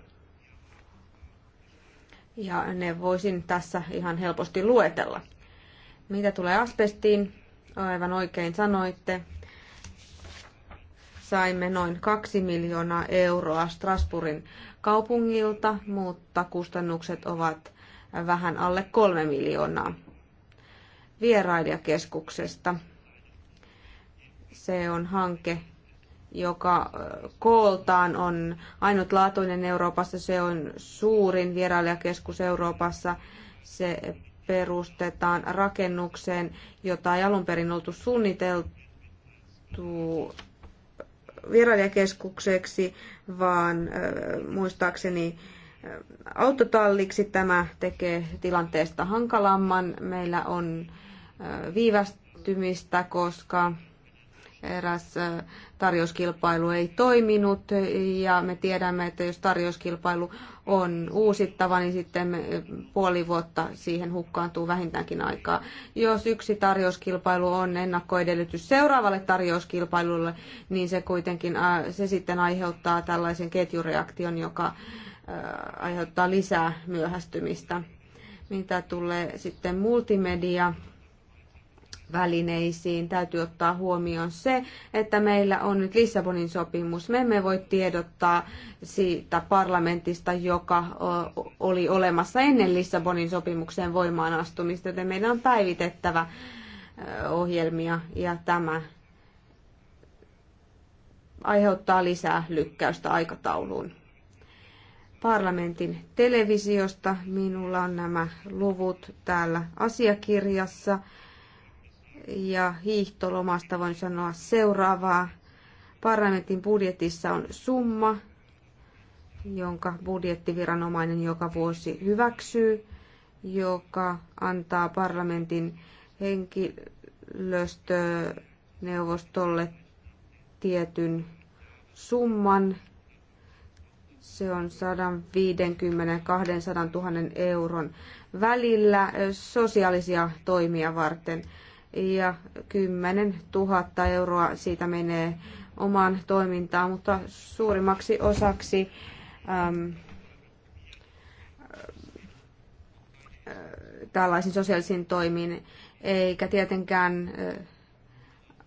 Speaker 2: Ja ne voisin tässä ihan helposti luetella. Mitä tulee asbestiin, aivan oikein sanoitte, saimme noin 2 miljoonaa euroa Strasbourgin kaupungilta, mutta kustannukset ovat vähän alle kolme miljoonaa vierailijakeskuksesta. Se on hanke, joka kooltaan on ainutlaatuinen Euroopassa. Se on suurin vierailijakeskus Euroopassa. Se perustetaan rakennukseen, jota ei alun perin oltu suunniteltu vierailijakeskukseksi, vaan muistaakseni autotalliksi. Tämä tekee tilanteesta hankalamman. Meillä on viivästymistä, koska eräs tarjouskilpailu ei toiminut ja me tiedämme, että jos tarjouskilpailu on uusittava, niin sitten puoli vuotta siihen hukkaantuu vähintäänkin aikaa. Jos yksi tarjouskilpailu on ennakkoedellytys seuraavalle tarjouskilpailulle, niin se kuitenkin se sitten aiheuttaa tällaisen ketjureaktion, joka aiheuttaa lisää myöhästymistä. Mitä tulee sitten multimedia välineisiin. Täytyy ottaa huomioon se, että meillä on nyt Lissabonin sopimus. Me emme voi tiedottaa siitä parlamentista, joka oli olemassa ennen Lissabonin sopimuksen voimaan astumista, joten meidän on päivitettävä ohjelmia ja tämä aiheuttaa lisää lykkäystä aikatauluun. Parlamentin televisiosta minulla on nämä luvut täällä asiakirjassa ja hiihtolomasta voin sanoa seuraavaa. Parlamentin budjetissa on summa, jonka budjettiviranomainen joka vuosi hyväksyy, joka antaa parlamentin henkilöstöneuvostolle tietyn summan. Se on 150 000 euron välillä sosiaalisia toimia varten ja 10 000 euroa siitä menee omaan toimintaan, mutta suurimmaksi osaksi äm, äh, tällaisiin sosiaalisiin toimiin, eikä tietenkään äh,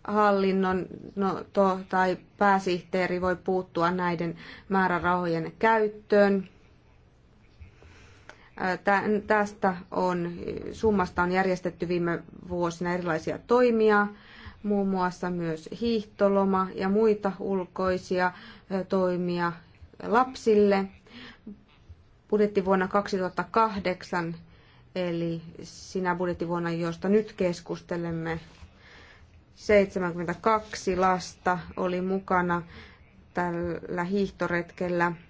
Speaker 2: hallinnon no, to, tai pääsihteeri voi puuttua näiden määrärahojen käyttöön Tästä on, summasta on järjestetty viime vuosina erilaisia toimia, muun muassa myös hiihtoloma ja muita ulkoisia toimia lapsille. Budjettivuonna 2008, eli sinä budjettivuonna, josta nyt keskustelemme, 72 lasta oli mukana tällä hiihtoretkellä –